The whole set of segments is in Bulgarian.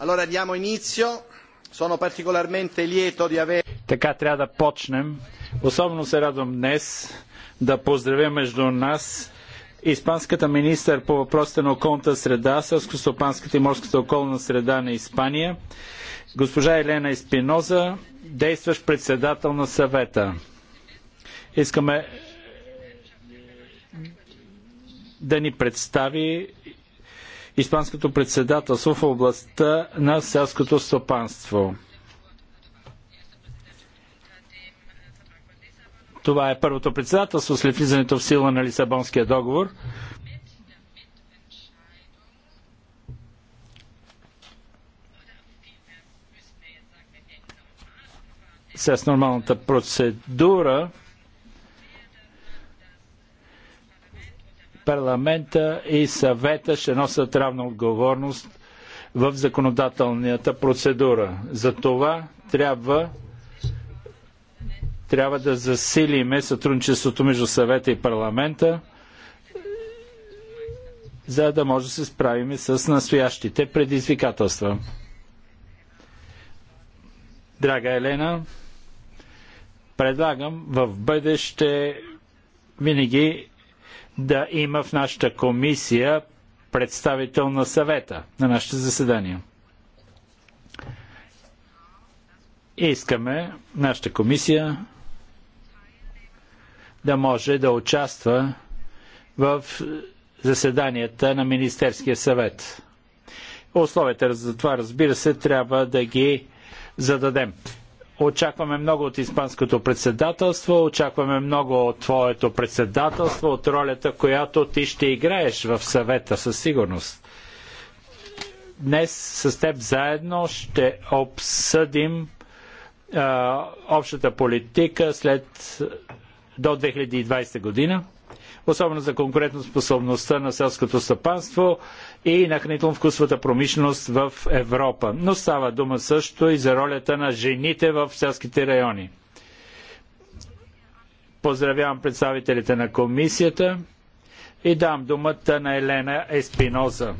Allora diamo inizio. Sono particolarmente lieto di avere... Така трябва да почнем. Особено се радвам днес да поздравя между нас Испанската министър по въпросите на околната среда, селско-стопанската и морската околна среда на Испания, госпожа Елена Испиноза, действащ председател на съвета. Искаме да ни представи Испанското председателство в областта на селското стопанство. Това е първото председателство след влизането в сила на Лисабонския договор. С нормалната процедура парламента и съвета ще носят равна отговорност в законодателната процедура. За това трябва трябва да засилиме сътрудничеството между съвета и парламента, за да може да се справим с настоящите предизвикателства. Драга Елена, предлагам в бъдеще винаги да има в нашата комисия представител на съвета на нашите заседания. Искаме нашата комисия да може да участва в заседанията на Министерския съвет. Условията за това, разбира се, трябва да ги зададем. Очакваме много от Испанското председателство, очакваме много от твоето председателство, от ролята, която ти ще играеш в съвета със сигурност. Днес с теб заедно ще обсъдим а, общата политика след до 2020 година, особено за конкурентоспособността на селското стъпанство, и на хранително-вкусовата промишленост в Европа. Но става дума също и за ролята на жените в селските райони. Поздравявам представителите на комисията и дам думата на Елена Еспиноза.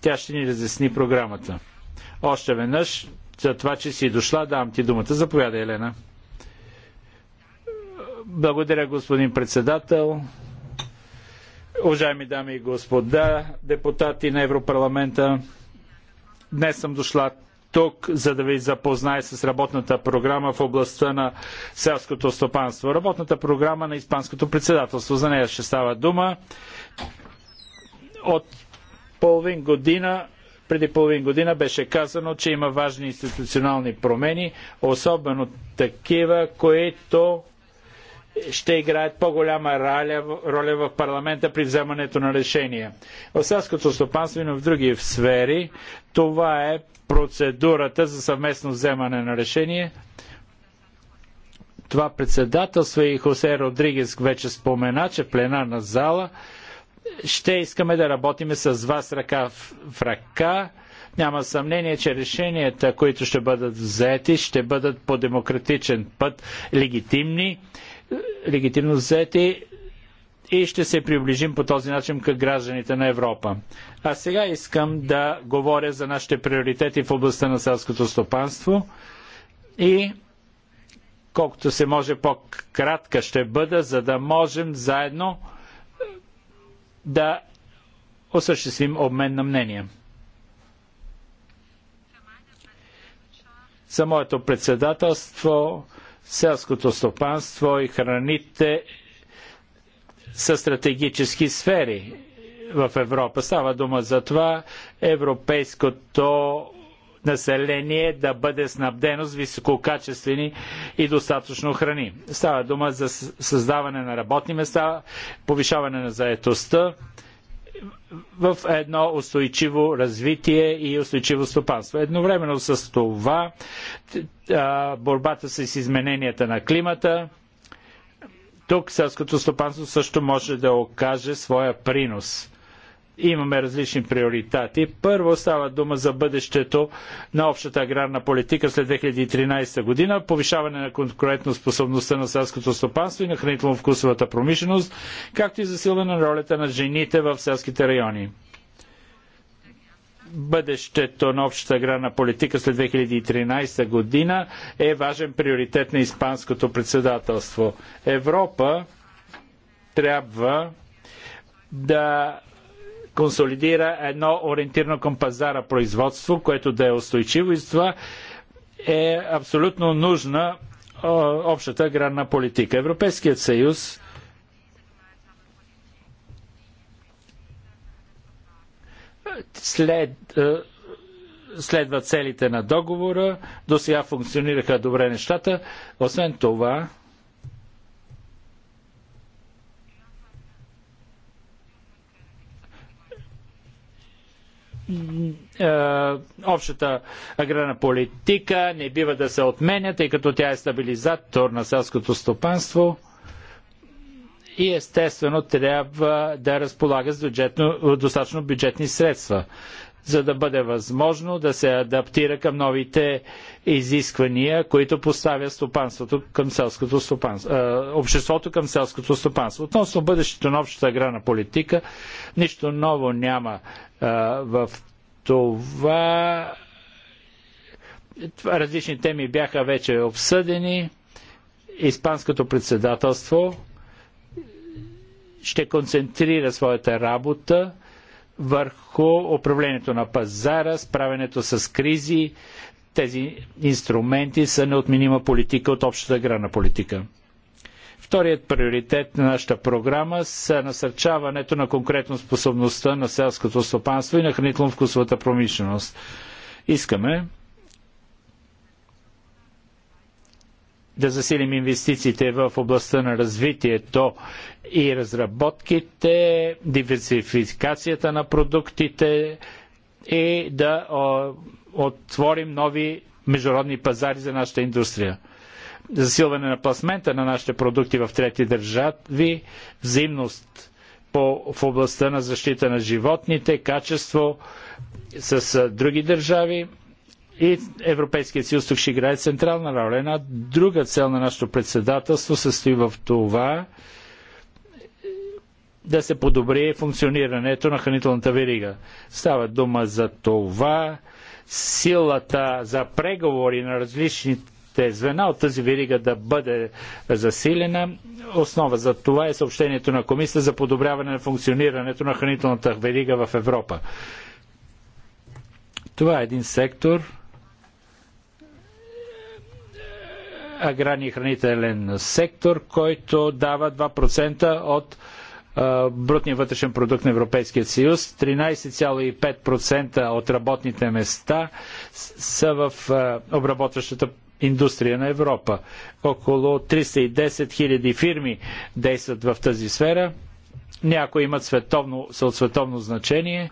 Тя ще ни разясни програмата. Още веднъж, за това, че си дошла, давам ти думата. Заповядай, Елена. Благодаря, господин председател. Уважаеми дами и господа, депутати на Европарламента, днес съм дошла тук, за да ви запозная с работната програма в областта на селското стопанство. Работната програма на Испанското председателство, за нея ще става дума. От половин година преди половин година беше казано, че има важни институционални промени, особено такива, които ще играят по-голяма роля, роля в парламента при вземането на решения. В селското стопанство и в други сфери това е процедурата за съвместно вземане на решение. Това председателство и Хосе Родригес вече спомена, че в пленарна зала ще искаме да работиме с вас ръка в ръка. Няма съмнение, че решенията, които ще бъдат взети, ще бъдат по демократичен път легитимни легитимно взети и ще се приближим по този начин към гражданите на Европа. А сега искам да говоря за нашите приоритети в областта на селското стопанство и колкото се може по-кратка ще бъда, за да можем заедно да осъществим обмен на мнения. За моето председателство селското стопанство и храните са стратегически сфери в Европа. Става дума за това европейското население да бъде снабдено с висококачествени и достатъчно храни. Става дума за създаване на работни места, повишаване на заетостта, в едно устойчиво развитие и устойчиво стопанство. Едновременно с това борбата с измененията на климата. Тук селското стопанство също може да окаже своя принос имаме различни приоритети. Първо става дума за бъдещето на общата аграрна политика след 2013 година, повишаване на конкурентоспособността на селското стопанство и на хранително-вкусовата промишленост, както и засилване на ролята на жените в селските райони. Бъдещето на общата аграрна политика след 2013 година е важен приоритет на Испанското председателство. Европа трябва да консолидира едно ориентирано към пазара производство, което да е устойчиво и това е абсолютно нужна общата гранна политика. Европейският съюз след, следва целите на договора. До сега функционираха добре нещата. Освен това, Е, общата аграрна политика не бива да се отменя, тъй като тя е стабилизатор на селското стопанство и естествено трябва да разполага с бюджетно, достатъчно бюджетни средства, за да бъде възможно да се адаптира към новите изисквания, които поставя стопанството към селското стопанство, е, обществото към селското стопанство. Относно бъдещето на общата аграрна политика, нищо ново няма в това различни теми бяха вече обсъдени. Испанското председателство ще концентрира своята работа върху управлението на пазара, справенето с кризи. Тези инструменти са неотменима политика от общата грана политика. Вторият приоритет на нашата програма са насърчаването на конкретно способността на селското стопанство и на хранително-вкусовата промишленост. Искаме да засилим инвестициите в областта на развитието и разработките, диверсификацията на продуктите и да отворим нови международни пазари за нашата индустрия засилване на пласмента на нашите продукти в трети държави, взаимност по, в областта на защита на животните, качество с други държави и Европейския съюз тук ще играе централна роля. Една друга цел на нашето председателство състои в това е, да се подобри функционирането на хранителната верига. Става дума за това силата за преговори на различните те е звена от тази верига да бъде засилена. Основа за това е съобщението на Комисията за подобряване на функционирането на хранителната верига в Европа. Това е един сектор, аграрния хранителен сектор, който дава 2% от брутния вътрешен продукт на Европейския съюз. 13,5% от работните места са в обработващата индустрия на Европа. Около 310 000 фирми действат в тази сфера. Някои имат световно, са от световно значение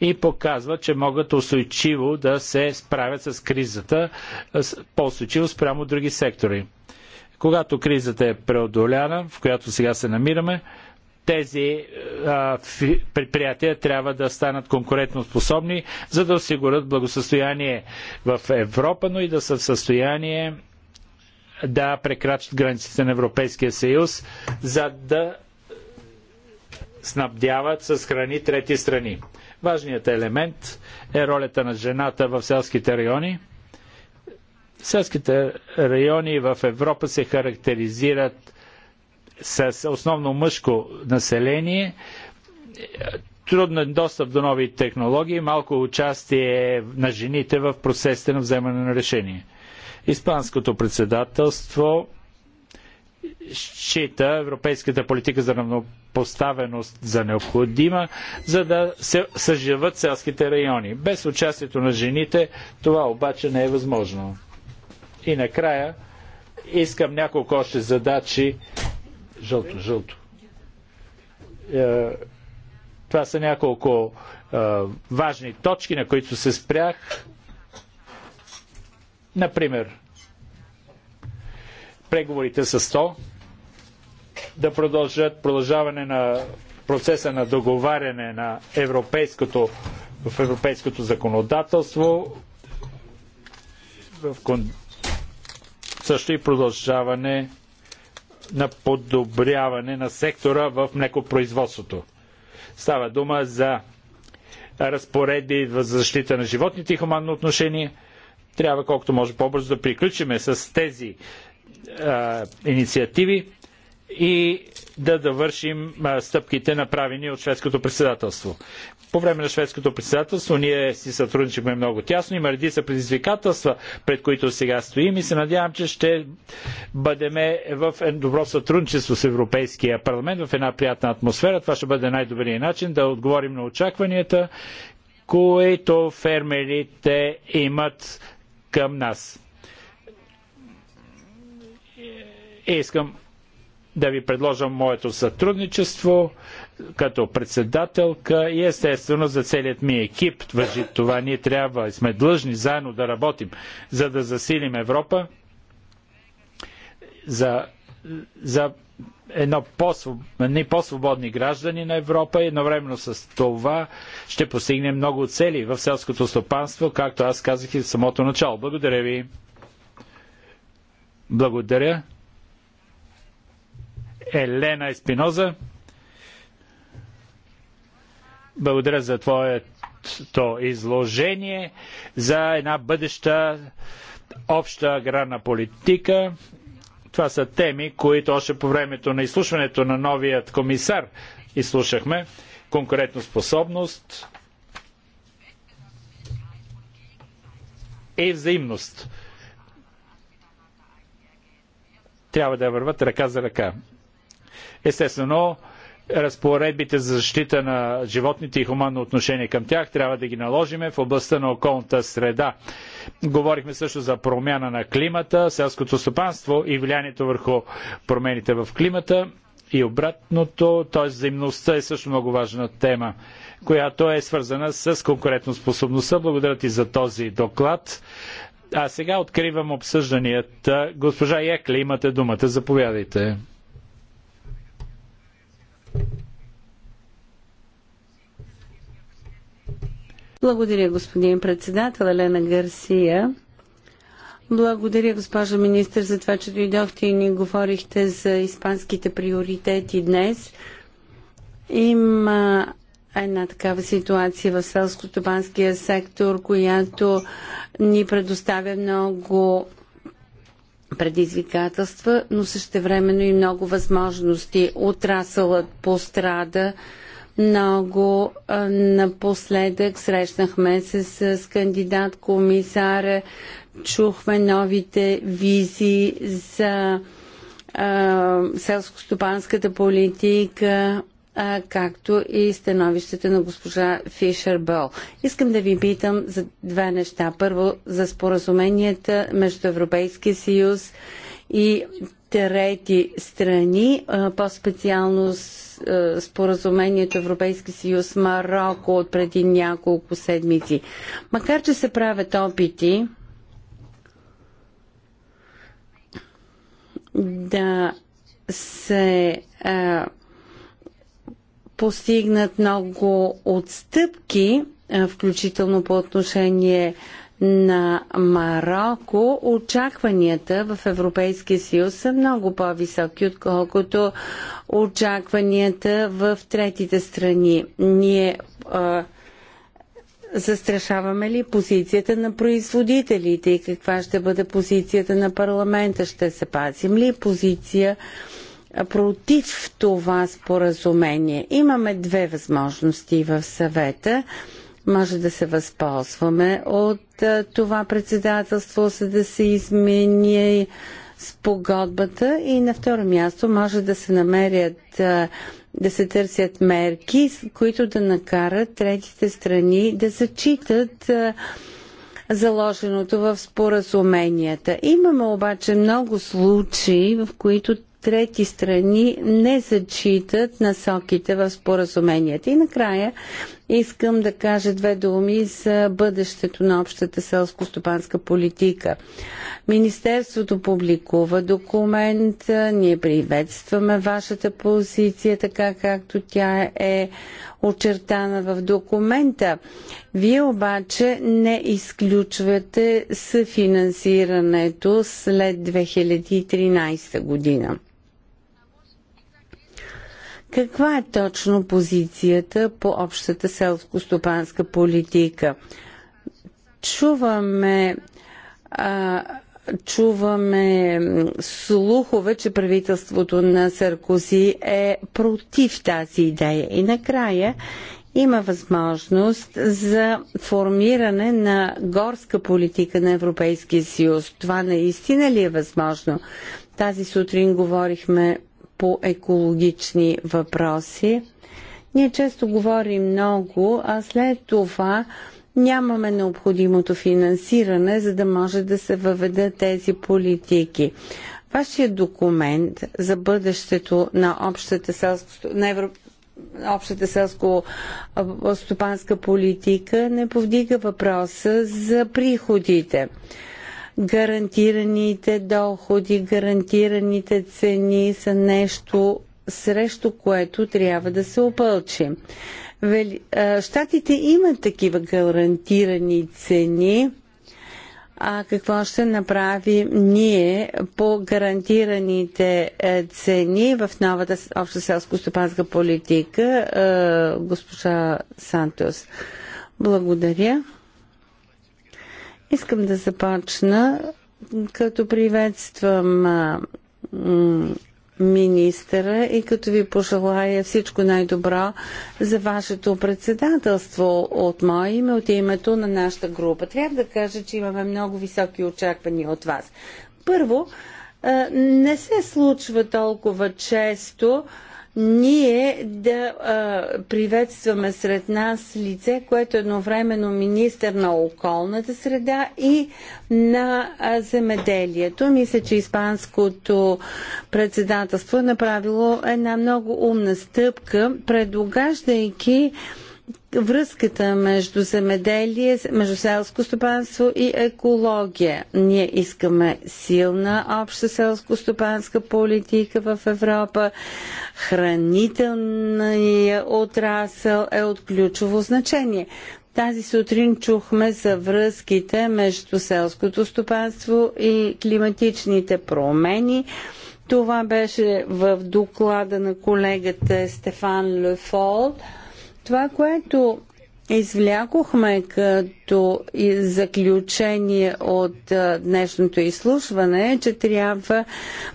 и показват, че могат устойчиво да се справят с кризата, по-устойчиво спрямо други сектори. Когато кризата е преодоляна, в която сега се намираме, тези е, а, предприятия трябва да станат конкурентоспособни, за да осигурят благосъстояние в Европа, но и да са в състояние да прекрачат границите на Европейския съюз, за да снабдяват с храни трети страни. Важният елемент е ролята на жената в селските райони. Селските райони в Европа се характеризират с основно мъжко население, труден достъп до нови технологии, малко участие на жените в процесите на вземане на решение. Испанското председателство счита европейската политика за равнопоставеност за необходима, за да се съживат селските райони. Без участието на жените това обаче не е възможно. И накрая искам няколко още задачи Жълто, жълто. Е, това са няколко е, важни точки, на които се спрях. Например, преговорите с ТО да продължат продължаване на процеса на договаряне на европейското, в европейското законодателство в, също и продължаване на подобряване на сектора в млекопроизводството. Става дума за разпореди за защита на животните и хуманно отношение. Трябва колкото може по-бързо да приключиме с тези а, инициативи и да довършим стъпките направени от шведското председателство. По време на шведското председателство ние си сътрудничихме много тясно. Има редица предизвикателства, пред които сега стоим и се надявам, че ще бъдем в добро сътрудничество с Европейския парламент в една приятна атмосфера. Това ще бъде най-добрият начин да отговорим на очакванията, които фермерите имат към нас. Искам да ви предложа моето сътрудничество като председателка и естествено за целият ми екип въжи това. Ние трябва и сме длъжни заедно да работим, за да засилим Европа за, за едно по-свободни, по-свободни граждани на Европа и едновременно с това ще постигнем много цели в селското стопанство, както аз казах и в самото начало. Благодаря ви. Благодаря. Елена Еспиноза. Благодаря за твоето изложение за една бъдеща обща аграрна политика. Това са теми, които още по времето на изслушването на новият комисар изслушахме. Конкурентно способност и взаимност. Трябва да върват ръка за ръка. Естествено, разпоредбите за защита на животните и хуманно отношение към тях трябва да ги наложиме в областта на околната среда. Говорихме също за промяна на климата, селското стопанство и влиянието върху промените в климата и обратното, т.е. взаимността е също много важна тема, която е свързана с конкурентоспособността. Благодаря ти за този доклад. А сега откривам обсъжданията. Госпожа Екли, имате думата. Заповядайте. Благодаря, господин председател Елена Гарсия. Благодаря, госпожа министр, за това, че дойдохте и ни говорихте за испанските приоритети днес. Има една такава ситуация в селско-стопанския сектор, която ни предоставя много предизвикателства, но същевременно и много възможности. Отрасълът пострада много. Напоследък срещнахме се с кандидат комисаря, чухме новите визии за селско-стопанската политика както и становището на госпожа Фишер Бол. Искам да ви питам за две неща. Първо, за споразуменията между Европейския съюз и трети страни, по-специално споразумението Европейски съюз Марокко от преди няколко седмици. Макар, че се правят опити да се а, постигнат много отстъпки, включително по отношение на Марокко, очакванията в Европейския съюз са много по-високи, отколкото очакванията в третите страни. Ние а, застрашаваме ли позицията на производителите и каква ще бъде позицията на парламента? Ще се пазим ли позиция? против това споразумение. Имаме две възможности в съвета. Може да се възползваме от това председателство, за да се измени спогодбата и на второ място може да се намерят да се търсят мерки, които да накарат третите страни да зачитат заложеното в споразуменията. Имаме обаче много случаи, в които трети страни не зачитат насоките в споразуменията. И накрая искам да кажа две думи за бъдещето на общата селско-стопанска политика. Министерството публикува документ, ние приветстваме вашата позиция, така както тя е очертана в документа. Вие обаче не изключвате съфинансирането след 2013 година. Каква е точно позицията по общата селско-стопанска политика? Чуваме а, чуваме слухове, че правителството на Саркози е против тази идея. И накрая има възможност за формиране на горска политика на Европейския съюз. Това наистина ли е възможно? Тази сутрин говорихме по екологични въпроси. Ние често говорим много, а след това нямаме необходимото финансиране, за да може да се въведат тези политики. Вашия документ за бъдещето на общата селско, на Европ... общата селско-стопанска политика не повдига въпроса за приходите гарантираните доходи, гарантираните цени са нещо срещу което трябва да се опълчим. Штатите имат такива гарантирани цени. А какво ще направим ние по гарантираните е, цени в новата обща селско-стопанска политика, е, госпожа Сантос? Благодаря. Искам да започна, като приветствам министъра и като ви пожелая всичко най-добро за вашето председателство от мое име, от името на нашата група. Трябва да кажа, че имаме много високи очаквания от вас. Първо, не се случва толкова често ние да а, приветстваме сред нас лице, което е едновременно министър на околната среда и на а, земеделието. Мисля, че испанското председателство е направило една много умна стъпка, предлагайки връзката между земеделие, между селско стопанство и екология. Ние искаме силна обща селско-стопанска политика в Европа. Хранителният отрасъл е от ключово значение. Тази сутрин чухме за връзките между селското стопанство и климатичните промени. Това беше в доклада на колегата Стефан Лефолт. Това, което извлякохме като заключение от днешното изслушване е, че трябва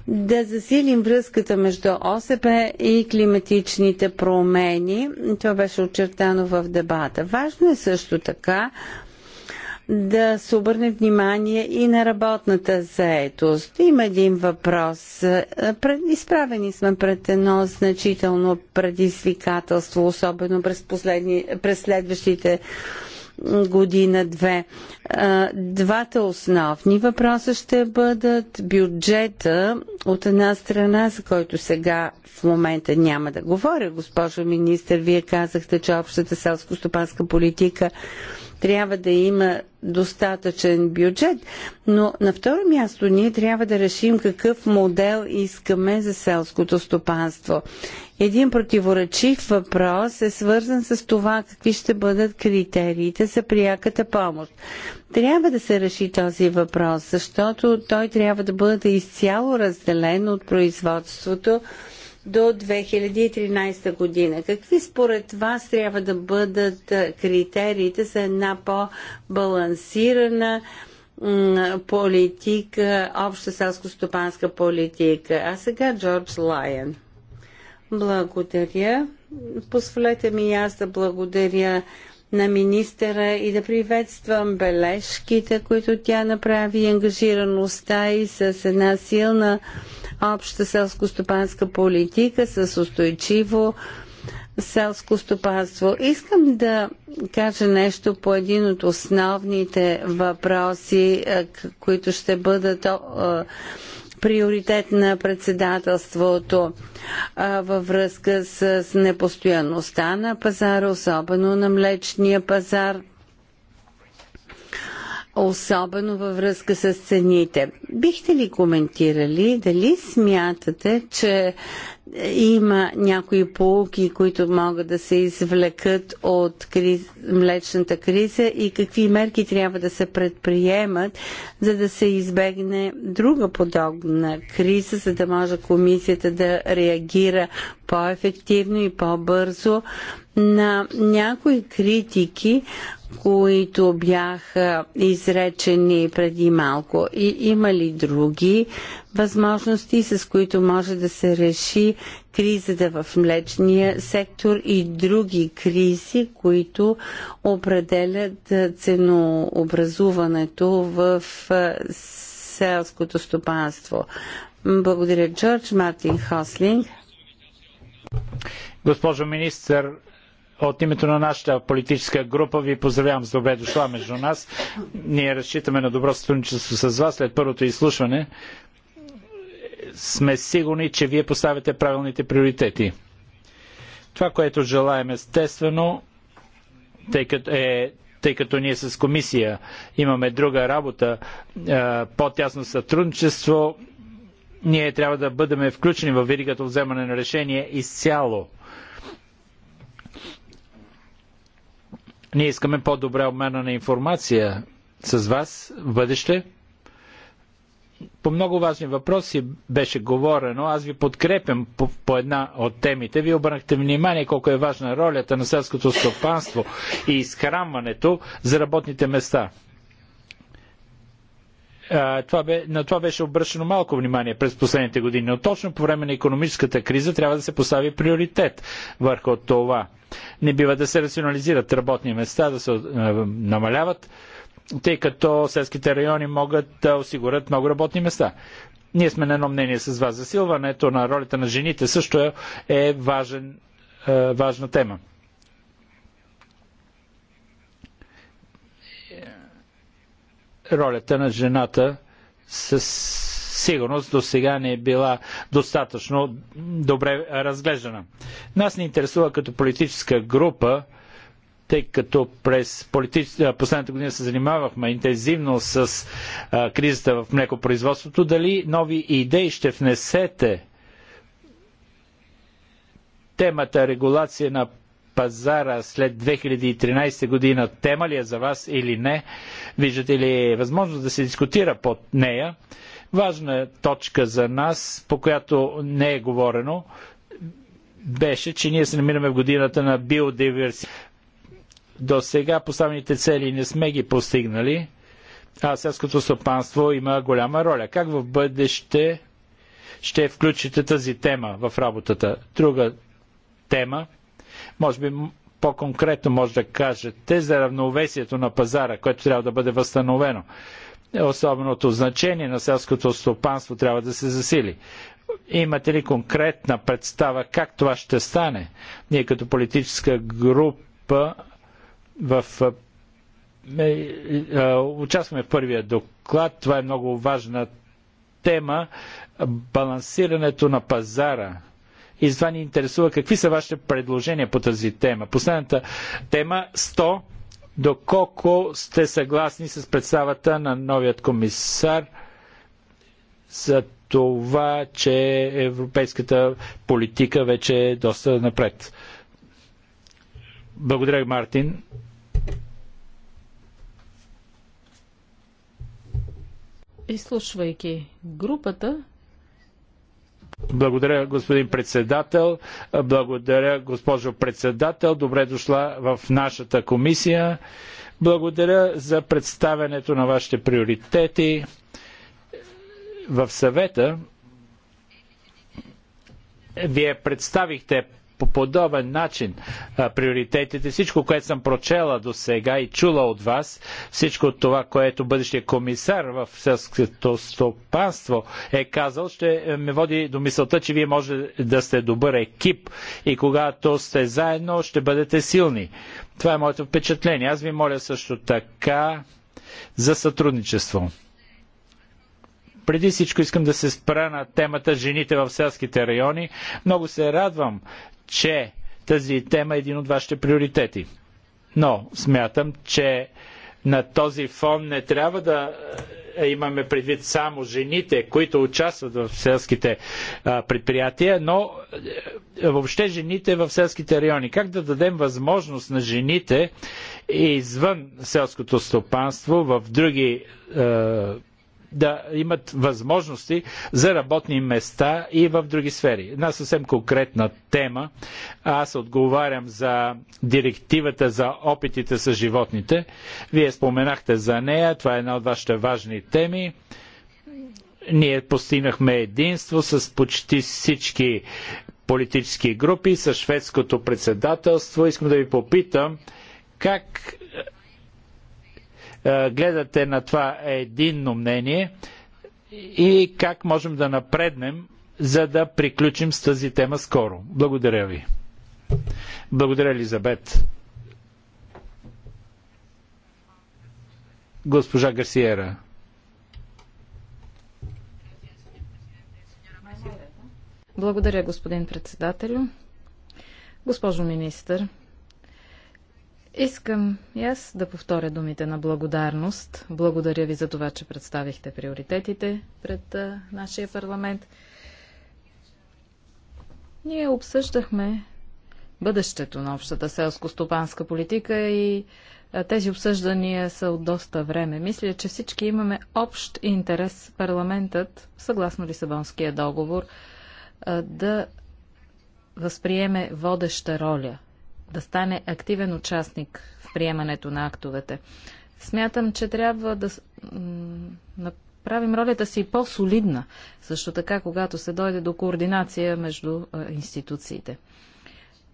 да засилим връзката между ОСП и климатичните промени. Това беше очертано в дебата. Важно е също така да се обърне внимание и на работната заетост. Има един въпрос. Изправени сме пред едно значително предизвикателство, особено през, последни, през следващите година-две. Двата основни въпроса ще бъдат бюджета от една страна, за който сега в момента няма да говоря. Госпожо министр, вие казахте, че общата селско-стопанска политика трябва да има достатъчен бюджет, но на второ място ние трябва да решим какъв модел искаме за селското стопанство. Един противоречив въпрос е свързан с това какви ще бъдат критериите за пряката помощ. Трябва да се реши този въпрос, защото той трябва да бъде изцяло разделен от производството до 2013 година. Какви според вас трябва да бъдат критериите за една по-балансирана политика, обща селско-стопанска политика? А сега Джордж Лайен. Благодаря. Позволете ми аз да благодаря на министъра и да приветствам бележките, които тя направи и ангажираността и с една силна обща селско-стопанска политика, с устойчиво селско стопанство. Искам да кажа нещо по един от основните въпроси, е, които ще бъдат е, приоритет на председателството а, във връзка с непостоянността на пазара, особено на млечния пазар – особено във връзка с цените. Бихте ли коментирали дали смятате, че е, има някои полуки, които могат да се извлекат от криз, млечната криза и какви мерки трябва да се предприемат, за да се избегне друга подобна криза, за да може комисията да реагира по-ефективно и по-бързо на някои критики които бяха изречени преди малко. И има ли други възможности, с които може да се реши кризата в млечния сектор и други кризи, които определят ценообразуването в селското стопанство? Благодаря, Джордж Мартин Хослинг. Госпожо министър, от името на нашата политическа група ви поздравявам с добре дошла между нас. Ние разчитаме на добро сътрудничество с вас след първото изслушване. Сме сигурни, че вие поставяте правилните приоритети. Това, което желаем естествено, тъй като, е, тъй като ние с комисия имаме друга работа, е, по-тясно сътрудничество, ние трябва да бъдем включени в веригата вземане на решение изцяло Ние искаме по-добре обмена на информация с вас в бъдеще. По много важни въпроси беше говорено. Аз ви подкрепям по, по една от темите. Вие обърнахте внимание колко е важна ролята на селското стопанство и изхранването за работните места това бе, на това беше обръщано малко внимание през последните години, но точно по време на економическата криза трябва да се постави приоритет върху това. Не бива да се рационализират работни места, да се намаляват, тъй като селските райони могат да осигурят много работни места. Ние сме на едно мнение с вас. Засилването на ролята на жените също е важен, важна тема. ролята на жената със сигурност до сега не е била достатъчно добре разглеждана. Нас ни интересува като политическа група, тъй като през политич... последната година се занимавахме интензивно с а, кризата в млекопроизводството, дали нови идеи ще внесете темата регулация на пазара след 2013 година тема ли е за вас или не? Виждате ли е възможност да се дискутира под нея? Важна е точка за нас, по която не е говорено, беше, че ние се намираме в годината на биодиверсия. До сега поставените цели не сме ги постигнали, а селското стопанство има голяма роля. Как в бъдеще ще включите тази тема в работата? Друга тема – може би по-конкретно може да кажете за равновесието на пазара, което трябва да бъде възстановено. Особеното значение на селското стопанство трябва да се засили. Имате ли конкретна представа как това ще стане? Ние като политическа група в е, е, участваме в първия доклад. Това е много важна тема. Балансирането на пазара – и затова ни интересува какви са вашите предложения по тази тема. Последната тема 100. Доколко сте съгласни с представата на новият комисар за това, че европейската политика вече е доста напред? Благодаря, Мартин. Изслушвайки групата, благодаря, господин председател. Благодаря, госпожо председател. Добре дошла в нашата комисия. Благодаря за представенето на вашите приоритети в съвета. Вие представихте по подобен начин а, приоритетите, всичко, което съм прочела до сега и чула от вас, всичко това, което бъдещия комисар в селското стопанство е казал, ще е, ме води до мисълта, че вие може да сте добър екип и когато сте заедно, ще бъдете силни. Това е моето впечатление. Аз ви моля също така за сътрудничество. Преди всичко искам да се спра на темата жените в селските райони. Много се радвам, че тази тема е един от вашите приоритети. Но смятам, че на този фон не трябва да е, имаме предвид само жените, които участват в селските предприятия, но е, въобще жените в селските райони. Как да дадем възможност на жените извън селското стопанство в други е, да имат възможности за работни места и в други сфери. Една съвсем конкретна тема. Аз отговарям за директивата за опитите с животните. Вие споменахте за нея. Това е една от вашите важни теми ние постигнахме единство с почти всички политически групи, с шведското председателство. Искам да ви попитам как е, гледате на това единно мнение и как можем да напреднем, за да приключим с тази тема скоро. Благодаря ви. Благодаря, Елизабет. Госпожа Гарсиера. Благодаря, господин председателю. Госпожо министър, Искам и аз да повторя думите на благодарност. Благодаря ви за това, че представихте приоритетите пред а, нашия парламент. Ние обсъждахме бъдещето на общата селско-стопанска политика и а, тези обсъждания са от доста време. Мисля, че всички имаме общ интерес парламентът, съгласно Лисабонския договор, а, да възприеме водеща роля – да стане активен участник в приемането на актовете. Смятам, че трябва да направим ролята си по-солидна, също така, когато се дойде до координация между институциите.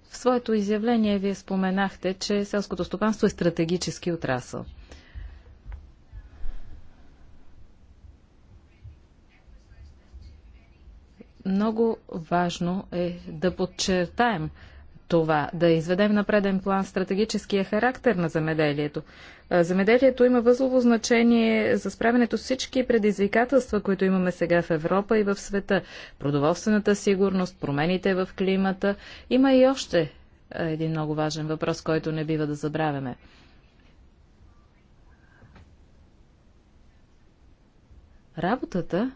В своето изявление вие споменахте, че селското стопанство е стратегически отрасъл. Много важно е да подчертаем, това, да изведем на преден план стратегическия характер на земеделието. Земеделието има възлово значение за справянето с всички предизвикателства, които имаме сега в Европа и в света. Продоволствената сигурност, промените в климата. Има и още един много важен въпрос, който не бива да забравяме. Работата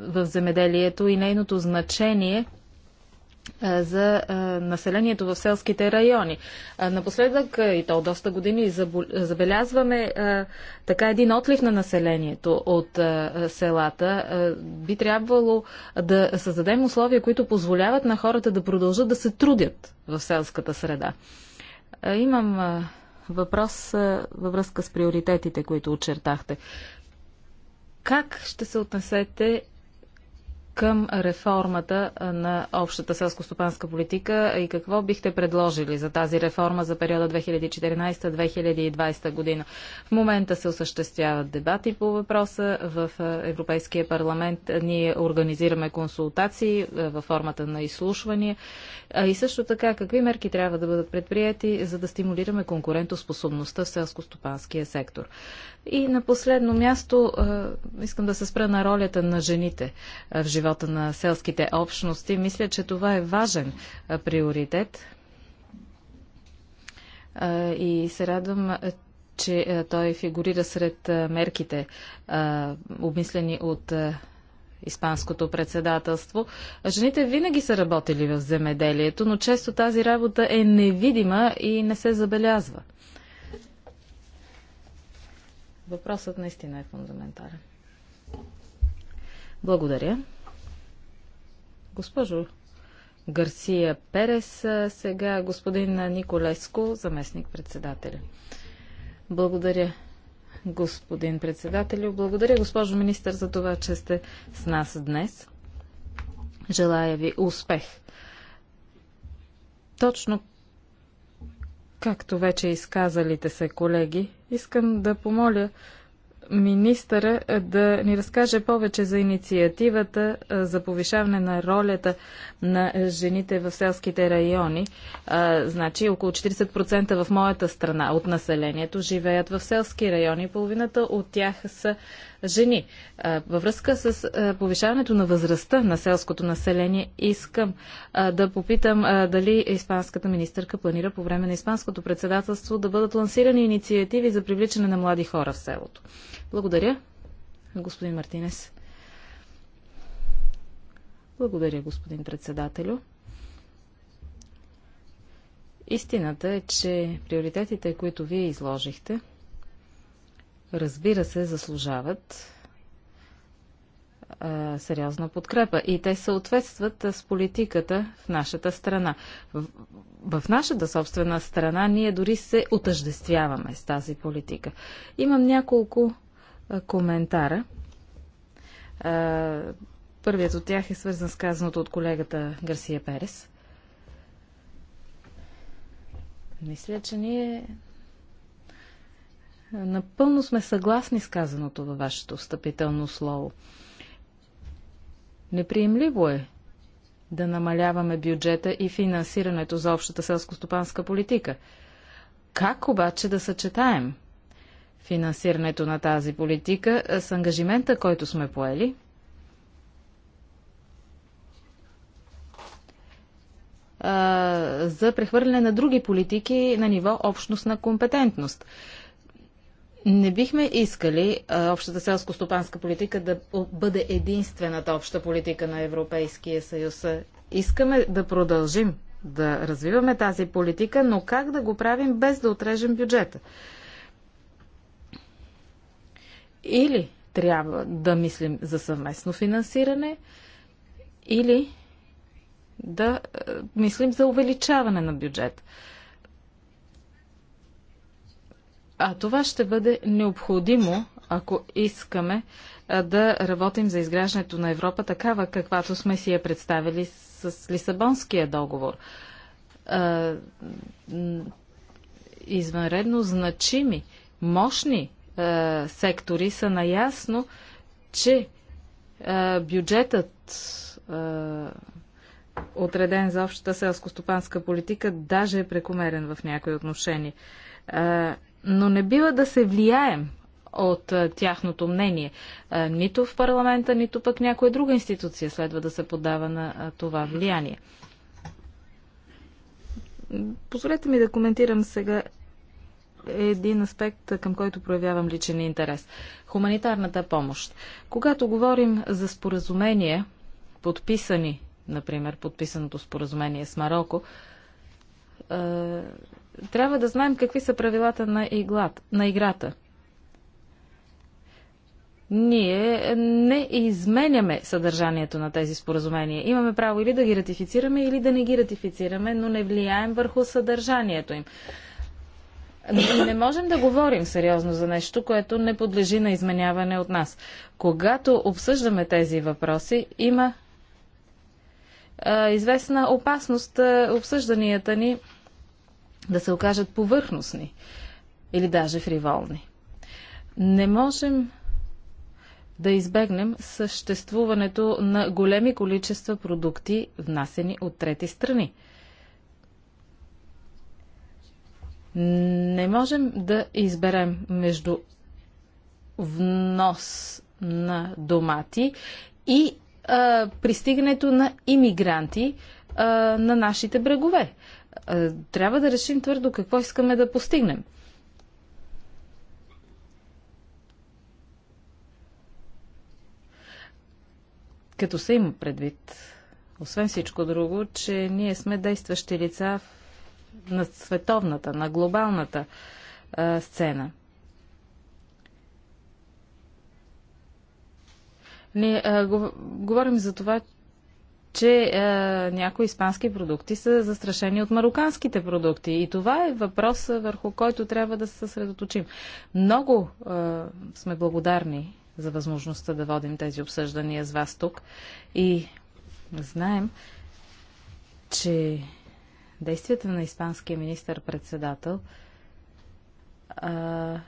в земеделието и нейното значение за населението в селските райони. Напоследък, и то доста години, забелязваме така един отлив на населението от селата. Би трябвало да създадем условия, които позволяват на хората да продължат да се трудят в селската среда. Имам въпрос във връзка с приоритетите, които очертахте. Как ще се отнесете към реформата на общата селско-стопанска политика и какво бихте предложили за тази реформа за периода 2014-2020 година? В момента се осъществяват дебати по въпроса. В Европейския парламент ние организираме консултации във формата на изслушвания. И също така, какви мерки трябва да бъдат предприяти, за да стимулираме конкурентоспособността в селско-стопанския сектор? И на последно място искам да се спра на ролята на жените в живота на селските общности. Мисля, че това е важен приоритет. И се радвам, че той фигурира сред мерките, обмислени от Испанското председателство. Жените винаги са работили в земеделието, но често тази работа е невидима и не се забелязва. Въпросът наистина е фундаментален. Благодаря. Госпожо Гарсия Перес, сега господин Николеско, заместник председател. Благодаря, господин председател, Благодаря, госпожо министър, за това, че сте с нас днес. Желая ви успех. Точно както вече изказалите се колеги, Искам да помоля министъра е, да ни разкаже повече за инициативата е, за повишаване на ролята на жените в селските райони. Е, значи около 40% в моята страна от населението живеят в селски райони. Половината от тях са жени. Във връзка с повишаването на възрастта на селското население, искам да попитам дали испанската министърка планира по време на испанското председателство да бъдат лансирани инициативи за привличане на млади хора в селото. Благодаря, господин Мартинес. Благодаря, господин председателю. Истината е, че приоритетите, които вие изложихте, разбира се, заслужават а, сериозна подкрепа. И те съответстват с политиката в нашата страна. В, в нашата собствена страна ние дори се отъждествяваме с тази политика. Имам няколко а, коментара. А, първият от тях е свързан с казаното от колегата Гарсия Перес. Мисля, че ние Напълно сме съгласни с казаното във вашето встъпително слово. Неприемливо е да намаляваме бюджета и финансирането за общата селскостопанска политика. Как обаче да съчетаем финансирането на тази политика с ангажимента, който сме поели? за прехвърляне на други политики на ниво общностна компетентност. Не бихме искали а, общата селско-стопанска политика да бъде единствената обща политика на Европейския съюз. Искаме да продължим да развиваме тази политика, но как да го правим без да отрежем бюджета? Или трябва да мислим за съвместно финансиране, или да мислим за увеличаване на бюджет. А това ще бъде необходимо, ако искаме да работим за изграждането на Европа такава, каквато сме си я представили с Лисабонския договор. Извънредно значими, мощни сектори са наясно, че бюджетът отреден за общата селско-стопанска политика даже е прекомерен в някои отношения но не бива да се влияем от тяхното мнение. Нито в парламента, нито пък някоя друга институция следва да се подава на това влияние. Позволете ми да коментирам сега един аспект, към който проявявам личен интерес. Хуманитарната помощ. Когато говорим за споразумения, подписани, например, подписаното споразумение с Марокко, трябва да знаем какви са правилата на, иглат, на играта. Ние не изменяме съдържанието на тези споразумения. Имаме право или да ги ратифицираме, или да не ги ратифицираме, но не влияем върху съдържанието им. И не можем да говорим сериозно за нещо, което не подлежи на изменяване от нас. Когато обсъждаме тези въпроси, има а, известна опасност а, обсъжданията ни да се окажат повърхностни или даже фриволни. Не можем да избегнем съществуването на големи количества продукти, внасени от трети страни. Не можем да изберем между внос на домати и а, пристигането на иммигранти а, на нашите брегове. Е, трябва да решим твърдо какво искаме да постигнем. Като се има предвид, освен всичко друго, че ние сме действащи лица на световната, на глобалната а, е, сцена. Ние а, е, говорим за това, че е, някои испански продукти са застрашени от мароканските продукти. И това е въпрос, е, върху който трябва да се съсредоточим. Много е, сме благодарни за възможността да водим тези обсъждания с вас тук. И знаем, че действията на испанския министър-председател е,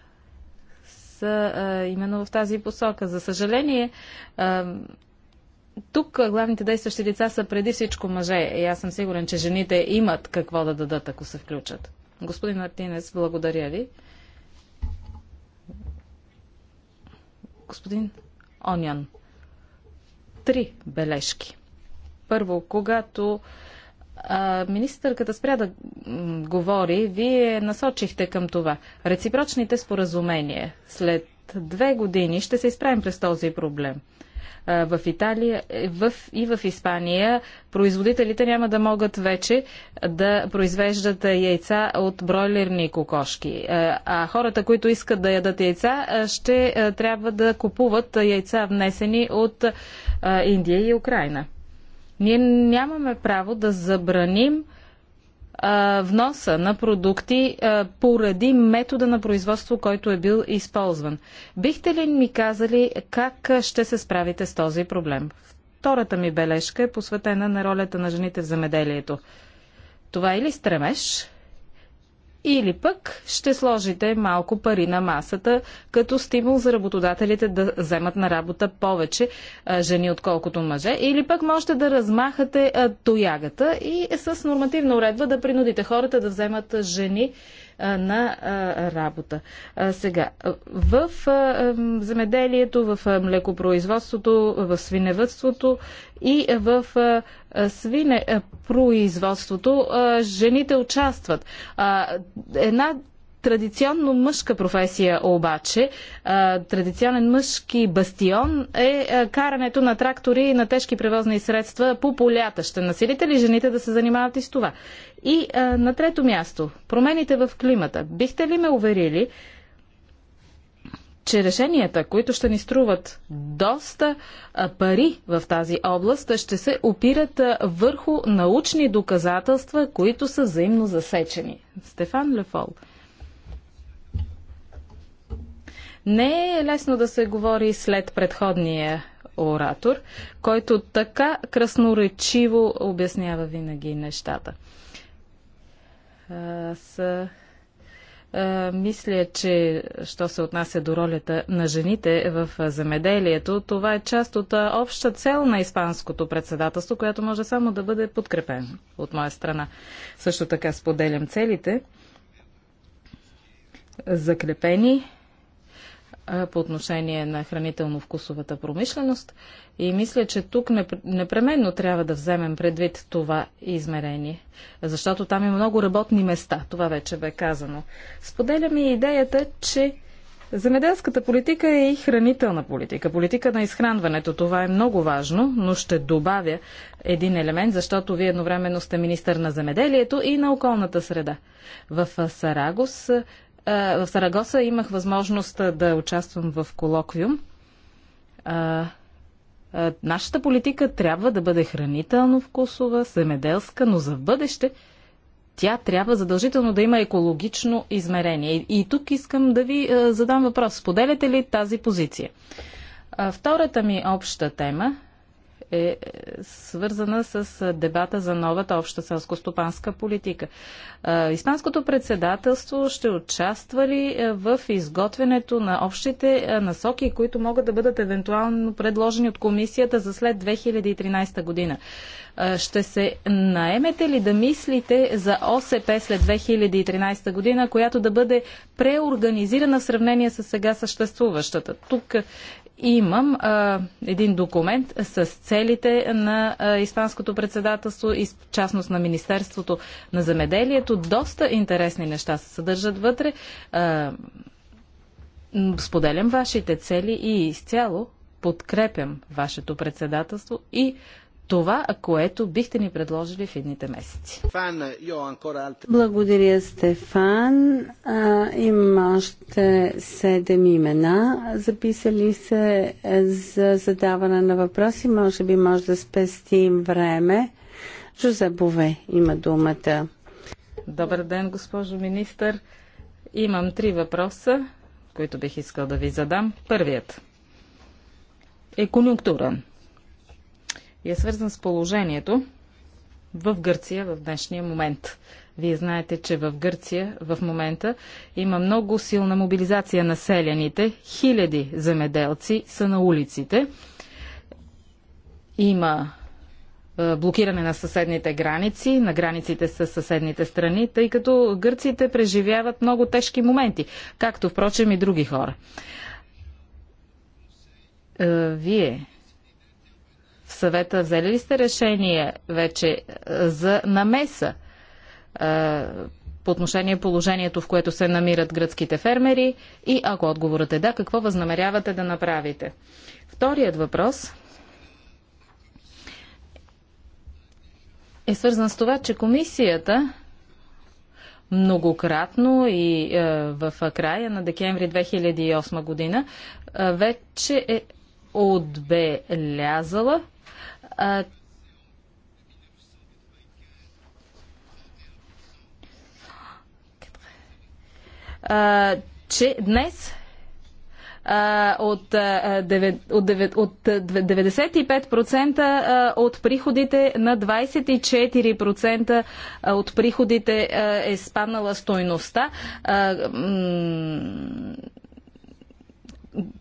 са е, именно в тази посока. За съжаление, е, тук главните действащи лица са преди всичко мъже и аз съм сигурен, че жените имат какво да дадат, ако се включат. Господин Мартинес, благодаря ви. Господин Онян, три бележки. Първо, когато а, министърката спря да говори, вие насочихте към това. Реципрочните споразумения. След две години ще се изправим през този проблем в Италия е, в, и в Испания производителите няма да могат вече да произвеждат яйца от бройлерни кокошки. А хората, които искат да ядат яйца, ще трябва да купуват яйца внесени от Индия и Украина. Ние нямаме право да забраним вноса на продукти поради метода на производство, който е бил използван. Бихте ли ми казали как ще се справите с този проблем? Втората ми бележка е посветена на ролята на жените в земеделието. Това е ли стремеж? Или пък ще сложите малко пари на масата, като стимул за работодателите да вземат на работа повече жени, отколкото мъже. Или пък можете да размахате тоягата и с нормативна уредба да принудите хората да вземат жени на работа. Сега, в земеделието, в млекопроизводството, в свиневътството и в свинепроизводството жените участват. Една традиционно мъжка професия обаче, традиционен мъжки бастион е карането на трактори и на тежки превозни средства по полята. Ще насилите ли жените да се занимават и с това? И на трето място, промените в климата. Бихте ли ме уверили, че решенията, които ще ни струват доста пари в тази област, ще се опират върху научни доказателства, които са взаимно засечени. Стефан Лефол. Не е лесно да се говори след предходния оратор, който така красноречиво обяснява винаги нещата. Аз мисля, че що се отнася до ролята на жените в земеделието, това е част от обща цел на Испанското председателство, която може само да бъде подкрепен от моя страна. Също така споделям целите, закрепени по отношение на хранително-вкусовата промишленост и мисля, че тук непременно трябва да вземем предвид това измерение, защото там има много работни места, това вече бе казано. Споделям и идеята, че Земеделската политика е и хранителна политика, политика на изхранването. Това е много важно, но ще добавя един елемент, защото вие едновременно сте министър на земеделието и на околната среда. В Сарагос в Сарагоса имах възможност да участвам в колоквиум. Нашата политика трябва да бъде хранително вкусова, семеделска, но за бъдеще тя трябва задължително да има екологично измерение. И тук искам да ви задам въпрос. Споделяте ли тази позиция? Втората ми обща тема е свързана с дебата за новата обща селско-стопанска политика. Испанското председателство ще участва ли е, в изготвянето на общите е, насоки, които могат да бъдат евентуално предложени от комисията за след 2013 година? Ще се наемете ли да мислите за ОСП след 2013 година, която да бъде преорганизирана в сравнение с сега съществуващата? Тук е, Имам а, един документ с целите на а, Испанското председателство и частност на Министерството на земеделието. Доста интересни неща се съдържат вътре. А, споделям вашите цели и изцяло подкрепям вашето председателство и това, което бихте ни предложили в едните месеци. Благодаря, Стефан. А, има още седем имена. Записали се е, за задаване на въпроси. Може би може да спестим време. Жозебове има думата. Добър ден, госпожо министър. Имам три въпроса, които бих искал да ви задам. Първият е конюнктура и е свързан с положението в Гърция в днешния момент. Вие знаете, че в Гърция в момента има много силна мобилизация на селяните. Хиляди земеделци са на улиците. Има е, блокиране на съседните граници, на границите с съседните страни, тъй като гърците преживяват много тежки моменти, както впрочем и други хора. Е, вие в съвета взели ли сте решение вече е, за намеса е, по отношение положението, в което се намират гръцките фермери и ако отговорът е да, какво възнамерявате да направите? Вторият въпрос е свързан с това, че комисията многократно и е, в края на декември 2008 година е, вече е отбелязала че днес от, 95% от приходите на 24% от приходите е спаднала стойността,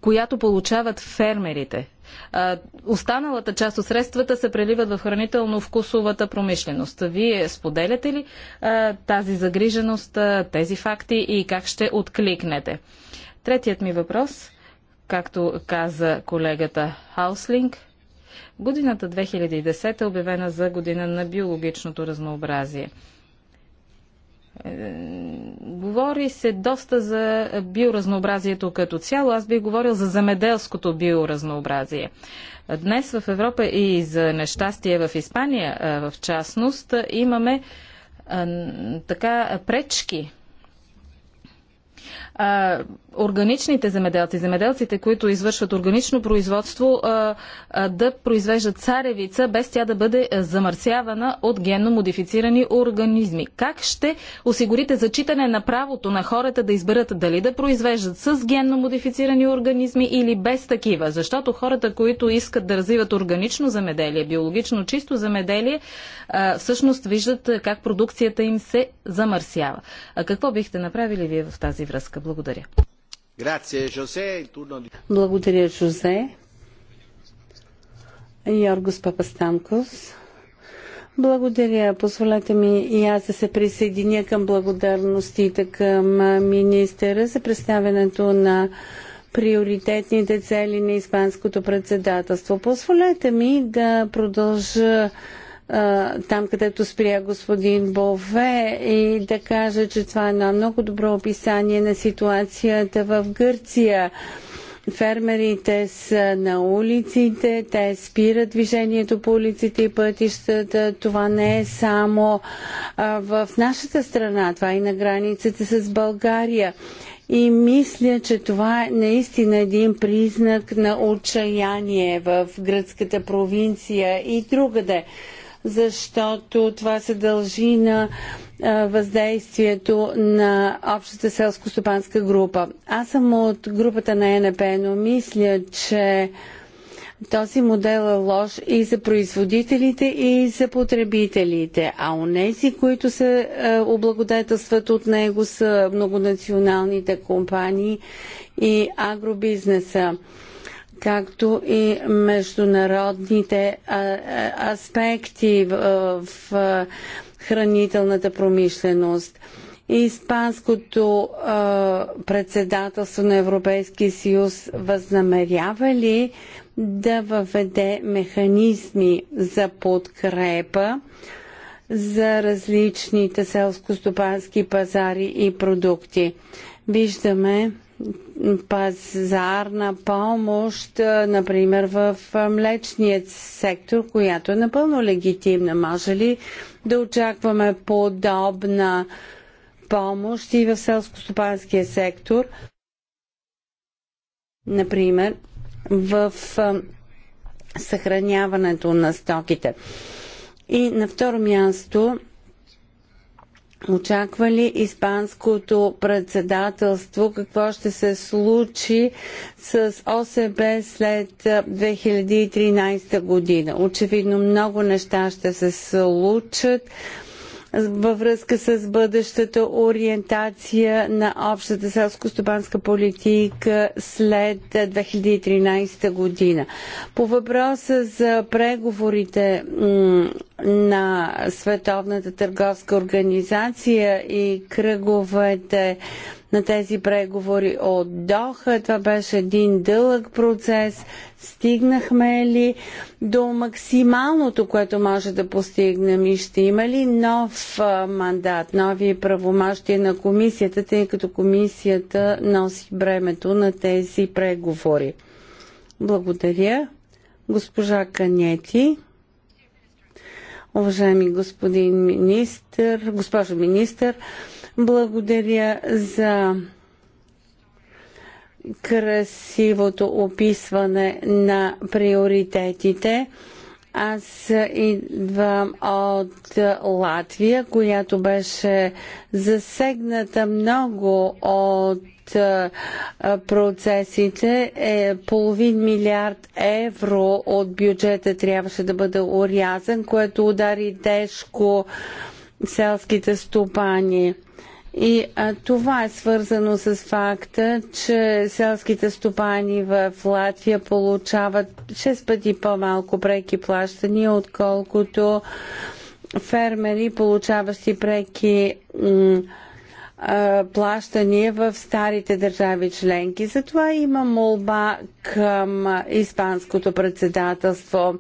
която получават фермерите а, останалата част от средствата се преливат в хранително-вкусовата промишленост. Вие споделяте ли а, тази загриженост, а, тези факти и как ще откликнете? Третият ми въпрос, както каза колегата Хауслинг, годината 2010 е обявена за година на биологичното разнообразие. Е, говори се доста за биоразнообразието като цяло. Аз би говорил за замеделското биоразнообразие. Днес в Европа и за нещастие в Испания в частност имаме така пречки а, органичните земеделци, земеделците, които извършват органично производство, а, а, да произвеждат царевица, без тя да бъде замърсявана от генно модифицирани организми. Как ще осигурите зачитане на правото на хората да изберат дали да произвеждат с генно модифицирани организми или без такива? Защото хората, които искат да развиват органично земеделие, биологично чисто земеделие, а, всъщност виждат как продукцията им се замърсява. А какво бихте направили вие в тази връзка? Благодаря. Благодаря, Жозе. Йоргос Папастамкос. Благодаря. Позволете ми и аз да се присъединя към благодарностите към министера за представянето на приоритетните цели на Испанското председателство. Позволете ми да продължа там, където спря господин Бове и да кажа, че това е едно много добро описание на ситуацията в Гърция. Фермерите са на улиците, те спират движението по улиците и пътищата. Това не е само в нашата страна, това е и на границите с България. И мисля, че това е наистина един признак на отчаяние в гръцката провинция и другаде защото това се дължи на въздействието на общата селско-стопанска група. Аз съм от групата на ЕНП, но мисля, че този модел е лош и за производителите, и за потребителите, а онези, които се облагодетелстват от него са многонационалните компании и агробизнеса както и международните аспекти в хранителната промишленост. Испанското председателство на Европейския съюз възнамерява ли да въведе механизми за подкрепа за различните селскостопански пазари и продукти? Виждаме, пазарна помощ, например в млечният сектор, която е напълно легитимна. Може ли да очакваме подобна помощ и в селско-стопанския сектор? Например, в съхраняването на стоките. И на второ място, Очаква ли Испанското председателство какво ще се случи с ОСБ след 2013 година? Очевидно много неща ще се случат във връзка с бъдещата ориентация на общата селско-стопанска политика след 2013 година. По въпроса за преговорите на Световната търговска организация и кръговете на тези преговори от Доха. Това беше един дълъг процес. Стигнахме ли до максималното, което може да постигнем и ще има ли нов мандат, нови правомащия на комисията, тъй като комисията носи бремето на тези преговори? Благодаря. Госпожа Канети. Уважаеми господин министр, госпожо министр, благодаря за красивото описване на приоритетите. Аз идвам от Латвия, която беше засегната много от процесите. Е, половин милиард евро от бюджета трябваше да бъде урязан, което удари тежко селските стопани. И а, това е свързано с факта, че селските стопани в Латвия получават 6 пъти по-малко преки плащания, отколкото фермери, получаващи преки м- плащания в старите държави членки. Затова има молба към Испанското председателство.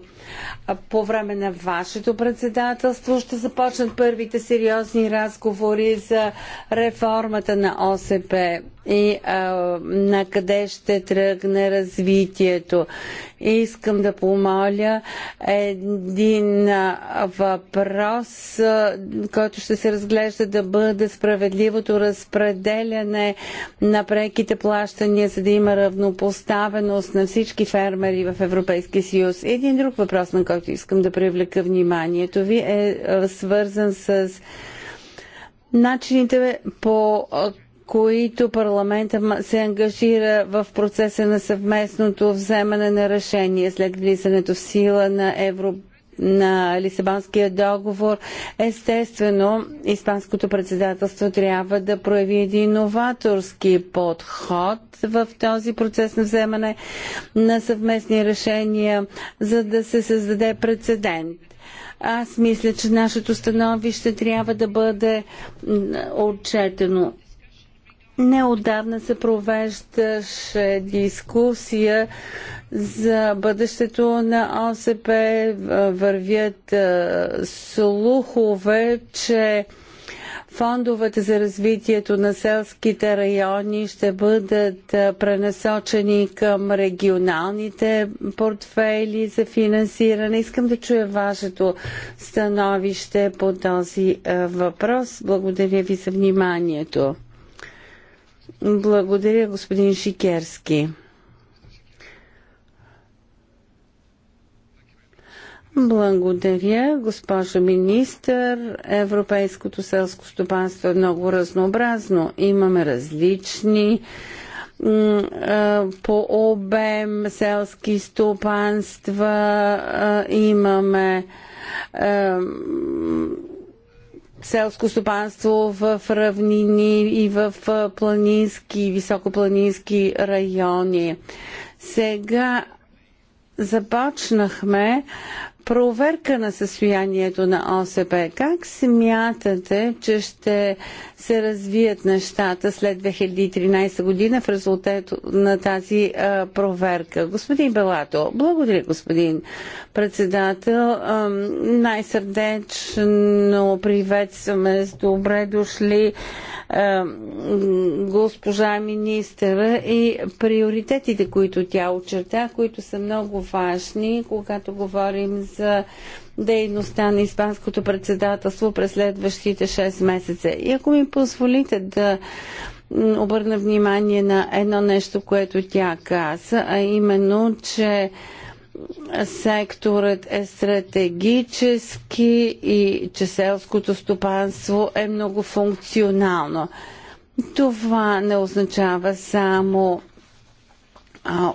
По време на вашето председателство ще започнат първите сериозни разговори за реформата на ОСП и а, на къде ще тръгне развитието. Искам да помоля един въпрос, който ще се разглежда да бъде справедливото разпределяне на преките плащания, за да има равнопоставеност на всички фермери в Европейския съюз. Един друг въпрос, на който искам да привлека вниманието ви, е свързан с начините по които парламента се ангажира в процеса на съвместното вземане на решение след влизането в сила на Европа на Лисабонския договор, естествено, Испанското председателство трябва да прояви един новаторски подход в този процес на вземане на съвместни решения, за да се създаде прецедент. Аз мисля, че нашето становище трябва да бъде отчетено Неодавна се провеждаше дискусия за бъдещето на ОСП. Вървят слухове, че фондовете за развитието на селските райони ще бъдат пренасочени към регионалните портфели за финансиране. Искам да чуя вашето становище по този въпрос. Благодаря ви за вниманието. Благодаря, господин Шикерски. Благодаря, госпожо министър. Европейското селско стопанство е много разнообразно. Имаме различни по обем селски стопанства, имаме селско стопанство в равнини и в планински, високопланински райони. Сега започнахме проверка на състоянието на ОСП. Как смятате, че ще се развият нещата след 2013 година в резултат на тази а, проверка? Господин Белато, благодаря, господин председател. най-сърдечно приветстваме с добре дошли е, госпожа министъра и приоритетите, които тя очерта, които са много важни, когато говорим за дейността на Испанското председателство през следващите 6 месеца. И ако ми позволите да обърна внимание на едно нещо, което тя каза, а именно, че секторът е стратегически и че селското стопанство е многофункционално. Това не означава само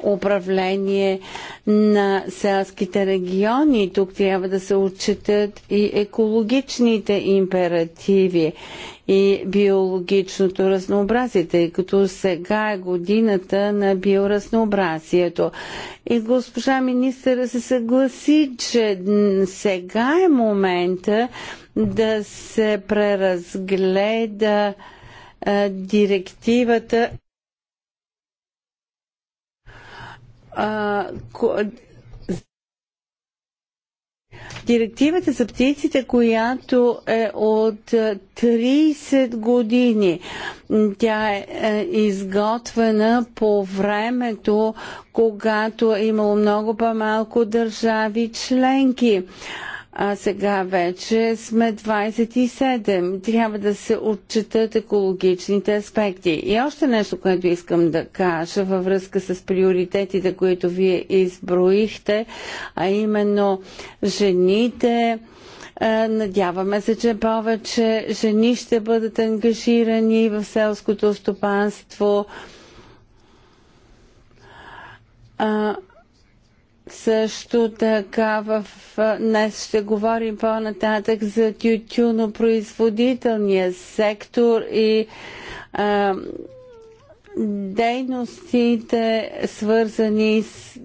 управление на селските региони. Тук трябва да се отчитат и екологичните императиви и биологичното разнообразие, тъй като сега е годината на биоразнообразието. И госпожа министъра се съгласи, че сега е момента да се преразгледа директивата Директивата за птиците, която е от 30 е, години, тя е, е изготвена по времето, когато е имало много по-малко държави членки а сега вече сме 27. Трябва да се отчетат екологичните аспекти. И още нещо, което искам да кажа във връзка с приоритетите, които вие изброихте, а именно жените, Надяваме се, че повече жени ще бъдат ангажирани в селското стопанство. Също така в днес ще говорим по-нататък за тютюнопроизводителния сектор и а, дейностите, свързани с,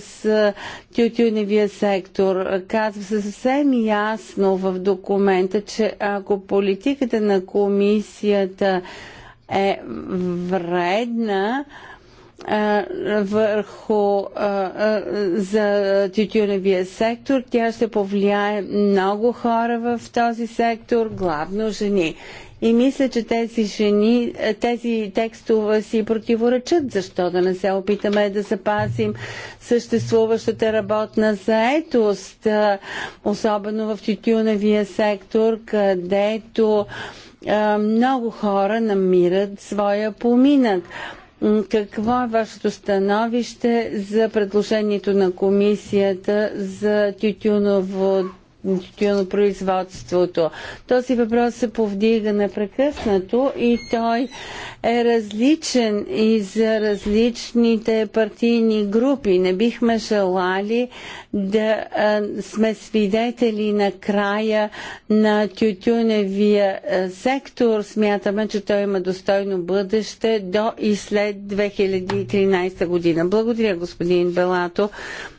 с тютюневия сектор. Казва се съвсем ясно в документа, че ако политиката на комисията е вредна, върху за тютюневия сектор. Тя ще повлияе много хора в този сектор, главно жени. И мисля, че тези жени, тези текстове си противоречат, защо да не се опитаме да запазим съществуващата работна заетост, особено в тютюневия сектор, където много хора намират своя поминък. Какво е вашето становище за предложението на комисията за Тютюново? тютюнопроизводството. Този въпрос се повдига напрекъснато и той е различен и за различните партийни групи. Не бихме желали да сме свидетели на края на тютюневия сектор. Смятаме, че той има достойно бъдеще до и след 2013 година. Благодаря, господин Белато.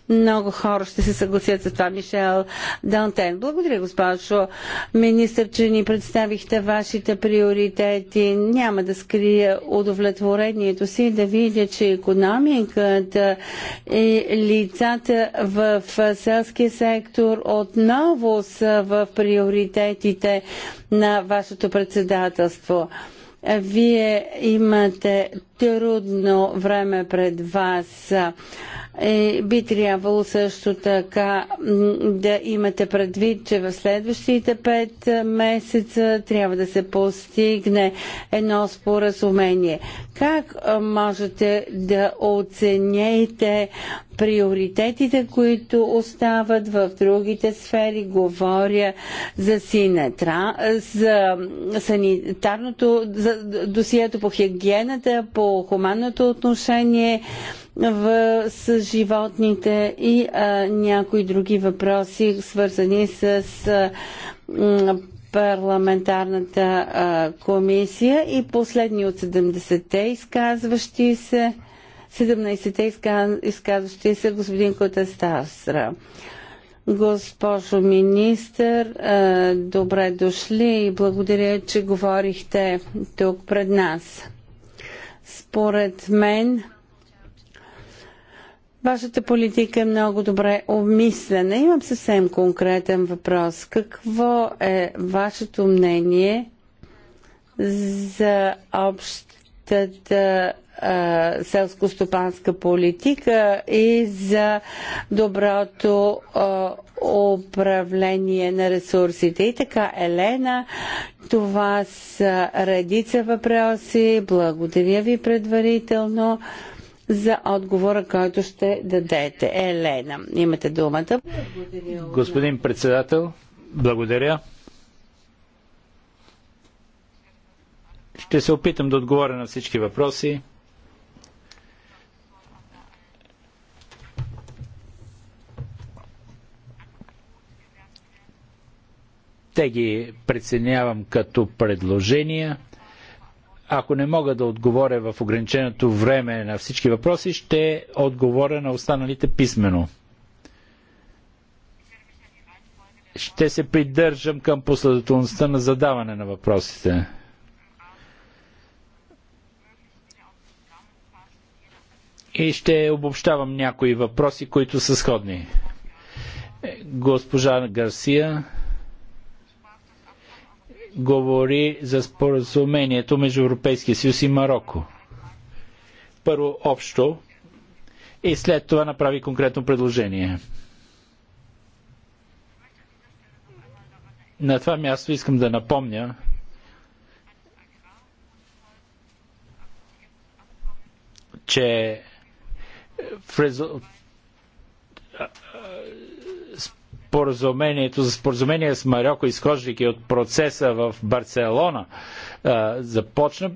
Много хора ще се съгласят за това, Мишел Дантен. Благодаря, госпожо министр, че ни представихте вашите приоритети. Няма да скрия удовлетворението си да видя, че економиката и лицата в селския сектор отново са в приоритетите на вашето председателство. Вие имате трудно време пред вас. И е, би трябвало също така да имате предвид, че в следващите пет месеца трябва да се постигне едно споразумение. Как можете да оцените приоритетите, които остават в другите сфери? Говоря за, синетра, за санитарното, за досието по хигиената, по хуманното отношение в, с животните и а, някои други въпроси, свързани с а, парламентарната а, комисия и последни от 70-те изказващи се 17-те изказващи се господин Котастасра. Госпожо министър, добре дошли и благодаря, че говорихте тук пред нас. Според мен, вашата политика е много добре обмислена. Имам съвсем конкретен въпрос. Какво е вашето мнение за общата селско-стопанска политика и за доброто управление на ресурсите. И така, Елена, това са редица въпроси. Благодаря ви предварително за отговора, който ще дадете. Елена, имате думата. Господин председател, благодаря. Ще се опитам да отговоря на всички въпроси. Те ги преценявам като предложения. Ако не мога да отговоря в ограниченото време на всички въпроси, ще отговоря на останалите писмено. Ще се придържам към последователността на задаване на въпросите. и ще обобщавам някои въпроси, които са сходни. Е, госпожа Гарсия говори за споразумението между Европейския съюз и Марокко. Първо общо и след това направи конкретно предложение. На това място искам да напомня, че в резултат споразумението за споразумение с Марокко, изхождайки от процеса в Барселона, започна,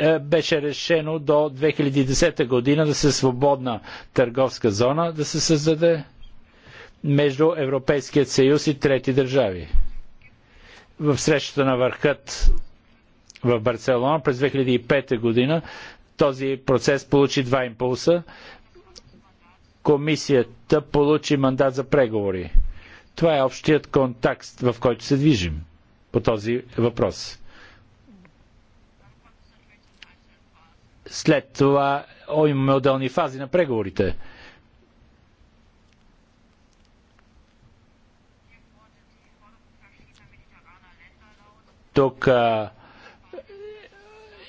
е, беше решено до 2010 година да се свободна търговска зона да се създаде между Европейският съюз и трети държави. В срещата на върхът в Барселона през 2005 година този процес получи два импулса. Комисията получи мандат за преговори. Това е общият контакт, в който се движим по този въпрос. След това о, имаме отделни фази на преговорите. Тук а,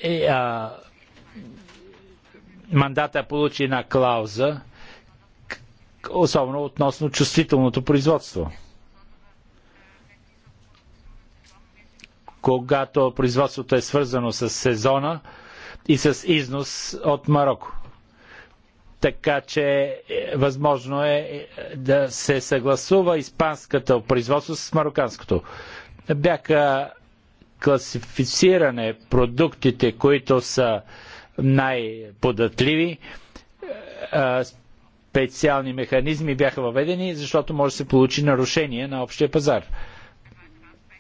е, а, мандата получи една клауза, особено относно чувствителното производство. Когато производството е свързано с сезона и с износ от Марокко. Така че е, възможно е, е да се съгласува испанската производство с мароканското. Бяха класифициране продуктите, които са най-податливи, е, специални механизми бяха въведени, защото може да се получи нарушение на общия пазар.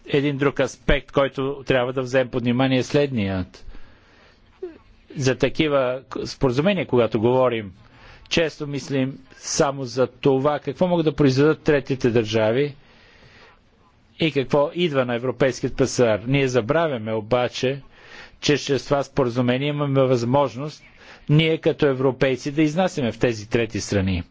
Един друг аспект, който трябва да вземем под внимание е следният. За такива споразумения, когато говорим, често мислим само за това какво могат да произведат третите държави и какво идва на европейският пазар. Ние забравяме обаче, че чрез това споразумение имаме възможност ние като европейци да изнасяме в тези трети страни.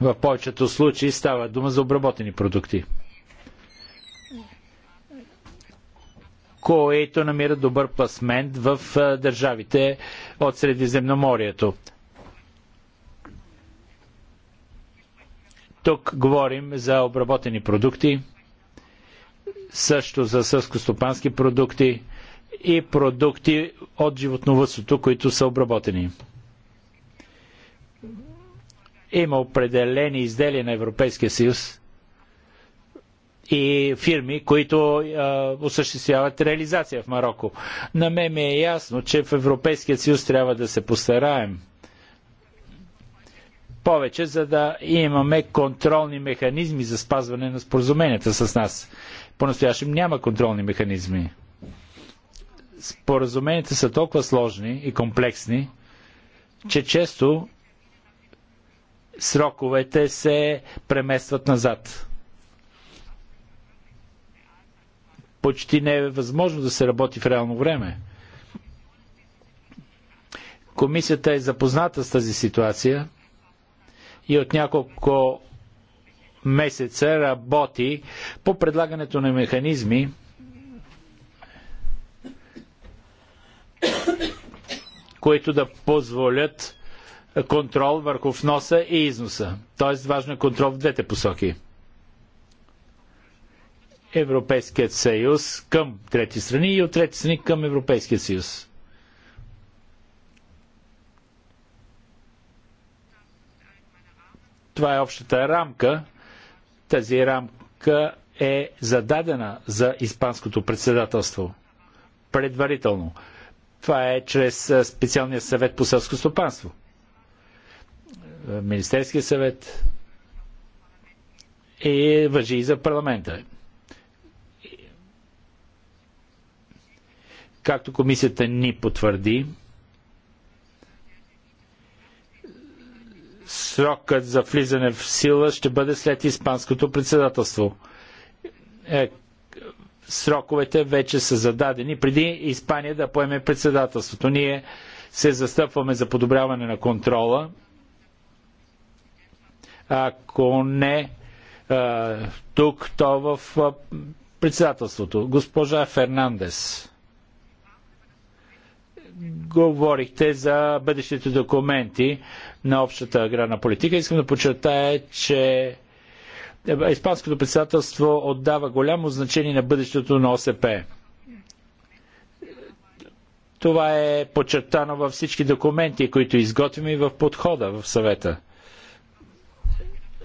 В повечето случаи става дума за обработени продукти, които намират добър пласмент в държавите от Средиземноморието. Тук говорим за обработени продукти, също за сълскостопански продукти и продукти от животновътството, които са обработени. Има определени изделия на Европейския съюз и фирми, които а, осъществяват реализация в Марокко. На мен ми е ясно, че в Европейския съюз трябва да се постараем повече, за да имаме контролни механизми за спазване на споразуменията с нас. По-настоящем няма контролни механизми. Споразумените са толкова сложни и комплексни, че често сроковете се преместват назад. Почти не е възможно да се работи в реално време. Комисията е запозната с тази ситуация и от няколко месеца работи по предлагането на механизми, които да позволят контрол върху вноса и износа. Тоест важно е контрол в двете посоки. Европейският съюз към трети страни и от трети страни към Европейския съюз. Това е общата рамка, тази рамка е зададена за Испанското председателство. Предварително. Това е чрез специалния съвет по селско стопанство. Министерския съвет и е, въжи и за парламента. Както комисията ни потвърди, срокът за влизане в сила ще бъде след Испанското председателство. Е, сроковете вече са зададени преди Испания да поеме председателството. Ние се застъпваме за подобряване на контрола. Ако не тук, то в председателството. Госпожа Фернандес говорихте за бъдещите документи на общата аграрна политика. Искам да подчертая, че Испанското председателство отдава голямо значение на бъдещето на ОСП. Това е подчертано във всички документи, които изготвим и в подхода в съвета.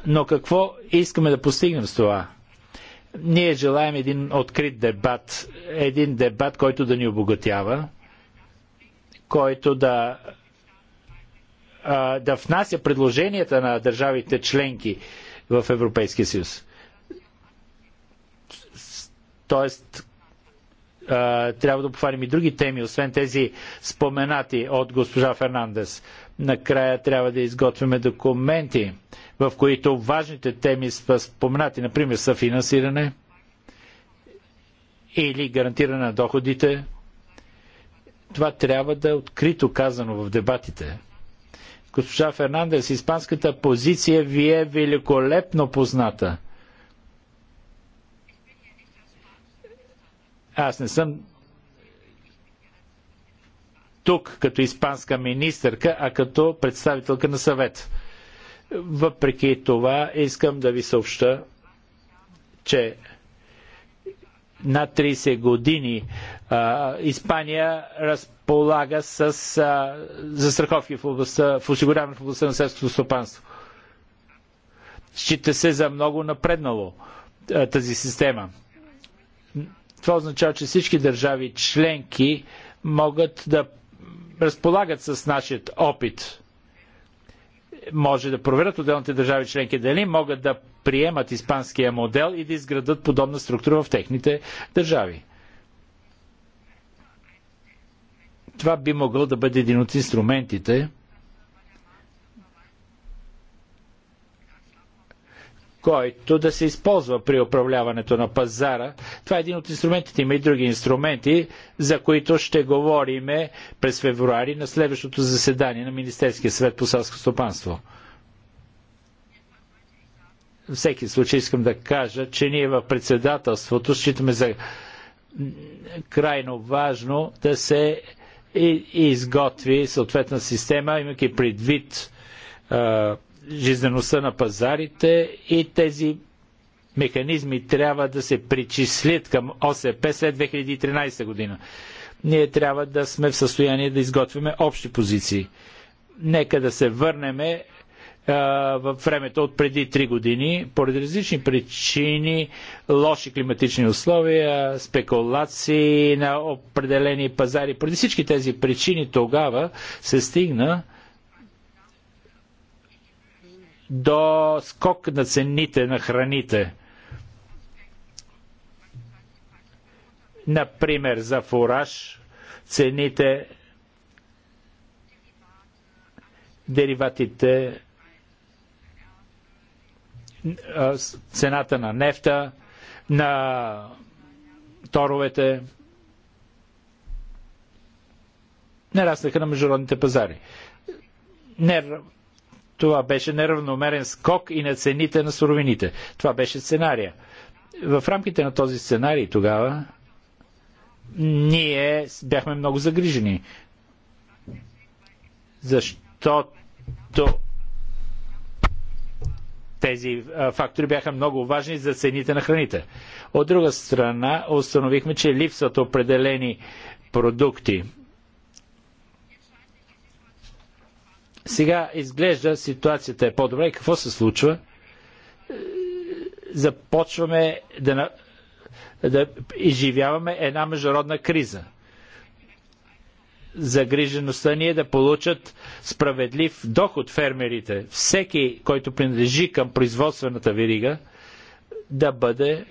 Но какво искаме да постигнем с това? Ние желаем един открит дебат, един дебат, който да ни обогатява, който да, да внася предложенията на държавите членки в Европейския съюз. Тоест, трябва да обхванем и други теми, освен тези споменати от госпожа Фернандес. Накрая трябва да изготвяме документи, в които важните теми са споменати, например съфинансиране или гарантиране на доходите, това трябва да е открито казано в дебатите. Госпожа Фернандес, испанската позиция ви е великолепно позната. Аз не съм тук като испанска министърка, а като представителка на съвет. Въпреки това искам да ви съобща, че над 30 години. А, Испания разполага с а, застраховки в, областта, в осигуряване в областта на селското стопанство. Счита се за много напреднало а, тази система. Това означава, че всички държави членки могат да разполагат с нашия опит може да проверят отделните държави членки дали могат да приемат испанския модел и да изградат подобна структура в техните държави. Това би могъл да бъде един от инструментите, който да се използва при управляването на пазара. Това е един от инструментите. Има и други инструменти, за които ще говорим през февруари на следващото заседание на Министерския съвет по селско стопанство. В всеки случай искам да кажа, че ние в председателството считаме за крайно важно да се изготви съответна система, имайки предвид а, жизнеността на пазарите и тези механизми трябва да се причислят към ОСП след 2013 година. Ние трябва да сме в състояние да изготвяме общи позиции. Нека да се върнеме в времето от преди 3 години, поради различни причини, лоши климатични условия, спекулации на определени пазари. Поради всички тези причини тогава се стигна до скок на цените на храните. Например, за фураж цените, дериватите, цената на нефта, на торовете нараснаха на международните пазари. Не това беше неравномерен скок и на цените на суровините. Това беше сценария. В рамките на този сценарий тогава ние бяхме много загрижени. Защото тези фактори бяха много важни за цените на храните. От друга страна, установихме, че липсват определени продукти Сега изглежда ситуацията е по-добре. Какво се случва? Започваме да, да изживяваме една международна криза. Загрижеността ни е да получат справедлив доход фермерите. Всеки, който принадлежи към производствената верига, да бъде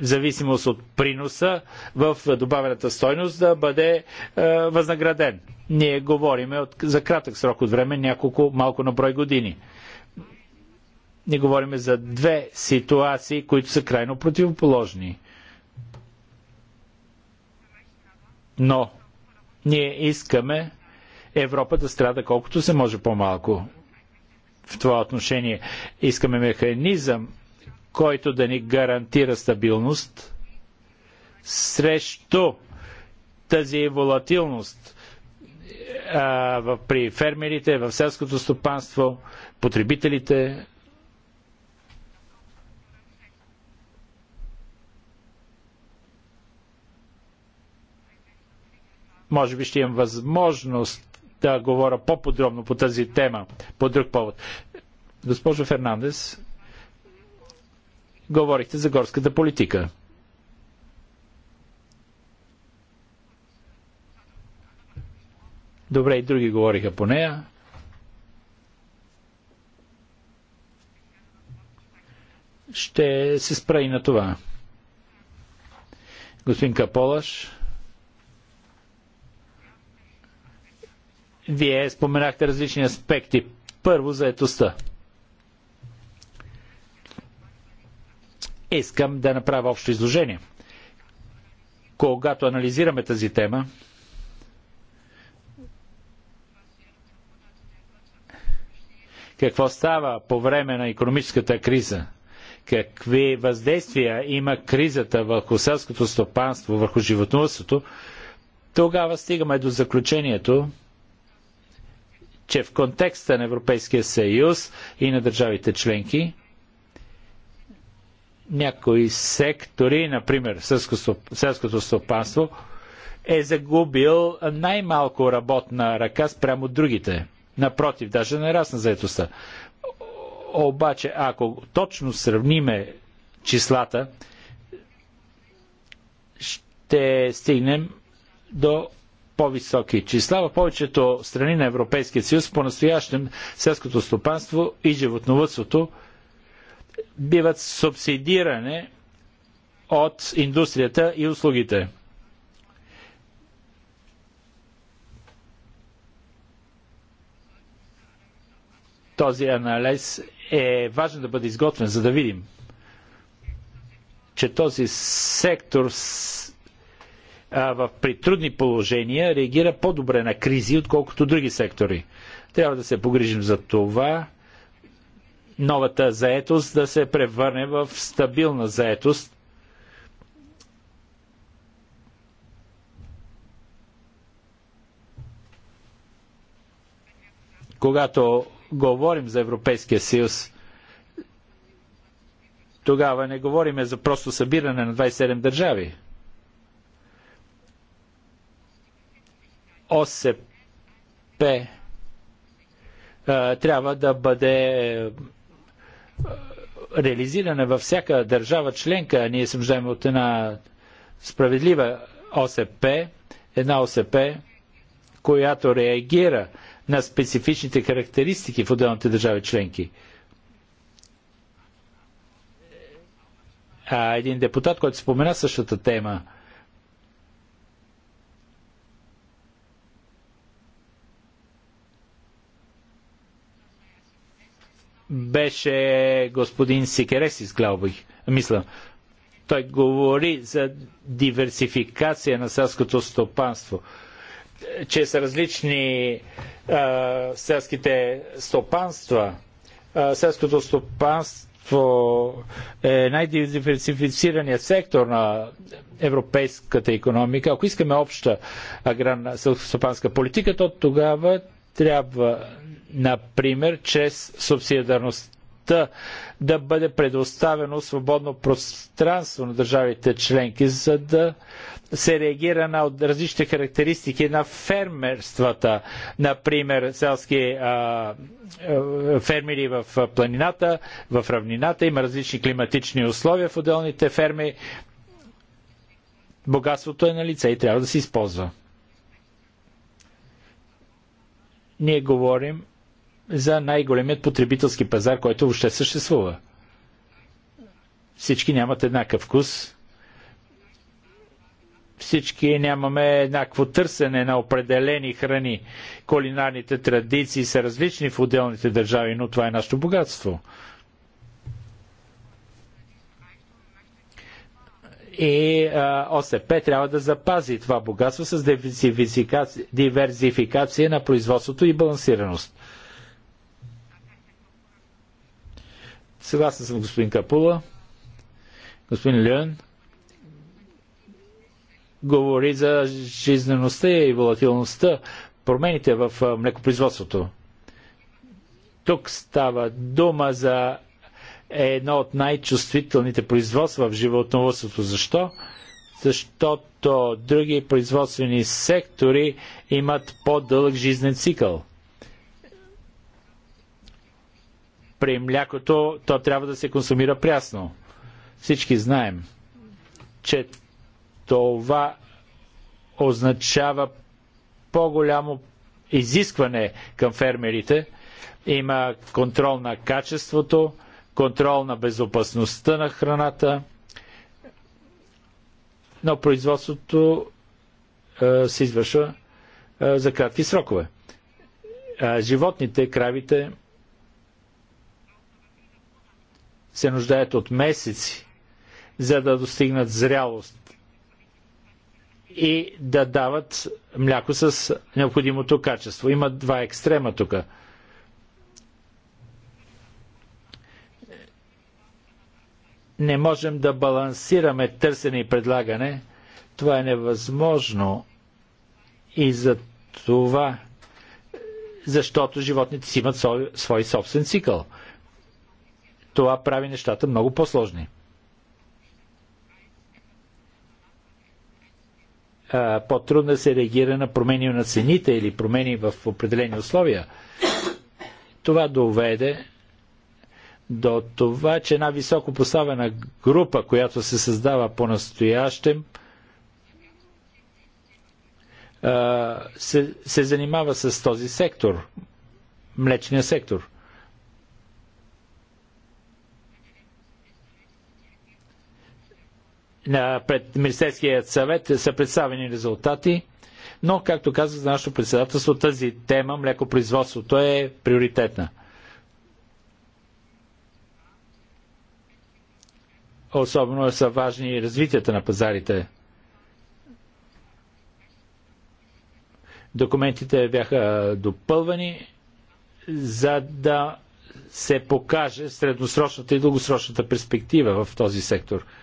в зависимост от приноса в добавената стойност да бъде е, възнаграден. Ние говорим от, за кратък срок от време, няколко малко на брой години. Ние говорим за две ситуации, които са крайно противоположни. Но ние искаме Европа да страда колкото се може по-малко. В това отношение искаме механизъм, който да ни гарантира стабилност срещу тази волатилност а, в, при фермерите, в селското стопанство, потребителите. Може би ще имам възможност да говоря по-подробно по тази тема, по друг повод. Госпожо Фернандес, говорихте за горската политика. Добре, и други говориха по нея. Ще се спра и на това. Господин Каполаш, вие споменахте различни аспекти. Първо, заетостта. Искам да направя общо изложение. Когато анализираме тази тема, какво става по време на економическата криза, какви въздействия има кризата върху селското стопанство, върху животновството, тогава стигаме до заключението, че в контекста на Европейския съюз и на държавите членки някои сектори, например селското стопанство, е загубил най-малко работна ръка спрямо другите. Напротив, даже нарасна заетостта. Обаче, ако точно сравниме числата, ще стигнем до по-високи числа. В повечето страни на Европейския съюз по-настоящем селското стопанство и животновътството – биват субсидиране от индустрията и услугите. Този анализ е важен да бъде изготвен, за да видим, че този сектор а, в притрудни положения реагира по-добре на кризи, отколкото други сектори. Трябва да се погрижим за това новата заетост да се превърне в стабилна заетост. Когато говорим за Европейския съюз, тогава не говорим за просто събиране на 27 държави. ОСП трябва да бъде Реализиране във всяка държава членка. Ние се нуждаем от една справедлива ОСП, една ОСП, която реагира на специфичните характеристики в отделните държави членки. А един депутат, който спомена същата тема – беше господин Сикересис, главбих, мисля. Той говори за диверсификация на селското стопанство, че са различни а, селските стопанства. А, селското стопанство е най-диверсифицираният сектор на европейската економика. Ако искаме обща аграрна стопанска политика, то тогава трябва например, чрез субсидиарността да бъде предоставено свободно пространство на държавите членки, за да се реагира на различните характеристики на фермерствата. Например, селски а, а, фермери в планината, в равнината, има различни климатични условия в отделните ферми. Богатството е на лице и трябва да се използва. Ние говорим за най-големият потребителски пазар, който въобще съществува. Всички нямат еднакъв вкус, всички нямаме еднакво търсене на определени храни. Кулинарните традиции са различни в отделните държави, но това е нашето богатство. И а, ОСП трябва да запази това богатство с диверсификация на производството и балансираност. Съгласен съм господин Капула. Господин Лен говори за жизнеността и волатилността, промените в млекопроизводството. Тук става дума за едно от най-чувствителните производства в животновътството. Защо? Защото други производствени сектори имат по-дълъг жизнен цикъл. при млякото, то трябва да се консумира прясно. Всички знаем, че това означава по-голямо изискване към фермерите. Има контрол на качеството, контрол на безопасността на храната, но производството е, се извършва е, за кратки срокове. Е, животните, кравите, се нуждаят от месеци, за да достигнат зрялост и да дават мляко с необходимото качество. Има два екстрема тук. Не можем да балансираме търсене и предлагане. Това е невъзможно. И за това, защото животните си имат свой, свой собствен цикъл – това прави нещата много по-сложни. По-трудно е да се реагира на промени на цените или промени в определени условия. Това доведе до това, че една високо поставена група, която се създава по-настоящем, се, се занимава с този сектор, млечния сектор. пред Министерският съвет са представени резултати, но, както казах за нашето председателство, тази тема, млекопроизводството, е приоритетна. Особено са важни и развитията на пазарите. Документите бяха допълвани, за да се покаже средносрочната и дългосрочната перспектива в този сектор –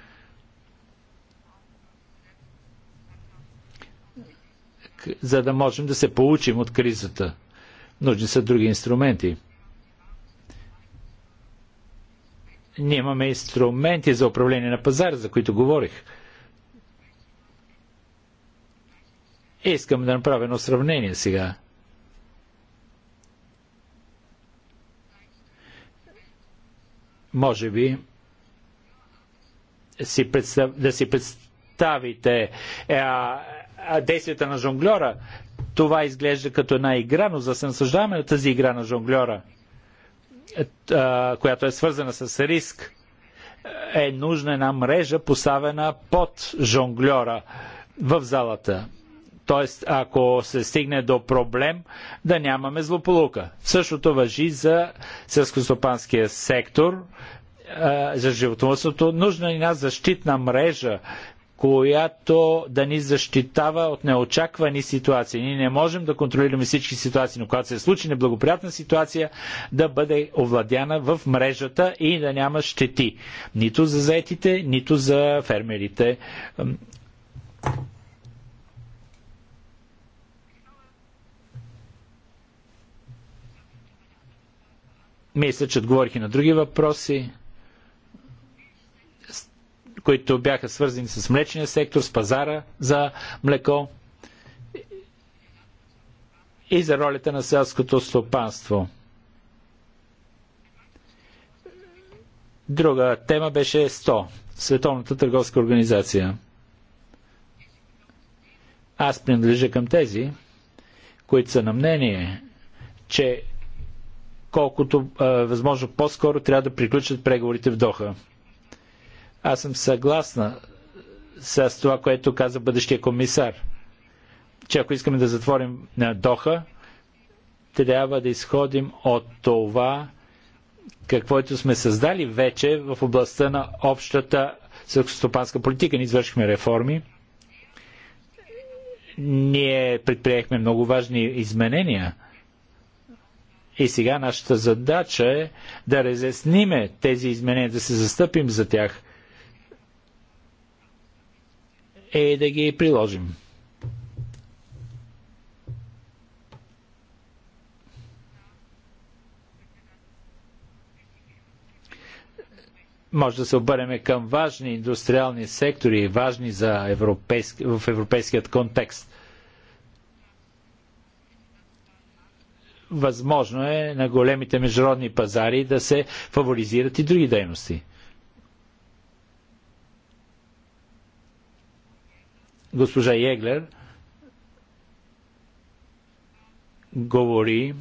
за да можем да се получим от кризата. Нужни са други инструменти. Ние имаме инструменти за управление на пазара, за които говорих. Искам да направя едно сравнение сега. Може би си представ... да си представите действията на жонглера. Това изглежда като една игра, но за да се наслаждаваме на тази игра на жонглера, е, която е свързана с риск, е нужна една мрежа, поставена под жонглера в залата. Тоест, ако се стигне до проблем, да нямаме злополука. Същото въжи за селскостопанския сектор, за животновътството. Нужна е една защитна мрежа която да ни защитава от неочаквани ситуации. Ние не можем да контролираме всички ситуации, но когато се случи неблагоприятна ситуация, да бъде овладяна в мрежата и да няма щети. Нито за заетите, нито за фермерите. Мисля, че отговорих и на други въпроси които бяха свързани с млечния сектор, с пазара за млеко и за ролята на селското стопанство. Друга тема беше 100. Световната търговска организация. Аз принадлежа към тези, които са на мнение, че колкото е, възможно по-скоро трябва да приключат преговорите в Доха. Аз съм съгласна с това, което каза бъдещия комисар, че ако искаме да затворим на Доха, трябва да изходим от това, каквото сме създали вече в областта на общата селскостопанска политика. Ние извършихме реформи. Ние предприехме много важни изменения. И сега нашата задача е да разясниме тези изменения, да се застъпим за тях – е да ги приложим. може да се обърнем към важни индустриални сектори, важни за европейски, в европейският контекст. Възможно е на големите международни пазари да се фаворизират и други дейности. Госпожа Еглер говори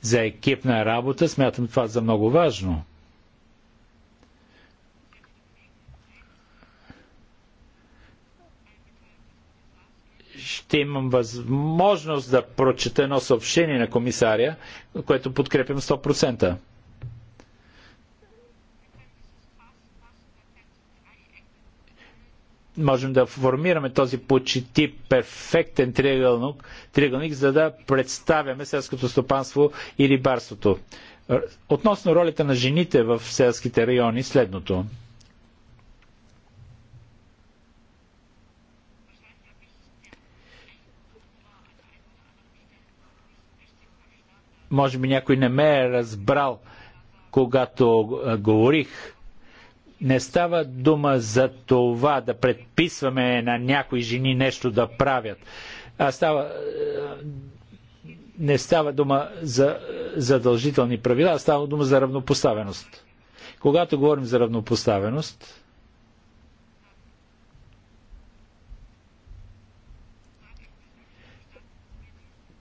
за екипна работа. Смятам това за много важно. Ще имам възможност да прочета едно съобщение на комисаря, което подкрепям 100%. можем да формираме този почти перфектен триъгълник, триъгълник за да представяме селското стопанство и рибарството. Относно ролята на жените в селските райони, следното. Може би някой не ме е разбрал, когато говорих не става дума за това да предписваме на някои жени нещо да правят. А става, не става дума за задължителни правила, а става дума за равнопоставеност. Когато говорим за равнопоставеност,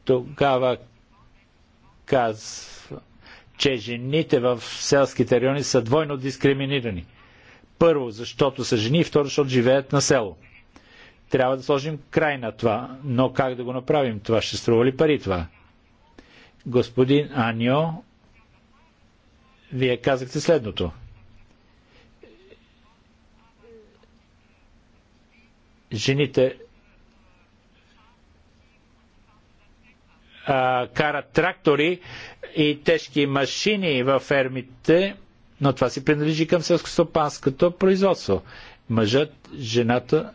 тогава казва, че жените в селските райони са двойно дискриминирани – първо, защото са жени и второ, защото живеят на село. Трябва да сложим край на това, но как да го направим? Това ще струва ли пари това? Господин Аньо, вие казахте следното. Жените а, карат трактори и тежки машини във фермите – но това си принадлежи към селскостопанското производство. Мъжът, жената,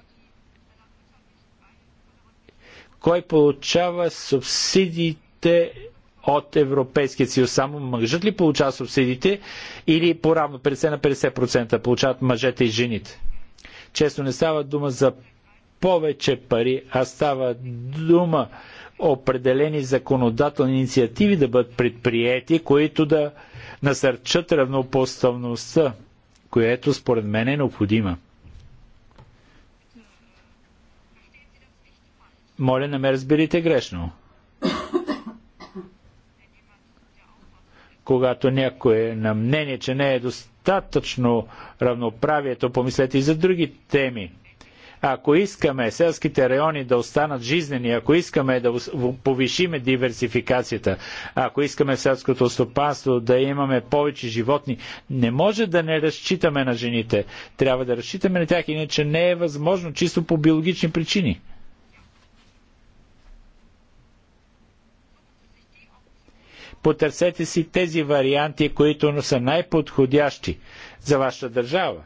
кой получава субсидиите от Европейския съюз. Само мъжът ли получава субсидиите или по-равно 50 на 50% получават мъжете и жените? Често не става дума за повече пари, а става дума определени законодателни инициативи да бъдат предприяти, които да насърчат равнопоставността, което според мен е необходима. Моля, не ме разберите грешно. Когато някой е на мнение, че не е достатъчно равноправието, помислете и за други теми – ако искаме селските райони да останат жизнени, ако искаме да повишиме диверсификацията, ако искаме в селското стопанство да имаме повече животни, не може да не разчитаме на жените. Трябва да разчитаме на тях, иначе не е възможно чисто по биологични причини. Потърсете си тези варианти, които са най-подходящи за вашата държава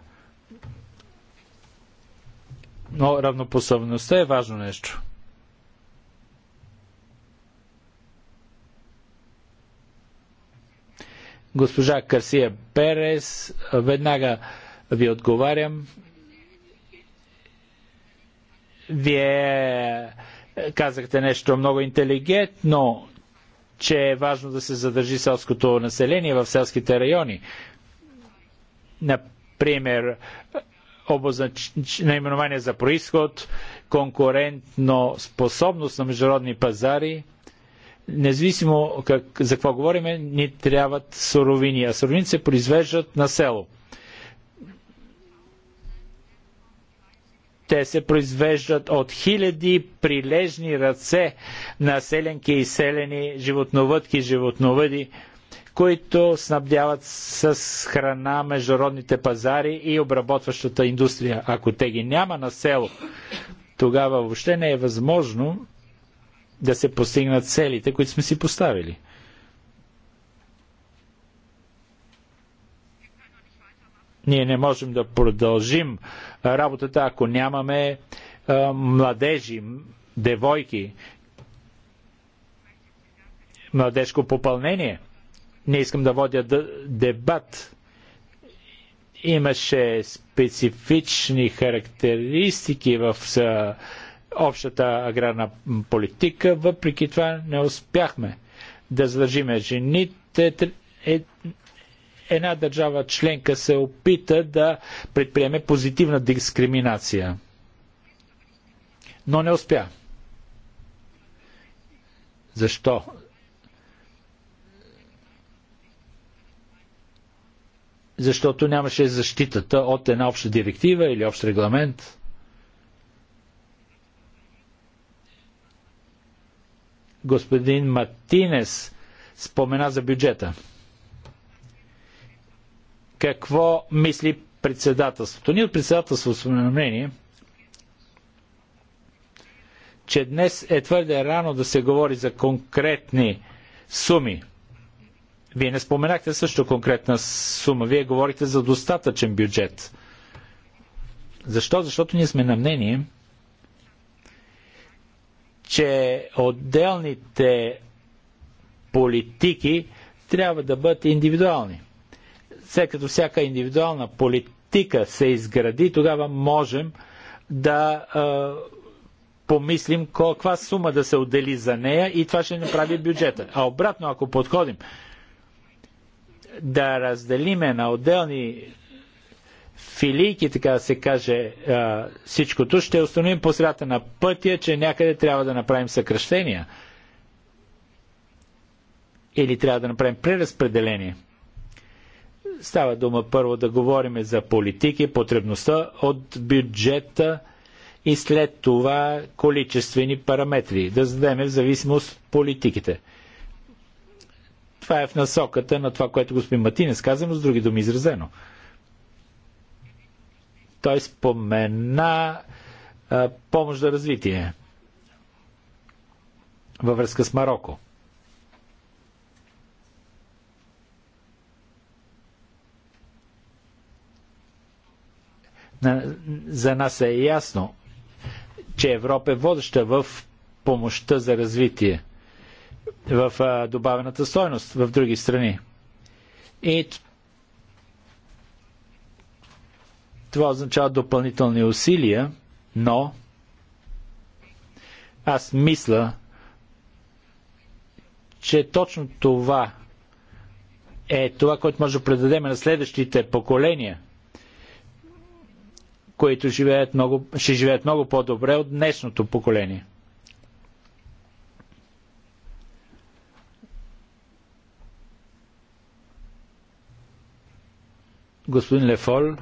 но равнопоставеността е важно нещо. Госпожа Карсия Перес, веднага ви отговарям. Вие казахте нещо много интелигентно, че е важно да се задържи селското население в селските райони. Например, обознач... наименование за происход, конкурентно способност на международни пазари, независимо как, за какво говорим, ни трябват суровини. А суровини се произвеждат на село. Те се произвеждат от хиляди прилежни ръце на селенки и селени, животновъдки, животновъди. животновъди които снабдяват с храна международните пазари и обработващата индустрия. Ако те ги няма на село, тогава въобще не е възможно да се постигнат целите, които сме си поставили. Ние не можем да продължим работата, ако нямаме а, младежи, девойки, младежко попълнение – не искам да водя дебат. Имаше специфични характеристики в общата аграрна политика, въпреки това не успяхме да задържиме жените. Е, една държава членка се опита да предприеме позитивна дискриминация, но не успя. Защо? защото нямаше защитата от една обща директива или общ регламент. Господин Мартинес спомена за бюджета. Какво мисли председателството? Ние от председателството сме на мнение, че днес е твърде рано да се говори за конкретни суми. Вие не споменахте също конкретна сума. Вие говорите за достатъчен бюджет. Защо? Защото ние сме на мнение, че отделните политики трябва да бъдат индивидуални. След като всяка индивидуална политика се изгради, тогава можем да е, помислим каква сума да се отдели за нея и това ще направи бюджета. А обратно, ако подходим да разделиме на отделни филийки, така да се каже, всичкото, ще установим по средата на пътя, че някъде трябва да направим съкръщения. Или трябва да направим преразпределение. Става дума първо да говорим за политики, потребността от бюджета и след това количествени параметри. Да зададем в зависимост политиките – това е в насоката на това, което господин Матинес каза, но с други думи изразено. Той спомена а, помощ за развитие във връзка с Марокко. за нас е ясно, че Европа е водеща в помощта за развитие в добавената стойност в други страни. И това означава допълнителни усилия, но аз мисля, че точно това е това, което може да предадем на следващите поколения, които живеят много, ще живеят много по-добре от днешното поколение. господин Лефол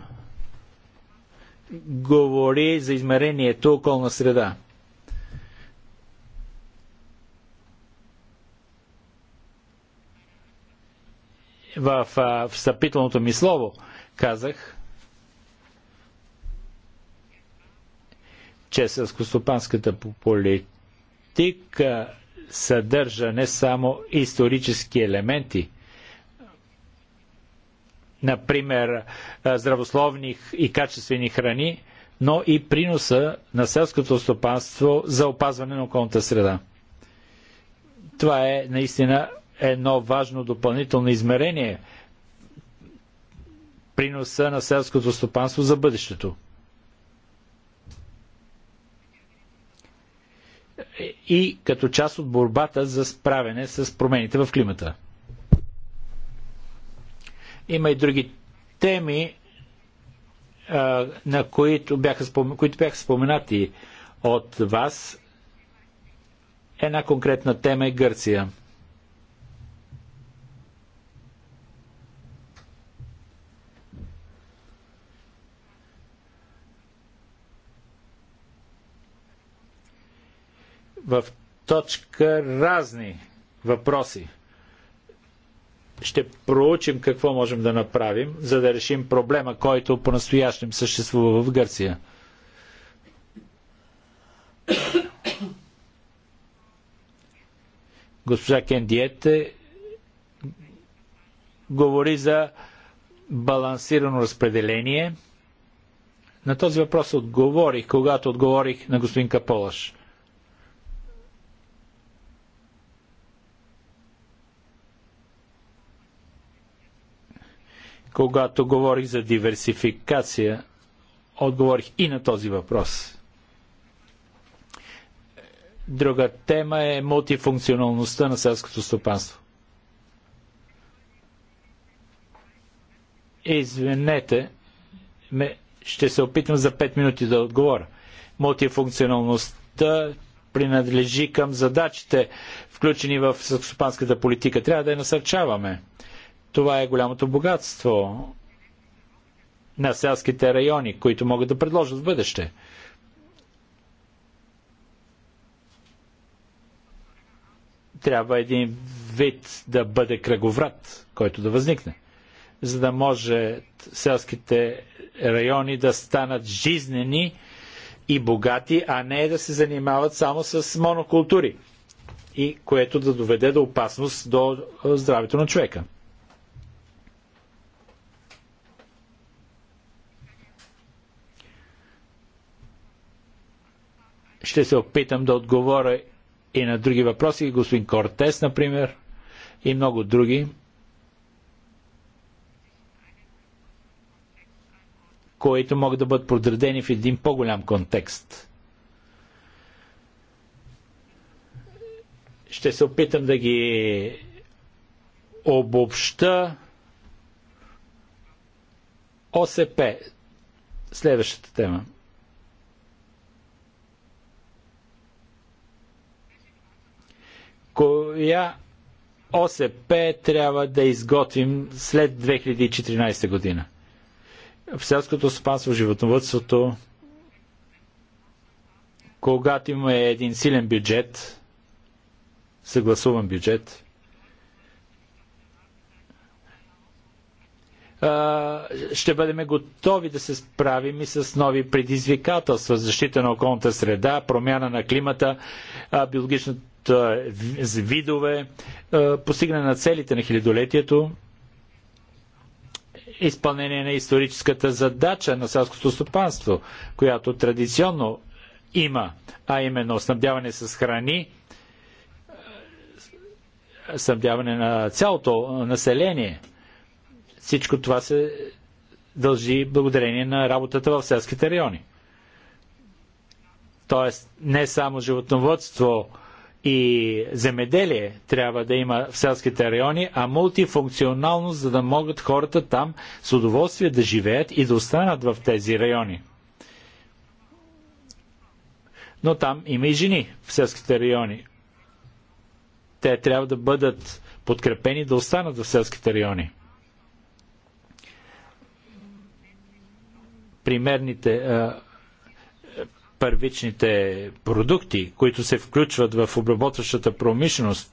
говори за измерението околна среда. В встъпителното ми слово казах, че селскостопанската политика съдържа не само исторически елементи, например, здравословни и качествени храни, но и приноса на селското стопанство за опазване на околната среда. Това е наистина едно важно допълнително измерение приноса на селското стопанство за бъдещето. И като част от борбата за справяне с промените в климата. Има и други теми, на които бяха, които бяха споменати от вас. Една конкретна тема е Гърция. в точка разни въпроси ще проучим какво можем да направим, за да решим проблема, който по-настоящем съществува в Гърция. Госпожа Кендиете говори за балансирано разпределение. На този въпрос отговорих, когато отговорих на господин Каполаш – Когато говорих за диверсификация, отговорих и на този въпрос. Друга тема е мултифункционалността на селското стопанство. Извинете, ме, ще се опитам за 5 минути да отговоря. Мултифункционалността принадлежи към задачите, включени в съкспанската политика. Трябва да я насърчаваме. Това е голямото богатство на селските райони, които могат да предложат в бъдеще. Трябва един вид да бъде кръговрат, който да възникне, за да може селските райони да станат жизнени и богати, а не да се занимават само с монокултури и което да доведе до опасност до здравето на човека. Ще се опитам да отговоря и на други въпроси, господин Кортес, например, и много други. които могат да бъдат подредени в един по-голям контекст. Ще се опитам да ги обобща ОСП. Следващата тема – коя ОСП трябва да изготвим след 2014 година. В селското стопанство, животновътството, когато имаме един силен бюджет, съгласуван бюджет, ще бъдем готови да се справим и с нови предизвикателства, защита на околната среда, промяна на климата, биологичната видове, постигане на целите на хилядолетието, изпълнение на историческата задача на селското стопанство, която традиционно има, а именно снабдяване с храни, снабдяване на цялото население. Всичко това се дължи благодарение на работата в селските райони. Тоест не само животноводство, и земеделие трябва да има в селските райони, а мултифункционалност, за да могат хората там с удоволствие да живеят и да останат в тези райони. Но там има и жени в селските райони. Те трябва да бъдат подкрепени да останат в селските райони. Примерните а, първичните продукти, които се включват в обработващата промишленост,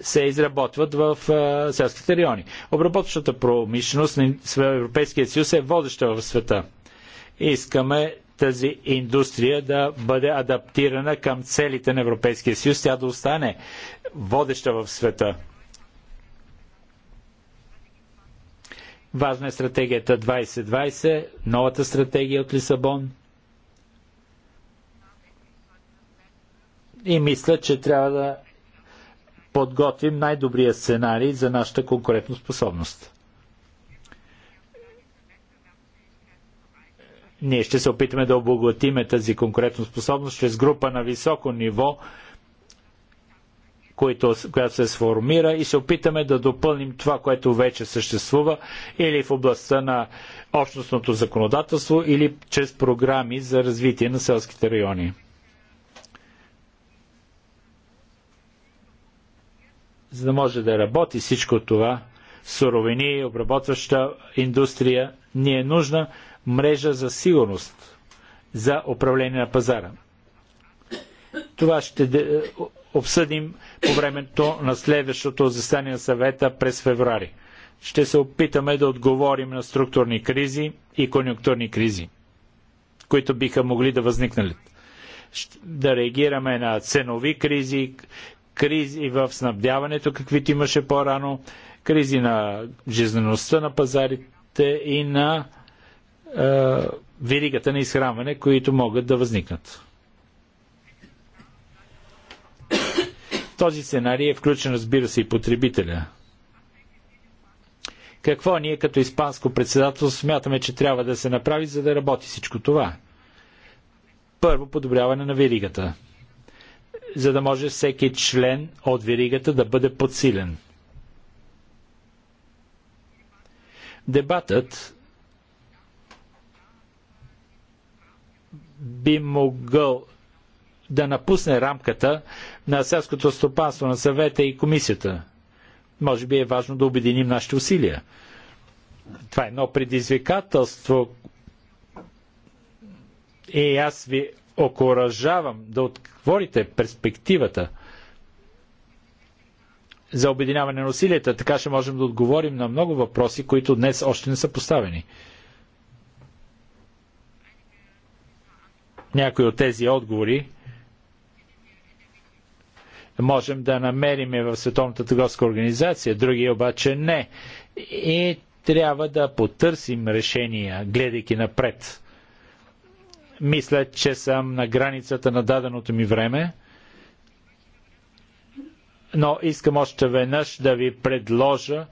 се изработват в а, селските райони. Обработващата промишленост в Европейския съюз е водеща в света. Искаме тази индустрия да бъде адаптирана към целите на Европейския съюз, тя да остане водеща в света. Важна е стратегията 2020, новата стратегия от Лисабон – И мисля, че трябва да подготвим най-добрия сценарий за нашата способност. Ние ще се опитаме да обогатиме тази способност чрез група на високо ниво, които, която се сформира и се опитаме да допълним това, което вече съществува или в областта на общностното законодателство, или чрез програми за развитие на селските райони. за да може да работи всичко това, суровини, обработваща индустрия, ни е нужна мрежа за сигурност, за управление на пазара. Това ще обсъдим по времето на следващото застане на съвета през феврари. Ще се опитаме да отговорим на структурни кризи и конъюнктурни кризи, които биха могли да възникнат. Да реагираме на ценови кризи, кризи в снабдяването, каквито имаше по-рано, кризи на жизнеността на пазарите и на е, веригата на изхранване, които могат да възникнат. Този сценарий е включен, разбира се, и потребителя. Какво ние като испанско председателство смятаме, че трябва да се направи, за да работи всичко това? Първо, подобряване на веригата за да може всеки член от веригата да бъде подсилен. Дебатът би могъл да напусне рамката на селското стопанство на съвета и комисията. Може би е важно да обединим нашите усилия. Това е едно предизвикателство. И аз ви окоръжавам да отворите перспективата за обединяване на усилията. Така ще можем да отговорим на много въпроси, които днес още не са поставени. Някои от тези отговори можем да намериме в Световната търговска организация, други обаче не. И трябва да потърсим решения, гледайки напред. Мисля, че съм на границата на даденото ми време, но искам още веднъж да ви предложа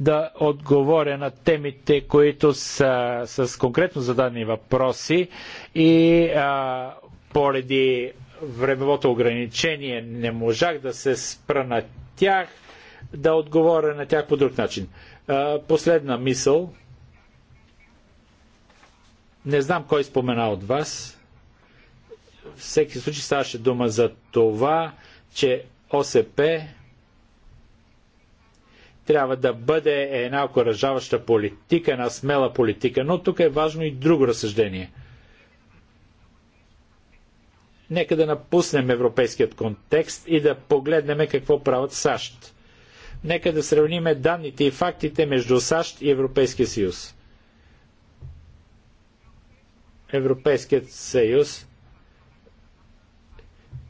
да отговоря на темите, които са с конкретно зададени въпроси и а, поради времевото ограничение не можах да се спра на тях, да отговоря на тях по друг начин. А, последна мисъл. Не знам кой спомена от вас. Всеки случай ставаше дума за това, че ОСП трябва да бъде една окоръжаваща политика, една смела политика. Но тук е важно и друго разсъждение. Нека да напуснем европейският контекст и да погледнем какво правят САЩ. Нека да сравним данните и фактите между САЩ и Европейския съюз. Европейският съюз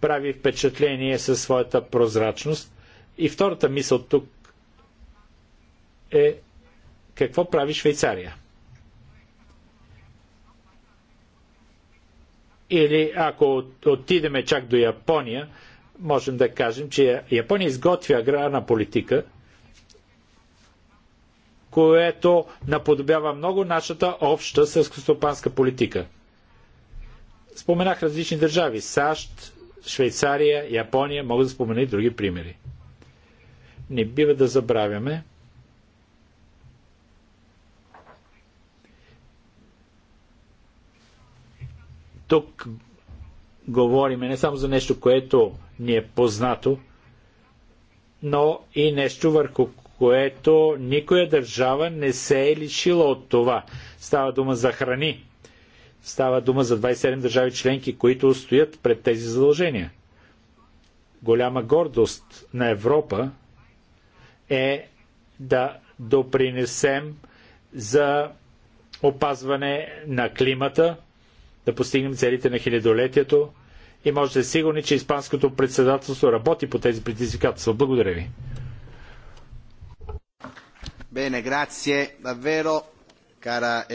прави впечатление със своята прозрачност. И втората мисъл тук е какво прави Швейцария? Или ако отидеме чак до Япония, можем да кажем, че Япония изготвя аграрна политика – което наподобява много нашата обща сърскостопанска политика. Споменах различни държави САЩ, Швейцария, Япония, мога да спомена и други примери. Не бива да забравяме, тук говориме не само за нещо, което ни е познато, но и нещо върху което никоя държава не се е лишила от това. Става дума за храни. Става дума за 27 държави членки, които стоят пред тези задължения. Голяма гордост на Европа е да допринесем за опазване на климата, да постигнем целите на хилядолетието и може да е сигурни, че Испанското председателство работи по тези предизвикателства. Благодаря ви. Bene, grazie davvero, cara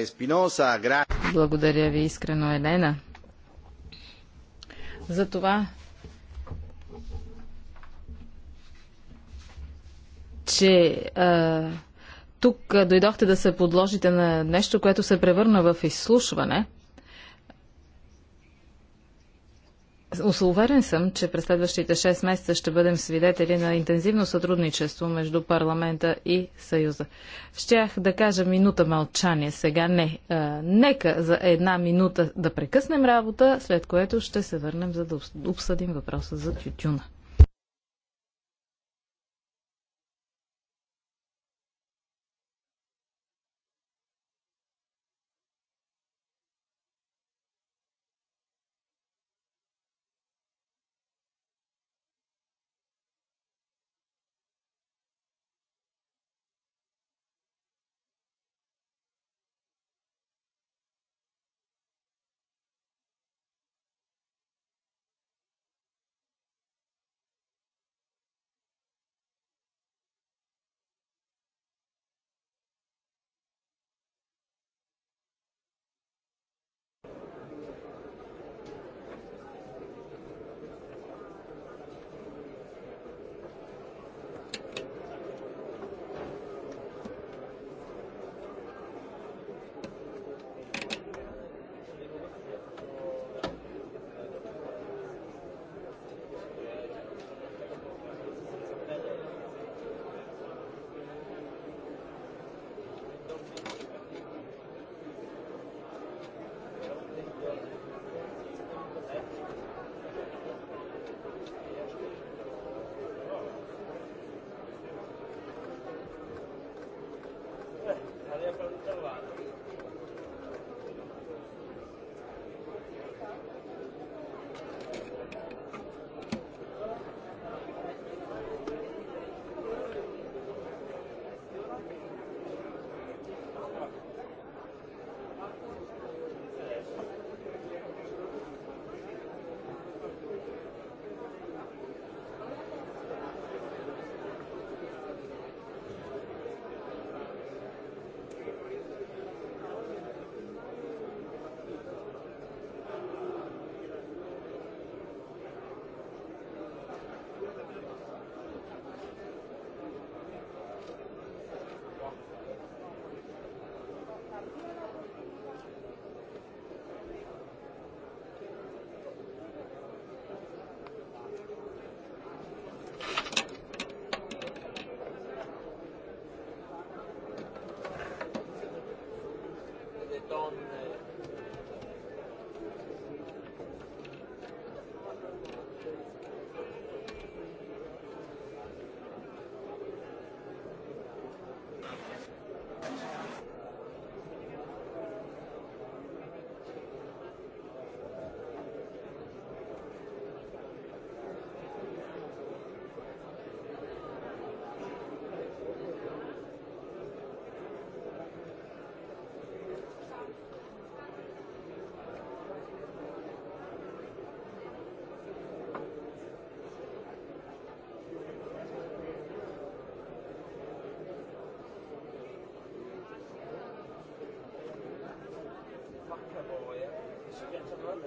Espinosa. Gra... Благодаря ви искрено, Елена. За това, че а, тук дойдохте да се подложите на нещо, което се превърна в изслушване – Усоуверен съм, че през следващите 6 месеца ще бъдем свидетели на интензивно сътрудничество между парламента и Съюза. Щях да кажа минута мълчание, сега не. А, нека за една минута да прекъснем работа, след което ще се върнем за да обсъдим въпроса за тютюна.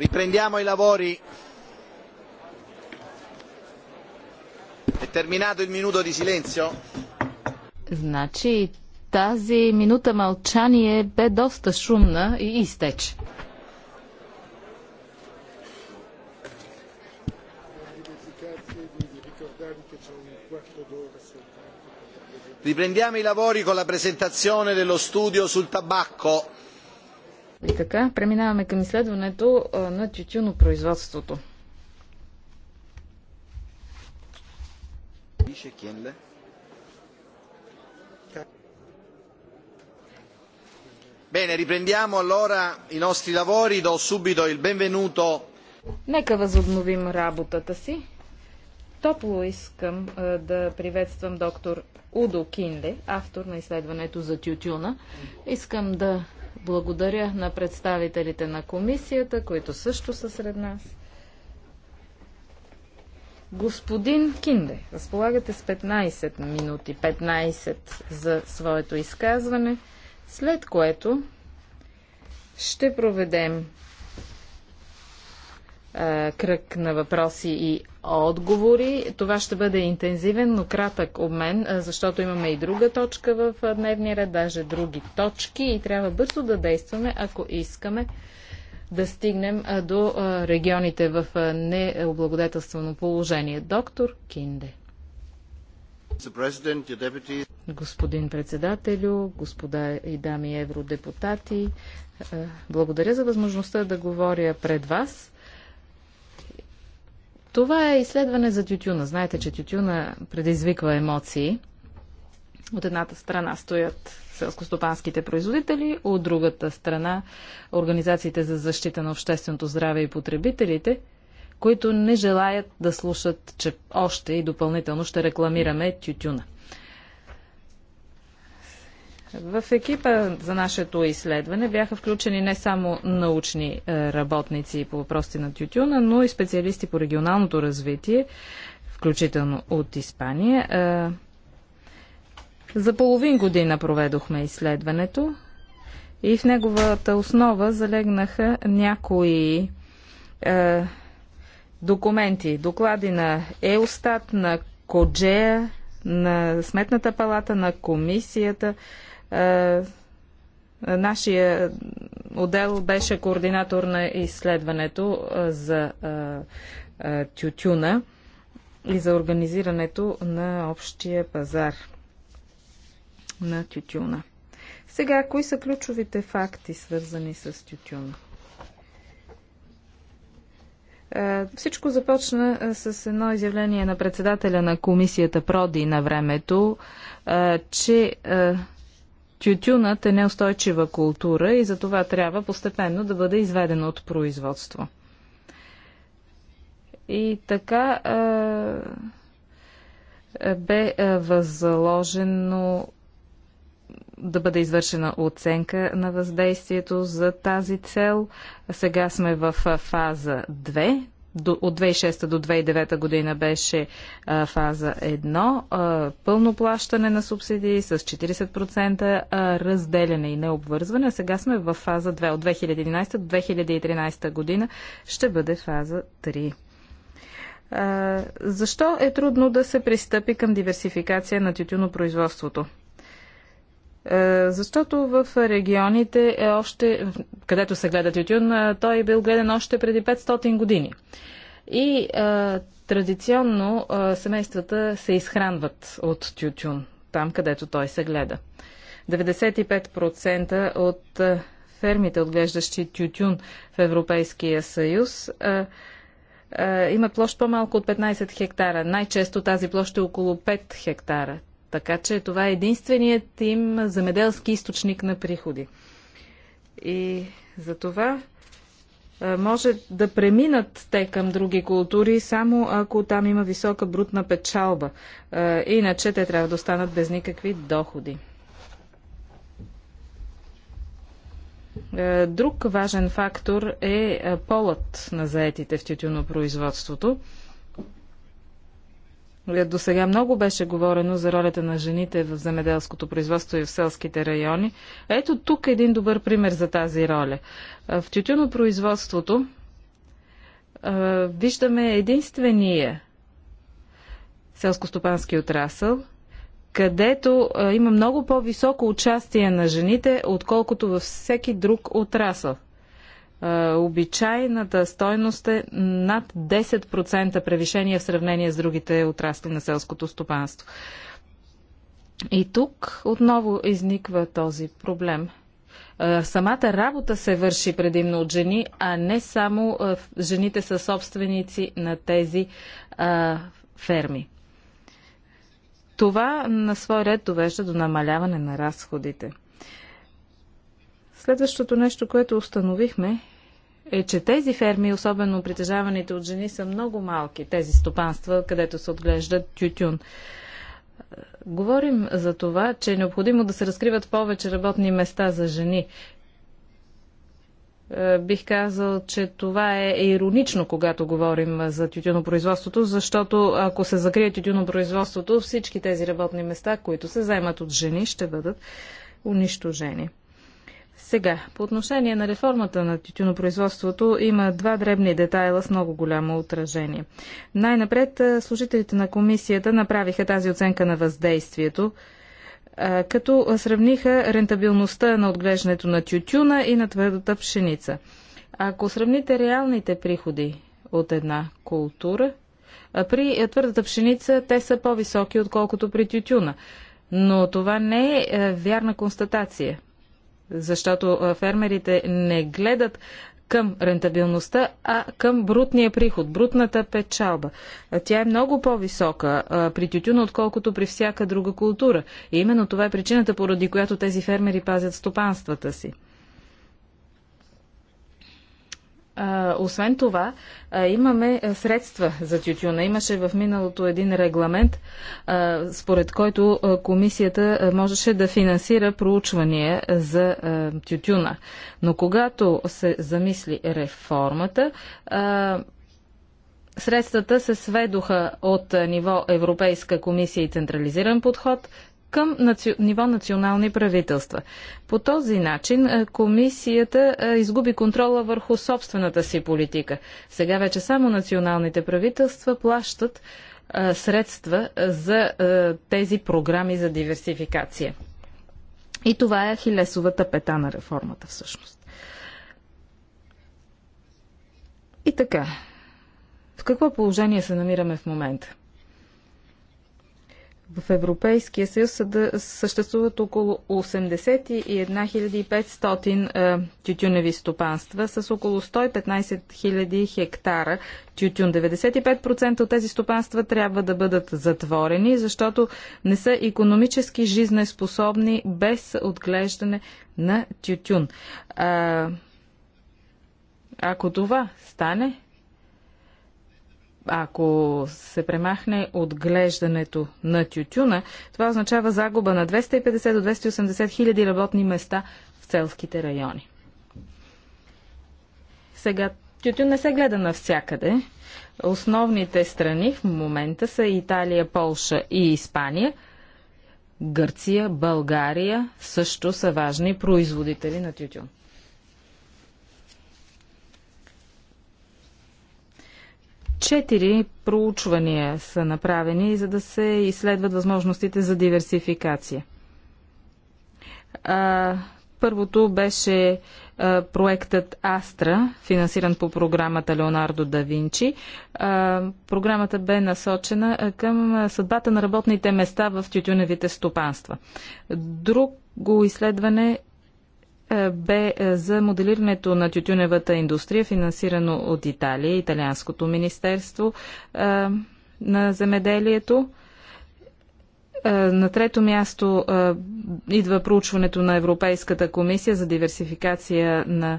Riprendiamo i lavori. è terminato il minuto di silenzio? Значи тази минута мълчание бе доста шумна и изтече. Riprendiamo i lavori con la presentazione dello studio sul tabacco. И така, преминаваме към изследването на тютюнопроизводството. производството. Bene, riprendiamo allora i nostri lavori. Do subito il benvenuto. Нека възобновим работата си. Топло искам а, да приветствам доктор Удо Кинде, автор на изследването за тютюна. Искам да благодаря на представителите на комисията, които също са сред нас. Господин Кинде, разполагате с 15 минути, 15 за своето изказване, след което ще проведем е, кръг на въпроси и отговори. Това ще бъде интензивен, но кратък обмен, е, защото имаме и друга точка в е, дневния ред, даже други точки и трябва бързо да действаме, ако искаме да стигнем до регионите в необлагодетелствено положение. Доктор Кинде. Господин председателю, господа и дами евродепутати, благодаря за възможността да говоря пред вас. Това е изследване за тютюна. Знаете, че тютюна предизвиква емоции. От едната страна стоят селскостопанските производители, от другата страна организациите за защита на общественото здраве и потребителите, които не желаят да слушат, че още и допълнително ще рекламираме тютюна. В екипа за нашето изследване бяха включени не само научни е, работници по въпросите на тютюна, но и специалисти по регионалното развитие, включително от Испания. Е, за половин година проведохме изследването и в неговата основа залегнаха някои е, документи, доклади на ЕОСТАТ, на Коджея, на Сметната палата, на комисията, е, нашия отдел беше координатор на изследването е, за е, тютюна и за организирането на общия пазар на тютюна. Сега, кои са ключовите факти, свързани с тютюна? Всичко започна с едно изявление на председателя на комисията Проди на времето, че Тютюнът е неустойчива култура и за това трябва постепенно да бъде изведена от производство. И така е, бе е, възложено да бъде извършена оценка на въздействието за тази цел. Сега сме в фаза 2, до, от 2006 до 2009 година беше а, фаза 1, а, пълно плащане на субсидии с 40% а, разделяне и необвързване. А сега сме в фаза 2. От 2011 до 2013 година ще бъде фаза 3. А, защо е трудно да се пристъпи към диверсификация на тютюнопроизводството? производството? Е, защото в регионите е още, където се гледа тютюн, е, той е бил гледан още преди 500 години. И а, е, традиционно а, семействата се изхранват от тютюн, там където той се гледа. 95% от фермите, отглеждащи тютюн в Европейския съюз, а, а, има площ по-малко от 15 хектара. Най-често тази площ е около 5 хектара. Така че това е единственият им замеделски източник на приходи. И за това може да преминат те към други култури, само ако там има висока брутна печалба. Иначе те трябва да останат без никакви доходи. Друг важен фактор е полът на заетите в тютюнопроизводството. производството. Нали, до сега много беше говорено за ролята на жените в земеделското производство и в селските райони. Ето тук един добър пример за тази роля. В тютюнопроизводството виждаме единствения селскостопански отрасъл, където има много по-високо участие на жените, отколкото във всеки друг отрасъл – е, обичайната стойност е над 10% превишение в сравнение с другите отрасли на селското стопанство. И тук отново изниква този проблем. Е, самата работа се върши предимно от жени, а не само е, жените са собственици на тези а, ферми. Това на свой ред довежда до намаляване на разходите – Следващото нещо, което установихме, е, че тези ферми, особено притежаваните от жени, са много малки, тези стопанства, където се отглеждат тютюн. Говорим за това, че е необходимо да се разкриват повече работни места за жени. Е, бих казал, че това е иронично, когато говорим за тютюнопроизводството, защото ако се закрие тютюнопроизводството, всички тези работни места, които се заемат от жени, ще бъдат унищожени. Сега, по отношение на реформата на тютюнопроизводството има два дребни детайла с много голямо отражение. Най-напред служителите на комисията направиха тази оценка на въздействието, като сравниха рентабилността на отглеждането на тютюна и на твърдата пшеница. Ако сравните реалните приходи от една култура, при твърдата пшеница те са по-високи, отколкото при тютюна. Но това не е вярна констатация защото фермерите не гледат към рентабилността, а към брутния приход, брутната печалба. Тя е много по-висока при тютюна, отколкото при всяка друга култура. И именно това е причината, поради която тези фермери пазят стопанствата си. освен това, имаме средства за тютюна. Имаше в миналото един регламент, според който комисията можеше да финансира проучвания за тютюна. Но когато се замисли реформата, Средствата се сведоха от ниво Европейска комисия и централизиран подход към наци... ниво национални правителства. По този начин комисията изгуби контрола върху собствената си политика. Сега вече само националните правителства плащат средства за тези програми за диверсификация. И това е хилесовата пета на реформата всъщност. И така, в какво положение се намираме в момента? в Европейския съюз съществуват около 81 500 е, тютюневи стопанства с около 115 000 хектара тютюн. 95% от тези стопанства трябва да бъдат затворени, защото не са економически жизнеспособни без отглеждане на тютюн. А, ако това стане, ако се премахне отглеждането на тютюна, това означава загуба на 250 до 280 хиляди работни места в целските райони. Сега, тютюн не се гледа навсякъде. Основните страни в момента са Италия, Полша и Испания. Гърция, България също са важни производители на тютюн. Четири проучвания са направени, за да се изследват възможностите за диверсификация. А, първото беше а, проектът Астра, финансиран по програмата Леонардо да Винчи. А, програмата бе насочена към съдбата на работните места в тютюневите стопанства. Друго изследване е, бе е, за моделирането на тютюневата индустрия, финансирано от Италия, Италианското министерство е, на земеделието. На трето място идва проучването на Европейската комисия за диверсификация на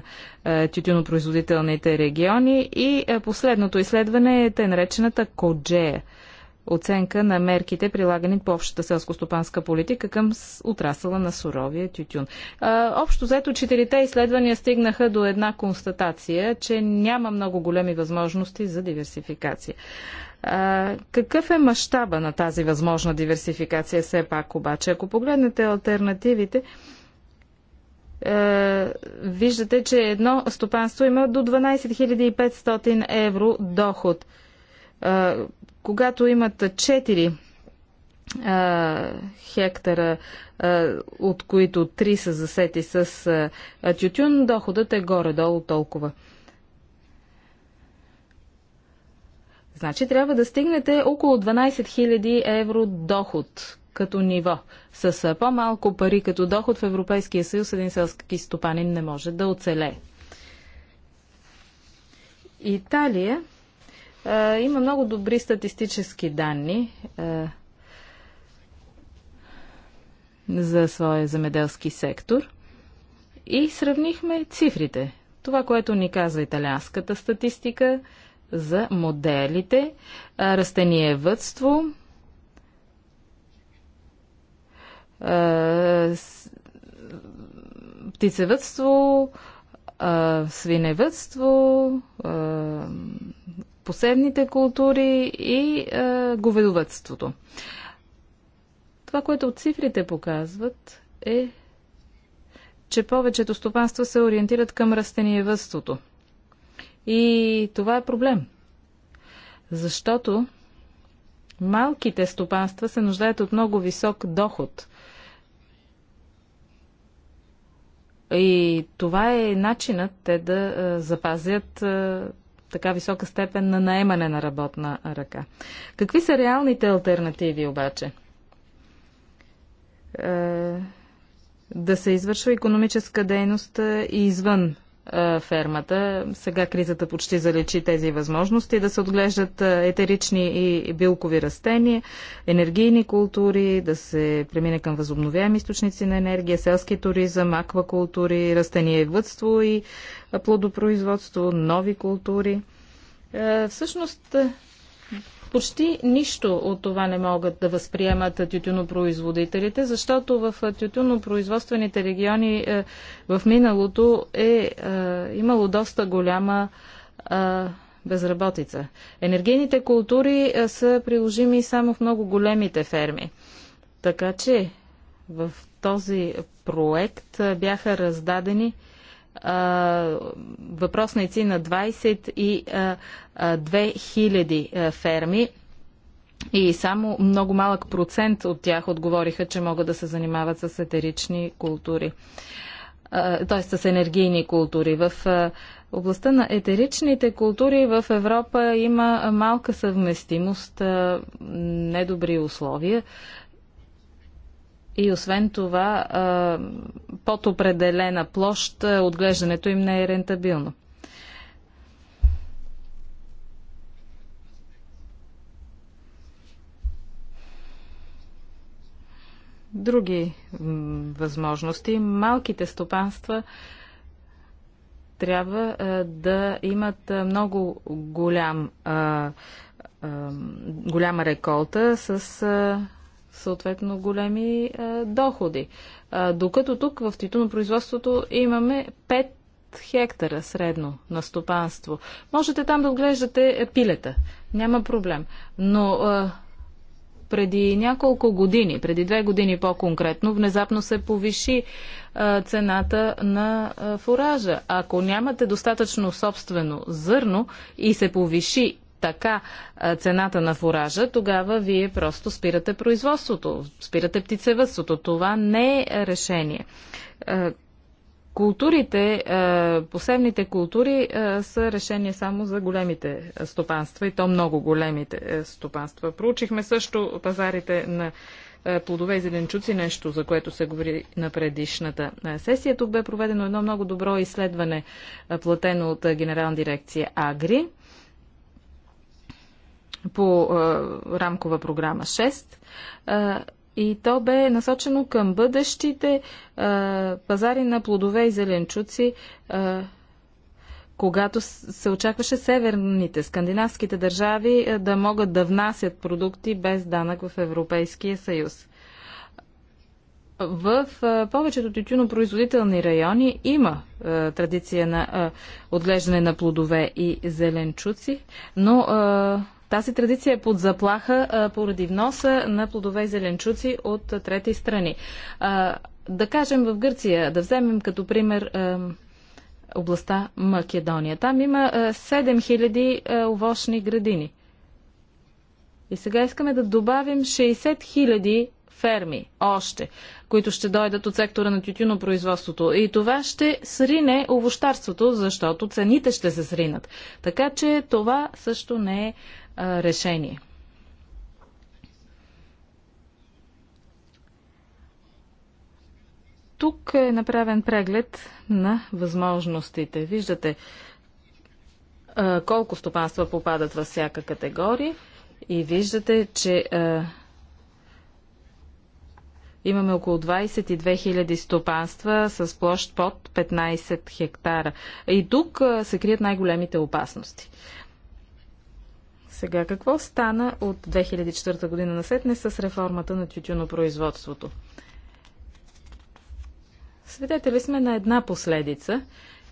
тютюнопроизводителните региони и последното изследване е те наречената Коджея – оценка на мерките, прилагани по общата селско-стопанска политика към отрасъла на суровия тютюн. А, общо заето четирите изследвания стигнаха до една констатация, че няма много големи възможности за диверсификация. А, какъв е мащаба на тази възможна диверсификация все пак обаче? Ако погледнете альтернативите, виждате, че едно стопанство има до 12 500 евро доход когато имат 4 хектара, от които 3 са засети с а, тютюн, доходът е горе-долу толкова. Значи трябва да стигнете около 12 000 евро доход като ниво. С по-малко пари като доход в Европейския съюз един селски стопанин не може да оцелее. Италия е, има много добри статистически данни е, за своя земеделски сектор и сравнихме цифрите. Това, което ни казва италианската статистика за моделите, е, растениевътство, птицевътство, свиневътство, посевните култури и е, говедовътството. Това, което от цифрите показват е, че повечето стопанства се ориентират към растениевътството. И това е проблем. Защото малките стопанства се нуждаят от много висок доход. И това е начинът те да е, запазят е, така висока степен на наемане на работна ръка. Какви са реалните альтернативи обаче? Е, да се извършва економическа дейност и е, извън е, фермата. Сега кризата почти залечи тези възможности да се отглеждат е, етерични и билкови растения, енергийни култури, да се премине към възобновяеми източници на енергия, селски туризъм, аквакултури, растениевътство и е, плодопроизводство, нови култури. Всъщност почти нищо от това не могат да възприемат тютюнопроизводителите, защото в тютюнопроизводствените региони е, в миналото е, е, имало доста голяма е, безработица. Енергийните култури са приложими само в много големите ферми. Така че в този проект бяха раздадени въпросници на 22 000 ферми и само много малък процент от тях отговориха, че могат да се занимават с етерични култури, т.е. с енергийни култури. В областта на етеричните култури в Европа има малка съвместимост, недобри условия. И освен това, под определена площ отглеждането им не е рентабилно. други възможности. Малките стопанства трябва да имат много голям, голяма реколта с съответно големи а, е, доходи. А, е, докато тук в производството имаме 5 хектара средно на стопанство. Можете там да отглеждате пилета. Няма проблем. Но а, е, преди няколко години, преди две години по-конкретно, внезапно се повиши а, цената на а, фуража. Ако нямате достатъчно собствено зърно и се повиши така цената на фуража, тогава вие просто спирате производството, спирате птицевътството. Това не е решение. Културите, посевните култури са решение само за големите стопанства и то много големите е, стопанства. Проучихме също пазарите на плодове и зеленчуци, нещо за което се говори на предишната сесия. Тук бе проведено едно много добро изследване, платено от Генерална дирекция Агри по рамкова програма 6 и то бе насочено към бъдещите пазари на плодове и зеленчуци когато се очакваше северните, скандинавските държави да могат да внасят продукти без данък в Европейския съюз. В повечето тютюнопроизводителни райони има а, традиция на а, отглеждане на плодове и зеленчуци, но а, тази традиция е под заплаха поради вноса на плодове и зеленчуци от трети страни. Да кажем в Гърция, да вземем като пример областта Македония. Там има 7000 овощни градини. И сега искаме да добавим 60 000 ферми още, които ще дойдат от сектора на тютюнопроизводството. И това ще срине овощарството, защото цените ще се сринат. Така че това също не е решение. Тук е направен преглед на възможностите. Виждате колко стопанства попадат във всяка категория и виждате, че имаме около 22 000 стопанства с площ под 15 хектара. И тук се крият най-големите опасности. Сега, какво стана от 2004 година насетне с реформата на тютюнопроизводството? Свидетели сме на една последица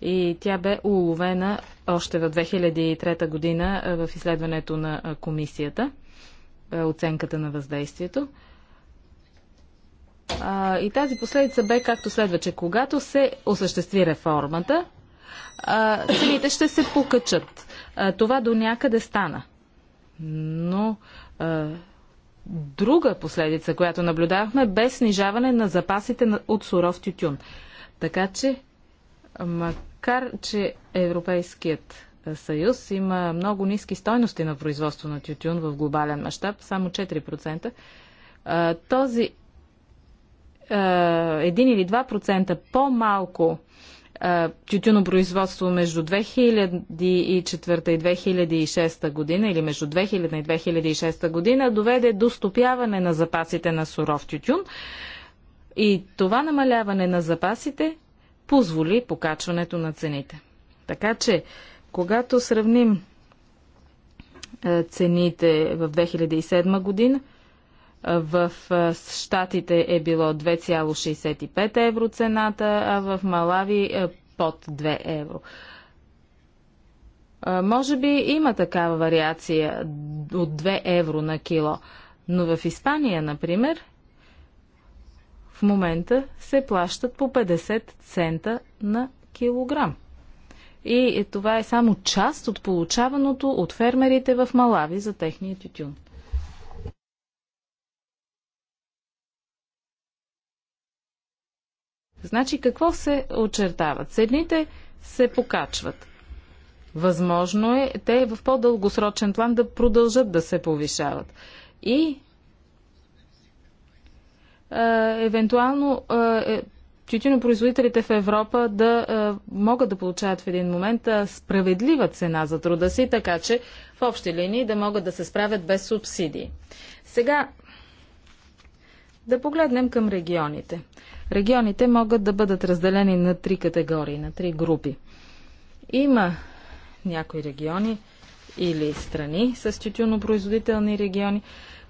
и тя бе уловена още в 2003 година в изследването на комисията, оценката на въздействието. И тази последица бе както следва, че когато се осъществи реформата, цените ще се покачат. Това до някъде стана. Но а, друга последица, която наблюдавахме, бе снижаване на запасите от суров тютюн. Така че, макар че Европейският съюз има много ниски стойности на производство на тютюн в глобален мащаб, само 4%, а, този 1 или 2% по-малко тютюнопроизводство между 2004 и 2006 година или между 2000 и 2006 година доведе до стопяване на запасите на суров тютюн и това намаляване на запасите позволи покачването на цените. Така че, когато сравним цените в 2007 година в Штатите е било 2,65 евро цената, а в Малави под 2 евро. Може би има такава вариация от 2 евро на кило, но в Испания, например, в момента се плащат по 50 цента на килограм. И това е само част от получаваното от фермерите в Малави за техния тютюн. Значи какво се очертава? Цените се покачват. Възможно е те в по-дългосрочен план да продължат да се повишават. И е, евентуално е, тютюнопроизводителите в Европа да е, могат да получават в един момент справедлива цена за труда си, така че в общи линии да могат да се справят без субсидии. Сега да погледнем към регионите. Регионите могат да бъдат разделени на три категории, на три групи. Има някои региони или страни с тютюнопроизводителни региони,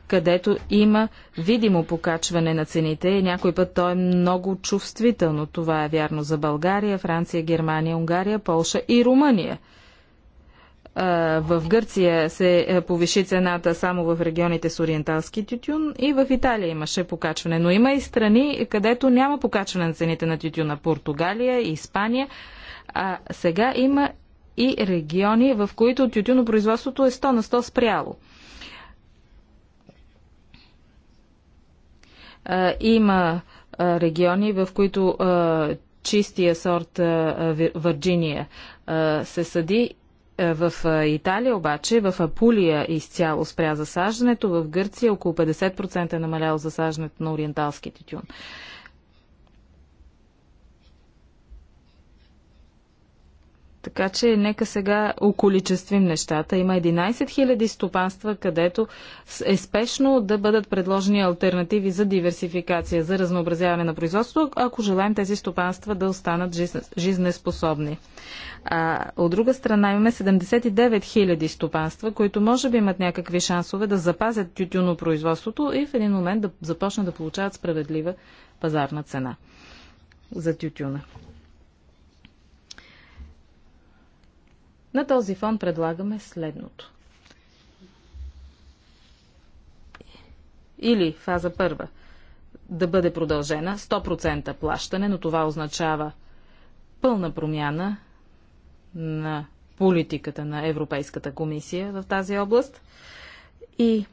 където има видимо покачване на цените и някой път то е много чувствително. Това е вярно за България, Франция, Германия, Унгария, Полша и Румъния – в Гърция се е, повиши цената само в регионите с ориенталски тютюн и в Италия имаше покачване. Но има и страни, където няма покачване на цените на тютюна. Португалия, Испания. А сега има и региони, в които тютюнопроизводството е 100 на 100 спряло. Има региони, в които чистия сорт Вирджиния се съди е, в е, Италия обаче, в Апулия изцяло спря засаждането, в Гърция около 50% е намалял засаждането на ориенталски тютюн. Така че нека сега околичествим нещата. Има 11 000 стопанства, където е спешно да бъдат предложени альтернативи за диверсификация, за разнообразяване на производството, ако желаем тези стопанства да останат жизнеспособни. А, от друга страна имаме 79 000 стопанства, които може би имат някакви шансове да запазят тютюнопроизводството и в един момент да започнат да получават справедлива пазарна цена за тютюна. На този фон предлагаме следното. Или фаза първа да бъде продължена 100% плащане, но това означава пълна промяна на политиката на Европейската комисия в тази област и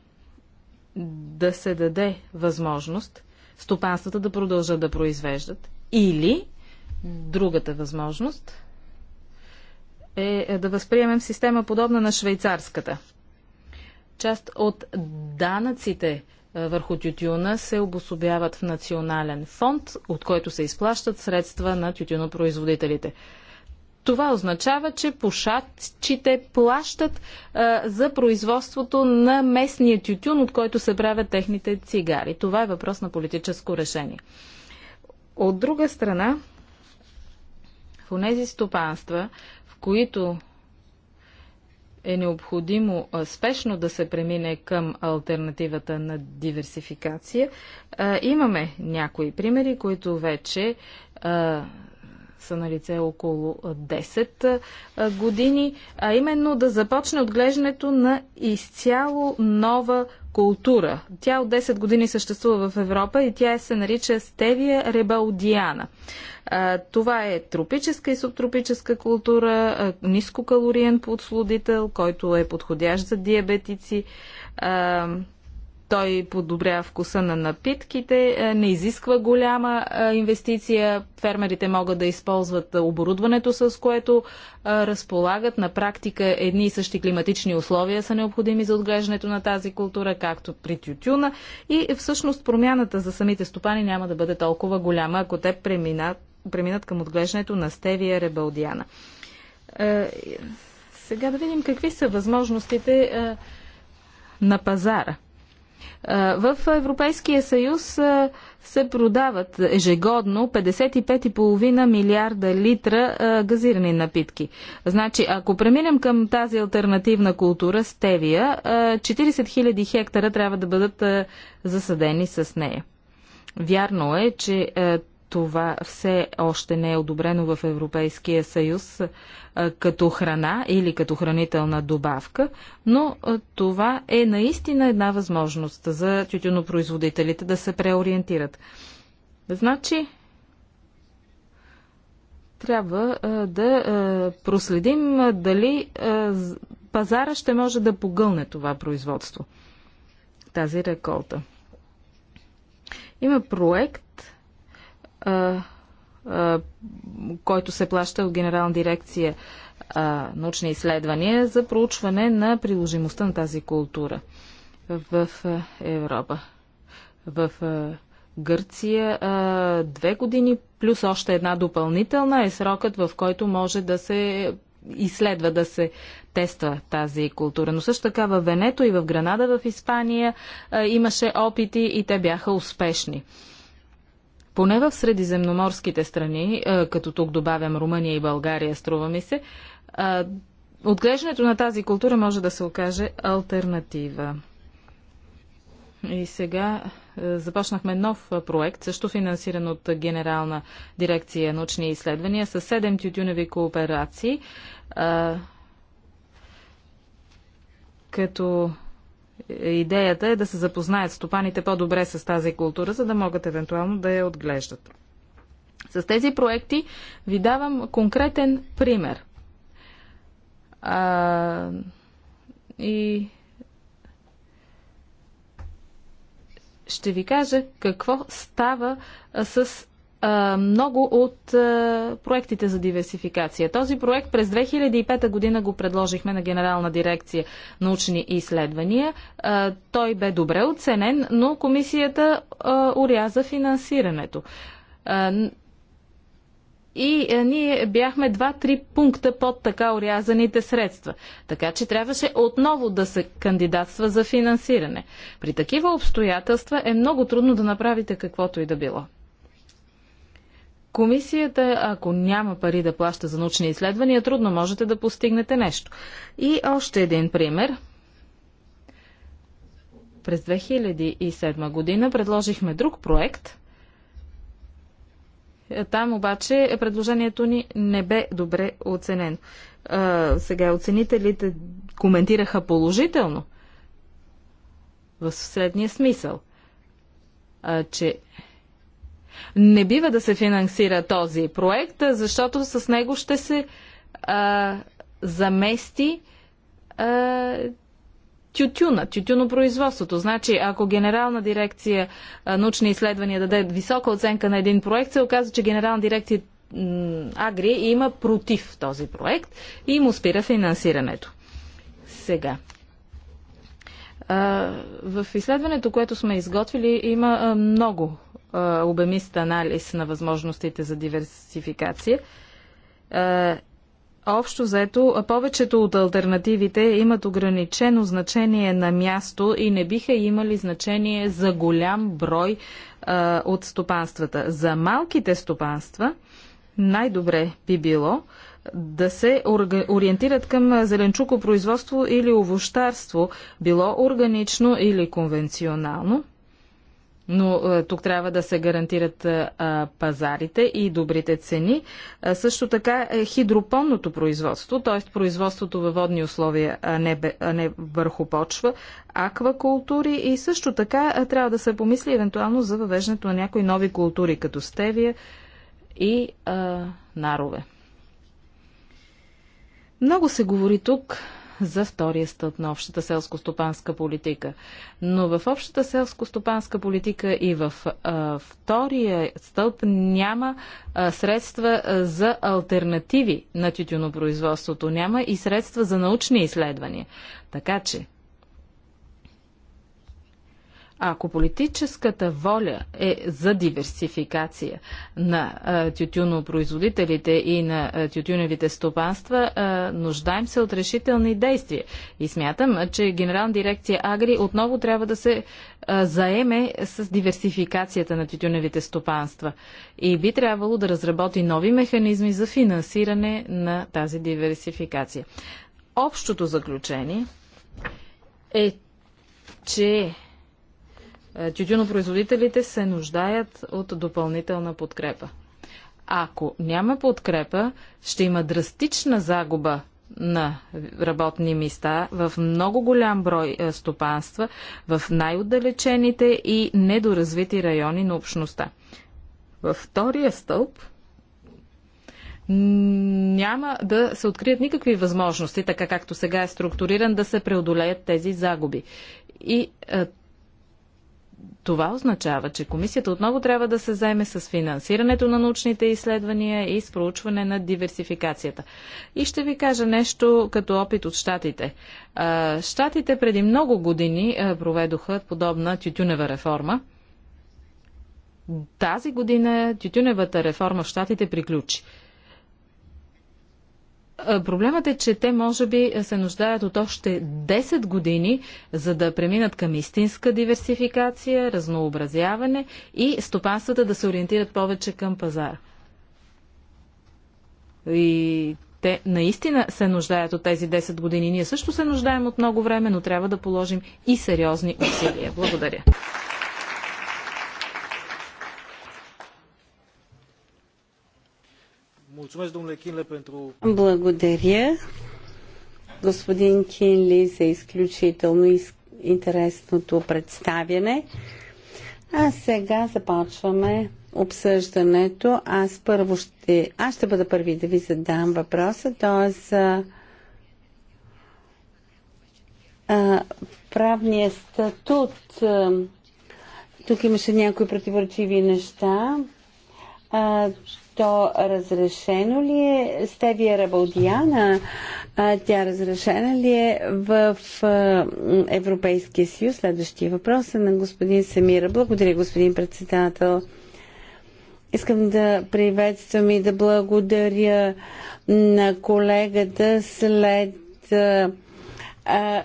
да се даде възможност стопанствата да продължат да произвеждат или другата възможност е, е да възприемем система подобна на швейцарската. Част от данъците е, върху тютюна се обособяват в национален фонд, от който се изплащат средства на тютюнопроизводителите. Това означава, че пушачите плащат а, е, за производството на местния тютюн, от който се правят техните цигари. Това е въпрос на политическо решение. От друга страна, в тези стопанства, които е необходимо спешно да се премине към альтернативата на диверсификация. Имаме някои примери, които вече са на лице около 10 години, а именно да започне отглеждането на изцяло нова култура. Тя от 10 години съществува в Европа и тя се нарича Стевия ребаудиана. Това е тропическа и субтропическа култура, нискокалориен подслудител, който е подходящ за диабетици той подобрява вкуса на напитките, е, не изисква голяма е, инвестиция. Фермерите могат да използват оборудването, с което е, разполагат. На практика едни и същи климатични условия са необходими за отглеждането на тази култура, както при тютюна. И всъщност промяната за самите стопани няма да бъде толкова голяма, ако те преминат, преминат към отглеждането на стевия ребалдиана. Сега да видим какви са възможностите на пазара – в Европейския съюз се продават ежегодно 55,5 милиарда литра газирани напитки. Значи, ако преминем към тази альтернативна култура, стевия, 40 хиляди хектара трябва да бъдат засадени с нея. Вярно е, че това все още не е одобрено в Европейския съюз като храна или като хранителна добавка, но това е наистина една възможност за тютюнопроизводителите да се преориентират. Значи, трябва да проследим дали пазара ще може да погълне това производство, тази реколта. Има проект който се плаща от Генерална дирекция научни изследвания за проучване на приложимостта на тази култура в Европа. В Гърция две години плюс още една допълнителна е срокът, в който може да се изследва, да се тества тази култура. Но също така в Венето и в Гранада в Испания имаше опити и те бяха успешни. Поне в средиземноморските страни, като тук добавям Румъния и България, струва ми се, отглеждането на тази култура може да се окаже альтернатива. И сега започнахме нов проект, също финансиран от Генерална дирекция научни изследвания, с 7 тютюневи кооперации, като Идеята е да се запознаят стопаните по-добре с тази култура, за да могат евентуално да я отглеждат. С тези проекти ви давам конкретен пример. А, и ще ви кажа какво става с много от проектите за диверсификация. Този проект през 2005 година го предложихме на Генерална дирекция научни изследвания. Той бе добре оценен, но комисията уряза финансирането. И ние бяхме 2-3 пункта под така урязаните средства. Така че трябваше отново да се кандидатства за финансиране. При такива обстоятелства е много трудно да направите каквото и да било. Комисията, ако няма пари да плаща за научни изследвания, трудно можете да постигнете нещо. И още един пример. През 2007 година предложихме друг проект. Там обаче предложението ни не бе добре оценено. Сега оценителите коментираха положително в следния смисъл, че не бива да се финансира този проект, защото с него ще се а, замести а, тютюна, тютюнопроизводството. Значи, ако генерална дирекция а, научни изследвания даде висока оценка на един проект, се оказва, че генерална дирекция Агри има против този проект и им спира финансирането. Сега. А, в изследването, което сме изготвили, има а, много обемист анализ на възможностите за диверсификация. Общо заето, повечето от альтернативите имат ограничено значение на място и не биха имали значение за голям брой а, от стопанствата. За малките стопанства най-добре би било да се ориентират към зеленчукопроизводство или овощарство, било органично или конвенционално но е, тук трябва да се гарантират е, пазарите и добрите цени. Е, също така е хидропонното производство, т.е. производството във водни условия, а не, а не върху почва, аквакултури и също така трябва да се помисли евентуално за въвеждането на някои нови култури, като стевия и а, нарове. Много се говори тук за втория стълб на общата селско-стопанска политика. Но в общата селско-стопанска политика и в а, втория стълб няма а, средства за альтернативи на тютюнопроизводството. Няма и средства за научни изследвания. Така че ако политическата воля е за диверсификация на тютюнопроизводителите и на тютюневите стопанства, нуждаем се от решителни действия. И смятам, че Генерална дирекция Агри отново трябва да се заеме с диверсификацията на тютюневите стопанства и би трябвало да разработи нови механизми за финансиране на тази диверсификация. Общото заключение е, че е, тютюнопроизводителите се нуждаят от допълнителна подкрепа. Ако няма подкрепа, ще има драстична загуба на работни места в много голям брой е, стопанства в най-отдалечените и недоразвити райони на общността. Във втория стълб няма да се открият никакви възможности, така както сега е структуриран, да се преодолеят тези загуби. И а, е, това означава, че комисията отново трябва да се заеме с финансирането на научните изследвания и с проучване на диверсификацията. И ще ви кажа нещо като опит от щатите. Штатите преди много години проведоха подобна тютюнева реформа. Тази година тютюневата реформа в щатите приключи. Е, проблемът е, че те може би се нуждаят от още 10 години, за да преминат към истинска диверсификация, разнообразяване и стопанствата да се ориентират повече към пазар. И те наистина се нуждаят от тези 10 години. Ние също се нуждаем от много време, но трябва да положим и сериозни усилия. Благодаря. Mulțumesc, domnule pentru... Благодаря. Господин Кинли за изключително интересното представяне. А сега започваме обсъждането. Аз първо ще... Аз ще бъда първи да ви задам въпроса. Той е за а, правния статут. Тук имаше някои противоречиви неща. А, то разрешено ли е стевия Рабалдиана? Тя разрешена ли е в Европейския съюз? Следващия въпрос е на господин Самира. Благодаря, господин председател. Искам да приветствам и да благодаря на колегата след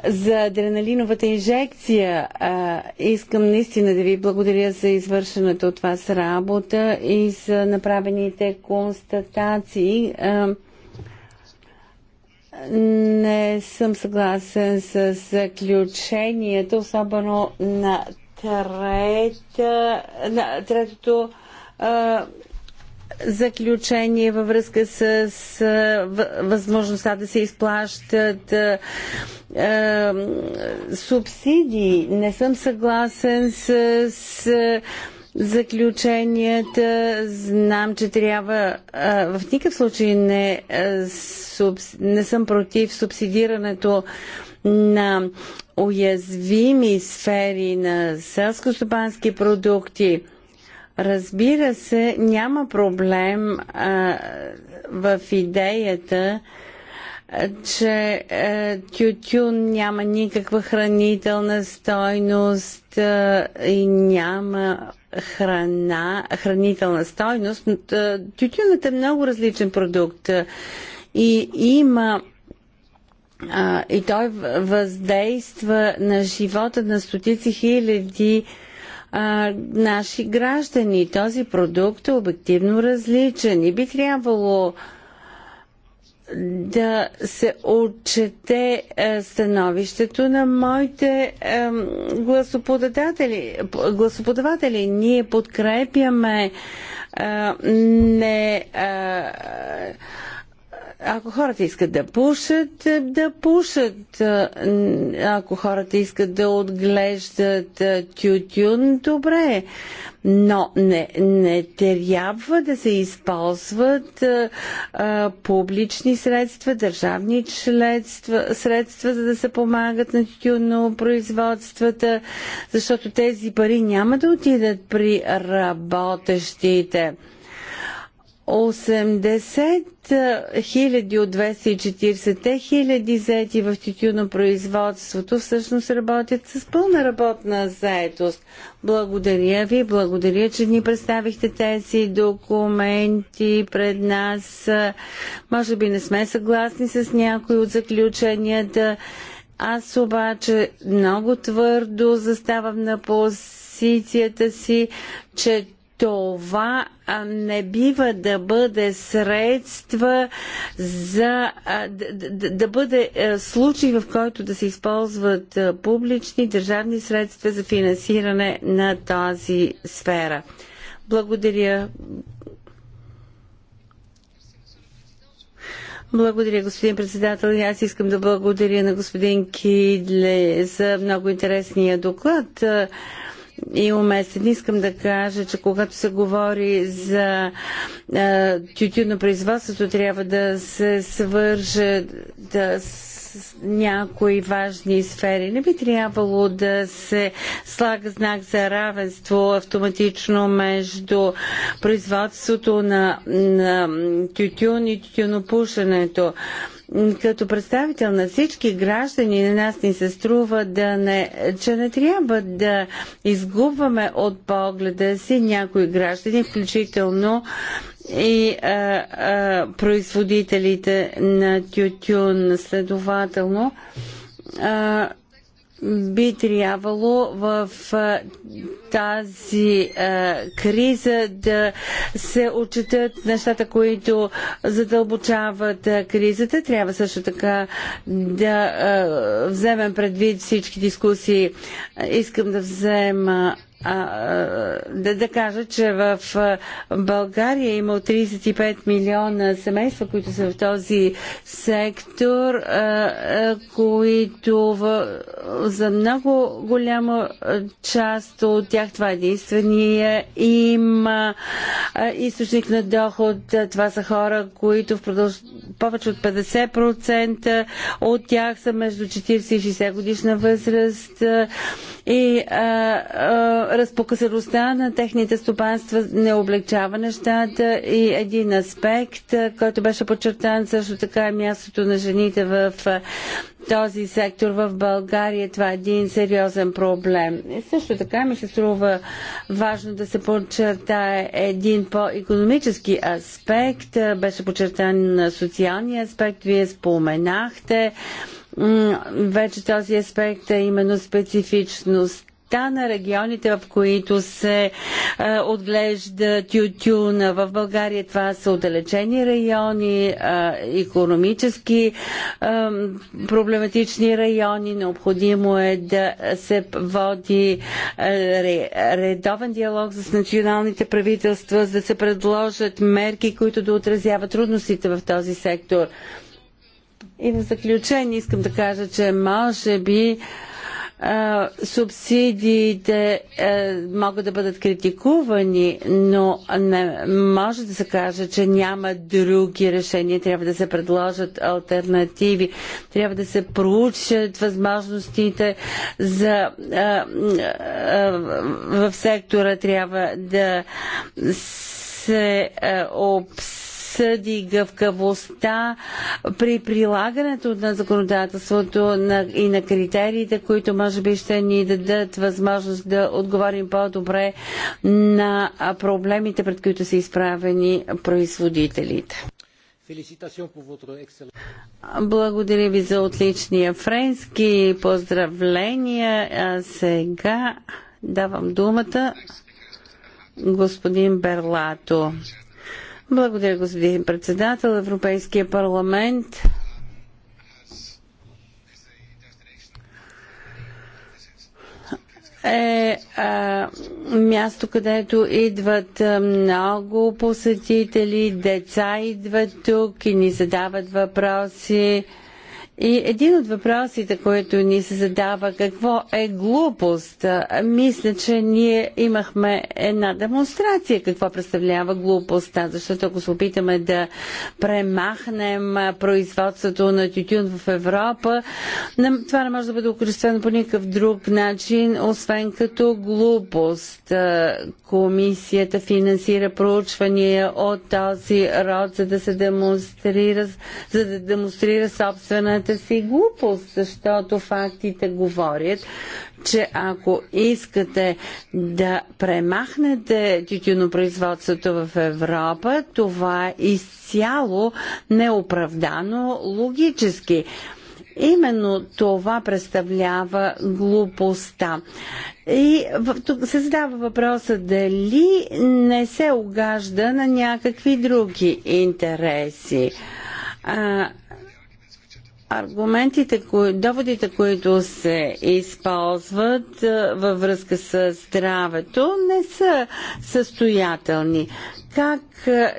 за адреналиновата инжекция. А, искам наистина да ви благодаря за извършената от вас работа и за направените констатации. А, не съм съгласен с заключението, особено на, трета, на третото заключение във връзка с възможността да се изплащат е, е, субсидии. Не съм съгласен с, заключенията. Знам, че трябва. Е, в никакъв случай не, не съм против субсидирането на уязвими сфери на селско-стопански продукти. Разбира се, няма проблем а, в идеята, че тютюн няма никаква хранителна стойност а, и няма храна, хранителна стойност. Тютюнът е много различен продукт а, и има а, и той въздейства на живота на стотици хиляди а, наши граждани. Този продукт е обективно различен и би трябвало да се отчете е, становището на моите гласоподаватели. гласоподаватели. Ние подкрепяме е, не е, ако хората искат да пушат, е, да пушат. Е, ако хората искат да отглеждат е, тютюн, добре. Но не, не трябва да се използват а, а, публични средства, държавни средства, средства, за да се помагат на тютюнопроизводствата, защото тези пари няма да отидат при работещите 80 хиляди от 240 хиляди заети в тютюнопроизводството всъщност работят с пълна работна заетост. Благодаря ви, благодаря, че ни представихте тези документи пред нас. Може би не сме съгласни с някои от заключенията. Аз обаче много твърдо заставам на позицията си, че това не бива да бъде средства за да, да бъде е, случай, в който да се използват е, публични държавни средства за финансиране на тази сфера. Благодаря. Благодаря, господин председател. И аз искам да благодаря на господин Кидле за много интересния доклад. И уместен. Искам да кажа, че когато се говори за тютюно производството, трябва да се свърже да с някои важни сфери. Не би трябвало да се слага знак за равенство автоматично между производството на, на тютюн и тютюнопушенето. пушенето като представител на всички граждани на нас ни се струва да не, че не трябва да изгубваме от погледа си някои граждани, включително и а, а, производителите на тютюн. Следователно, а, би трябвало в тази е, криза да се отчитат нещата, които задълбочават кризата. Трябва също така да е, вземем предвид всички дискусии. Искам да взема да, да кажа, че в България има 35 милиона семейства, които са в този сектор, които в, за много голяма част от тях това е единствения им източник на доход. Това са хора, които в продълж... повече от 50% от тях са между 40 и 60 годишна възраст и а, а, разпокъсаността на техните стопанства не облегчава нещата и един аспект, който беше подчертан също така е мястото на жените в този сектор в България. Това е един сериозен проблем. И също така ми се струва важно да се подчертае един по-економически аспект. Беше подчертан на социалния аспект. Вие споменахте вече този аспект е именно специфичност памета на регионите, в които се а, е, отглежда тютюна. В България това са отдалечени райони, а, е, економически а, е, проблематични райони. Необходимо е да се води а, редовен диалог с националните правителства, за да се предложат мерки, които да отразяват трудностите в този сектор. И в заключение искам да кажа, че може би субсидиите а, е, могат да бъдат критикувани, но не може да се каже, че няма други решения. Трябва да се предложат альтернативи. Трябва да се проучат възможностите за а, е, а, е, в сектора. Трябва да се обсъдят обсъди гъвкавостта при прилагането на законодателството и на критериите, които може би ще ни дадат възможност да отговорим по-добре на проблемите, пред които са изправени производителите. Благодаря ви за отличния френски. Поздравления. А сега давам думата господин Берлато. Благодаря, господин председател. Европейския парламент е а, място, където идват много посетители, деца идват тук и ни задават въпроси. И един от въпросите, който ни се задава, какво е глупост? Мисля, че ние имахме една демонстрация какво представлява глупостта, защото ако се опитаме да премахнем производството на тютюн в Европа, това не може да бъде окрестено по никакъв друг начин, освен като глупост. Комисията финансира проучвания от този род, за да се демонстрира, за да демонстрира собствената собствената си глупост, защото фактите говорят, че ако искате да премахнете тютюнопроизводството в Европа, това е изцяло неоправдано логически. Именно това представлява глупостта. И тук се задава въпроса дали не се огажда на някакви други интереси. А, Аргументите, доводите, които се използват във връзка с здравето, не са състоятелни. Как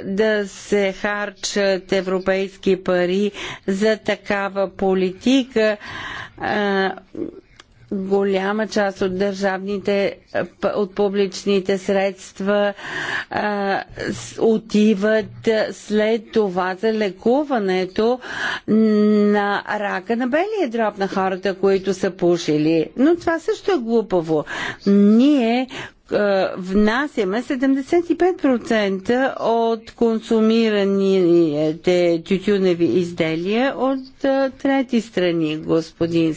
да се харчат европейски пари за такава политика? голяма част от държавните, от публичните средства отиват след това за лекуването на рака на белия дроб на хората, които са пушили. Но това също е глупаво. Ние, внасяме 75% от консумираните тютюневи изделия от трети страни, господин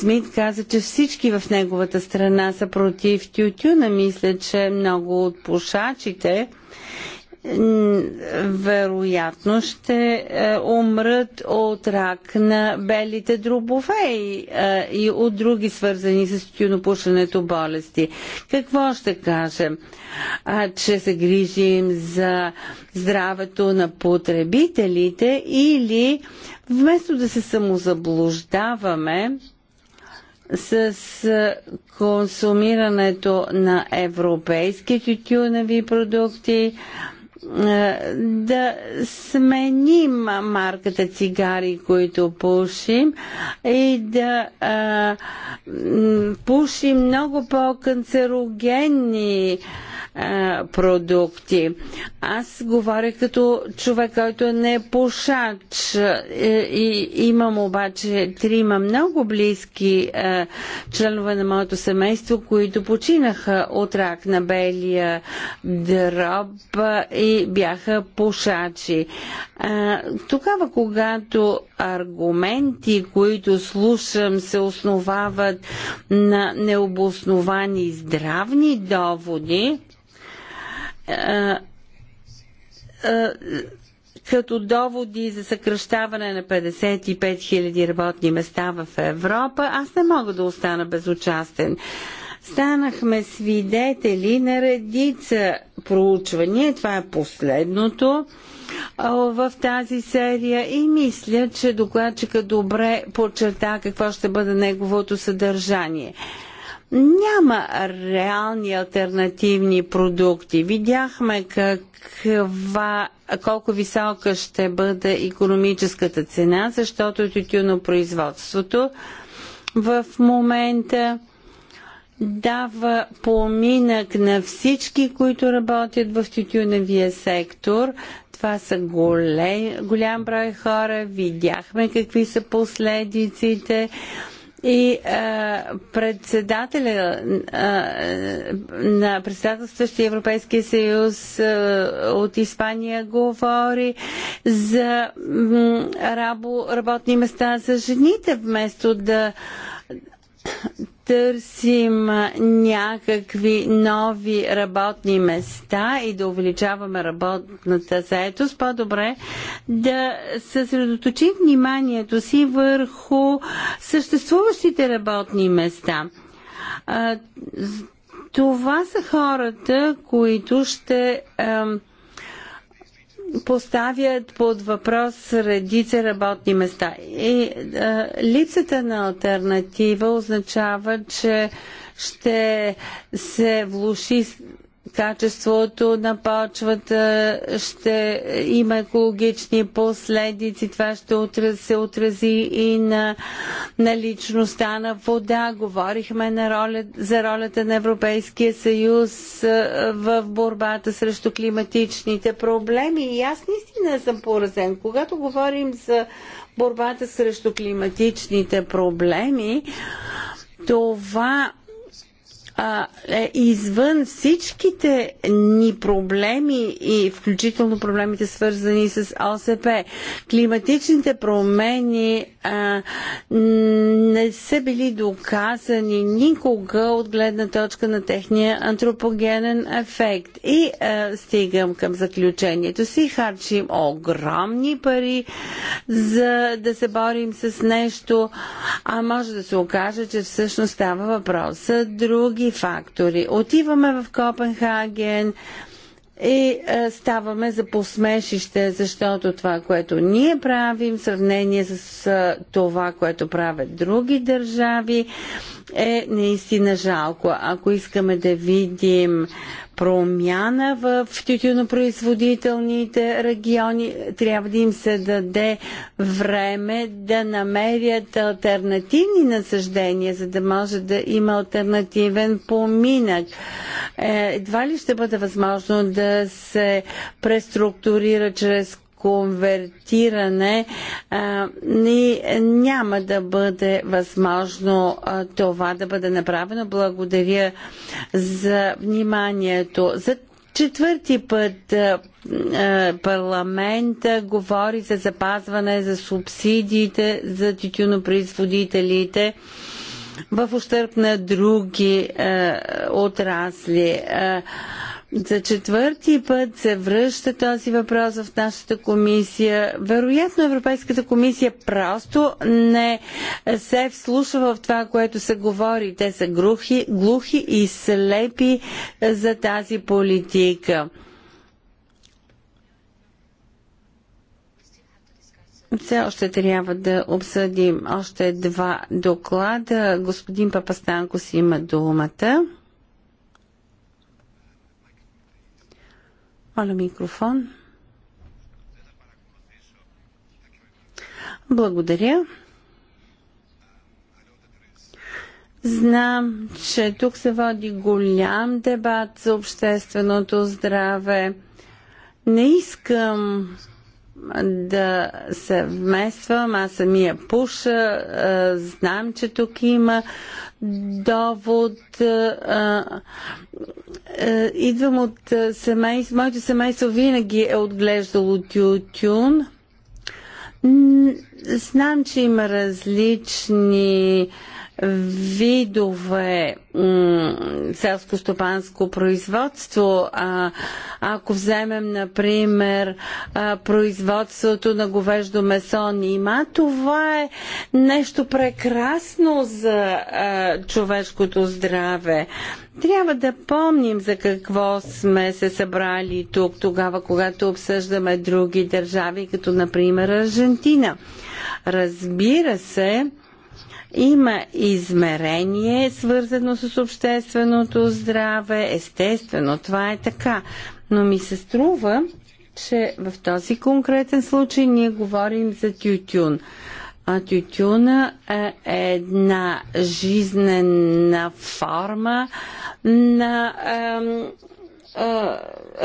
Смит каза, че всички в неговата страна са против тютюна. Мисля, че много от пушачите вероятно ще е, умрат от рак на белите дробове и, е, и от други свързани с тюнопушенето болести. Какво ще кажем? А, че се грижим за здравето на потребителите или вместо да се самозаблуждаваме, с консумирането на европейски тютюневи продукти, да сменим марката цигари, които пушим и да а, пушим много по-канцерогенни а, е, продукти. Аз говоря като човек, който не е пушач. Е, и, имам обаче трима много близки е, членове на моето семейство, които починаха от рак на белия дроб и бяха пушачи. тогава, когато аргументи, които слушам, се основават на необосновани здравни доводи, като доводи за съкръщаване на 55 000 работни места в Европа, аз не мога да остана безучастен. Станахме свидетели на редица проучвания, това е последното в тази серия и мисля, че докладчика добре подчерта какво ще бъде неговото съдържание няма реални альтернативни продукти. Видяхме каква, колко висока ще бъде економическата цена, защото тютюнопроизводството в момента дава поминък на всички, които работят в тютюневия сектор. Това са голем, голям брой хора. Видяхме какви са последиците и а, председателя а, на председателстващия Европейския съюз а, от Испания говори за м, рабо, работни места за жените, вместо да търсим някакви нови работни места и да увеличаваме работната заетост, по-добре да съсредоточим вниманието си върху съществуващите работни места. Това са хората, които ще поставят под въпрос редица работни места. И а, е, липсата на альтернатива означава, че ще се влуши качеството на почвата ще има екологични последици. Това ще се отрази и на, на личността на вода. Говорихме на роля, за ролята на Европейския съюз в борбата срещу климатичните проблеми. И аз наистина съм поразен. Когато говорим за борбата срещу климатичните проблеми, това а, е извън всичките ни проблеми и включително проблемите свързани с ОСП. Климатичните промени а, не са били доказани никога от гледна точка на техния антропогенен ефект. И а, стигам към заключението си. Харчим огромни пари за да се борим с нещо, а може да се окаже, че всъщност става въпрос за други фактори. Отиваме в Копенхаген, и е, ставаме за посмешище, защото това, което ние правим, в сравнение с е, това, което правят други държави, е наистина жалко. Ако искаме да видим промяна в тютюнопроизводителните региони. Трябва да им се даде време да намерят альтернативни насъждения, за да може да има альтернативен поминък. Е, едва ли ще бъде възможно да се преструктурира чрез конвертиране а, ни, няма да бъде възможно а, това да бъде направено. Благодаря за вниманието. За четвърти път парламента говори за запазване за субсидиите за тютюнопроизводителите в ущърп на други отрасли. За четвърти път се връща този въпрос в нашата комисия. Вероятно Европейската комисия просто не се вслушва в това, което се говори. Те са глухи, глухи и слепи за тази политика. Все още трябва да обсъдим още два доклада. Господин Папастанко си има думата. Моля микрофон. Благодаря. Знам, че тук се води голям дебат за общественото здраве. Не искам да се вмествам. Аз самия пуша. Знам, че тук има довод. Идвам от семейство. Моето семейство винаги е отглеждало тютюн. Знам, че има различни а, видове селско-стопанско производство. А, ако вземем, например, а, производството на говеждо месо нима, това е нещо прекрасно за а, човешкото здраве. Трябва да помним за какво сме се събрали тук тогава, когато обсъждаме други държави, като например Аржентина. Разбира се, има измерение, свързано с общественото здраве. Естествено, това е така. Но ми се струва, че в този конкретен случай ние говорим за тютюн. А тютюна е, е една жизнена форма на ем, е,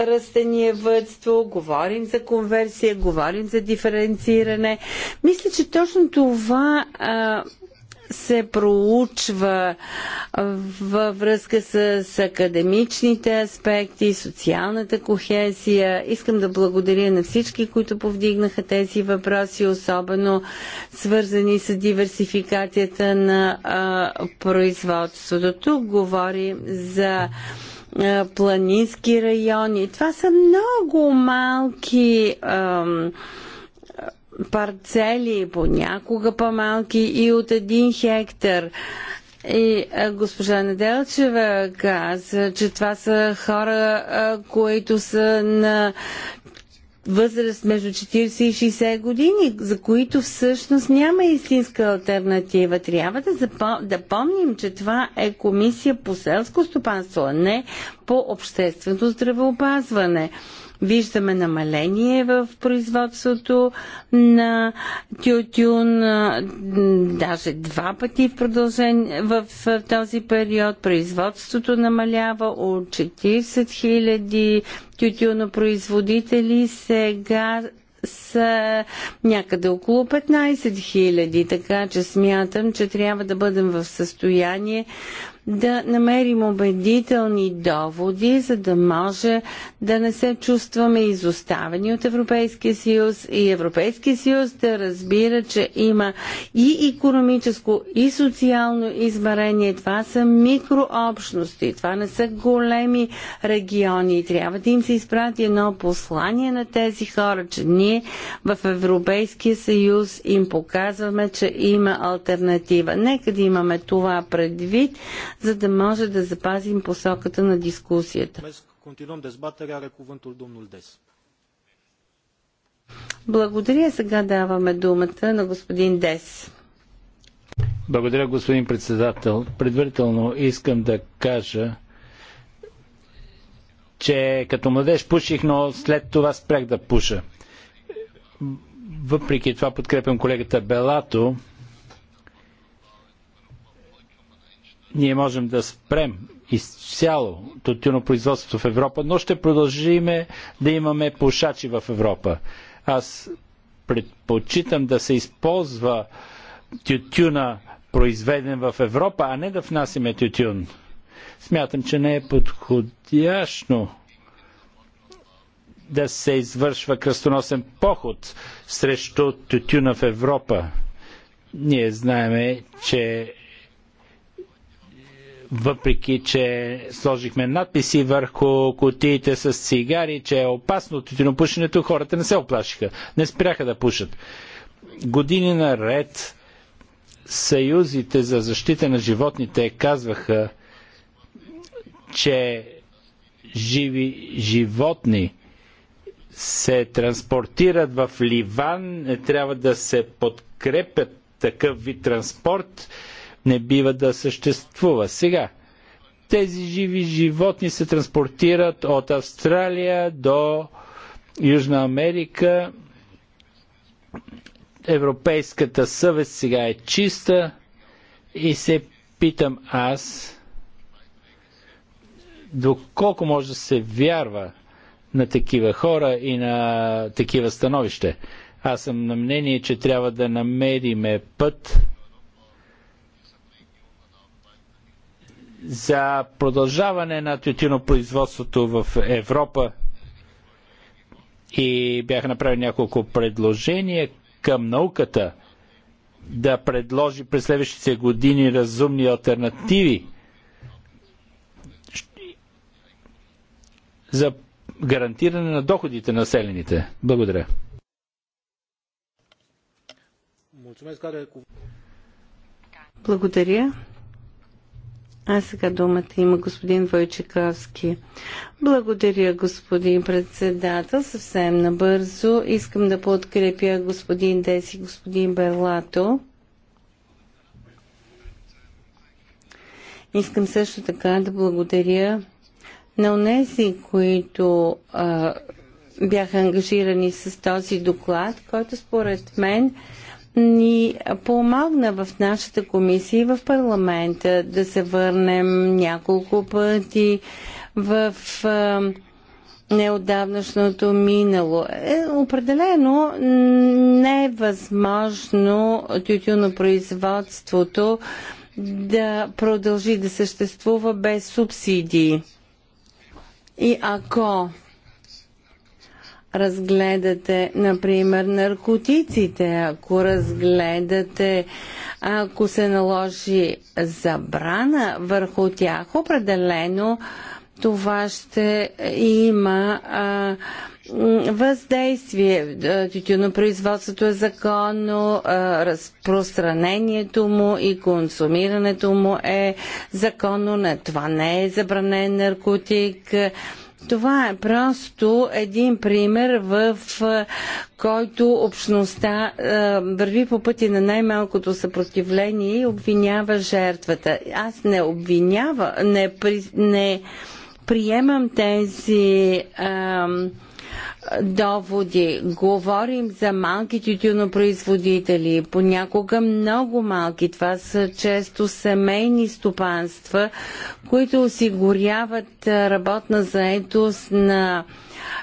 растениевътство, говорим за конверсия, говорим за диференциране. Мисля, че точно това е, се проучва във връзка с академичните аспекти, социалната кохезия. Искам да благодаря на всички, които повдигнаха тези въпроси, особено свързани с диверсификацията на а, производството. Тук говорим за а, планински райони. Това са много малки. А, парцели, понякога по-малки и от един хектар. И госпожа Неделчева каза, че това са хора, които са на възраст между 40 и 60 години, за които всъщност няма истинска альтернатива. Трябва да, запом... да помним, че това е комисия по селско стопанство, а не по обществено здравеопазване. Виждаме намаление в производството на тютюн, даже два пъти в, продължение, в този период. Производството намалява от 40 хиляди тютюнопроизводители. Сега са някъде около 15 000, така че смятам, че трябва да бъдем в състояние да намерим убедителни доводи, за да може да не се чувстваме изоставени от Европейския съюз и Европейския съюз да разбира, че има и економическо, и социално измерение. Това са микрообщности, това не са големи региони. Трябва да им се изпрати едно послание на тези хора, че ние в Европейския съюз им показваме, че има альтернатива. Нека да имаме това предвид, за да може да запазим посоката на дискусията. Благодаря. Сега даваме думата на господин Дес. Благодаря, господин председател. Предварително искам да кажа, че като младеж пуших, но след това спрях да пуша. Въпреки това подкрепям колегата Белато Ние можем да спрем изцяло тютюнопроизводството в Европа, но ще продължиме да имаме пушачи в Европа. Аз предпочитам да се използва тютюна произведен в Европа, а не да внасяме тютюн. Смятам, че не е подходящо да се извършва кръстоносен поход срещу тютюна в Европа. Ние знаеме, че въпреки че сложихме надписи върху кутиите с цигари, че е опасно тютюнопушенето, хората не се оплашиха. Не спряха да пушат. Години наред съюзите за защита на животните казваха, че живи животни се транспортират в Ливан, трябва да се подкрепят такъв вид транспорт не бива да съществува. Сега, тези живи животни се транспортират от Австралия до Южна Америка. Европейската съвест сега е чиста и се питам аз доколко може да се вярва на такива хора и на такива становище. Аз съм на мнение, че трябва да намериме път за продължаване на тютюнопроизводството в Европа и бяха направени няколко предложения към науката да предложи през следващите години разумни альтернативи за гарантиране на доходите на селените. Благодаря. Благодаря. А сега думата има господин Войчековски. Благодаря, господин председател. Съвсем набързо искам да подкрепя господин Деси, господин Берлато. Искам също така да благодаря на онези, които а, бяха ангажирани с този доклад, който според мен ни помогна в нашата комисия и в парламента да се върнем няколко пъти в неодавнашното минало. Е, определено не е възможно тютюнопроизводството да продължи да съществува без субсидии. И ако разгледате, например, наркотиците, ако разгледате, ако се наложи забрана върху тях, определено това ще има а, въздействие. Тютюнопроизводството е законно, разпространението му и консумирането му е законно. Не, това не е забранен наркотик. Това е просто един пример, в който общността е, върви по пъти на най-малкото съпротивление и обвинява жертвата. Аз не обвинява, не, при, не приемам тези. Е, доводи. Говорим за малки тютюнопроизводители, понякога много малки. Това са често семейни стопанства, които осигуряват работна заетост на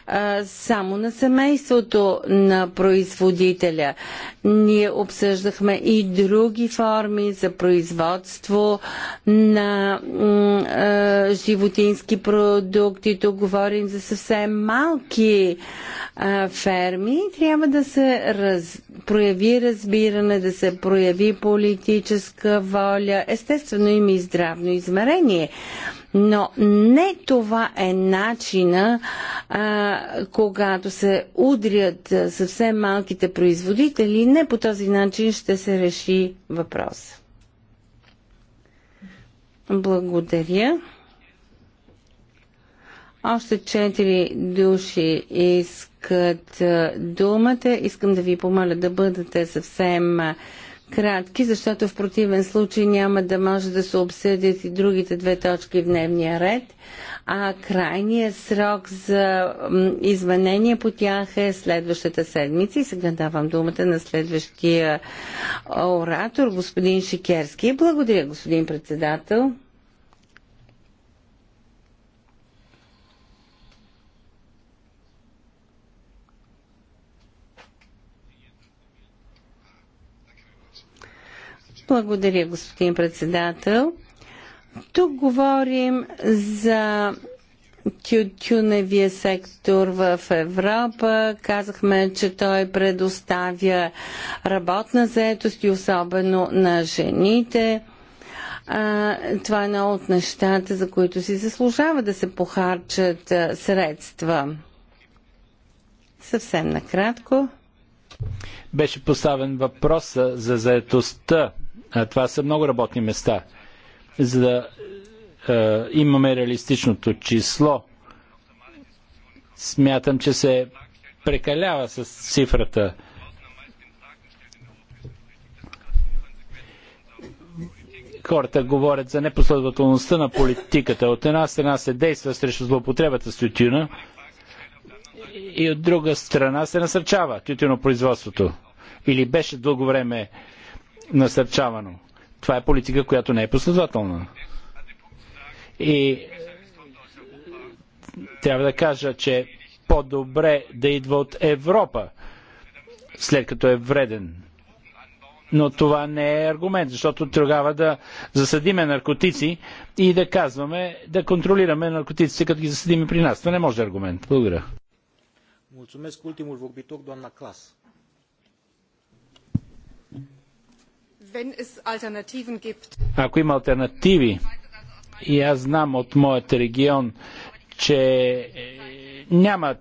а, само на семейството на производителя. Ние обсъждахме и други форми за производство на животински продукти. Тук говорим за съвсем малки а, ферми. Трябва да се раз, прояви разбиране, да се прояви политическа воля. Естествено има и здравно измерение. Но не това е начина, а, когато се удрят съвсем малките производители, не по този начин ще се реши въпрос. Благодаря. Още четири души искат думата. Искам да ви помоля да бъдете съвсем кратки, защото в противен случай няма да може да се обсъдят и другите две точки в дневния ред, а крайният срок за изменение по тях е следващата седмица и сега давам думата на следващия оратор, господин Шикерски. Благодаря, господин председател. Благодаря, господин председател. Тук говорим за тютюневия сектор в Европа. Казахме, че той предоставя работна заетост и особено на жените. А, това е едно от нещата, за които си заслужава да се похарчат а, средства. Съвсем накратко. Беше поставен въпроса за заетостта това са много работни места. За да е, имаме реалистичното число, смятам, че се прекалява с цифрата. хората говорят за непоследователността на политиката. От една страна се действа срещу злоупотребата с тютюна и от друга страна се насърчава тютюнопроизводството. Или беше дълго време насърчавано. Това е политика, която не е последователна. И трябва да кажа, че по-добре да идва от Европа, след като е вреден. Но това не е аргумент, защото трябва да засадиме наркотици и да казваме, да контролираме наркотиците, като ги засадиме при нас. Това не може да е аргумент. Благодаря. Mulțumesc ultimul vorbitor, doamna Clas. Ако има альтернативи, и аз знам от моят регион, че е, няма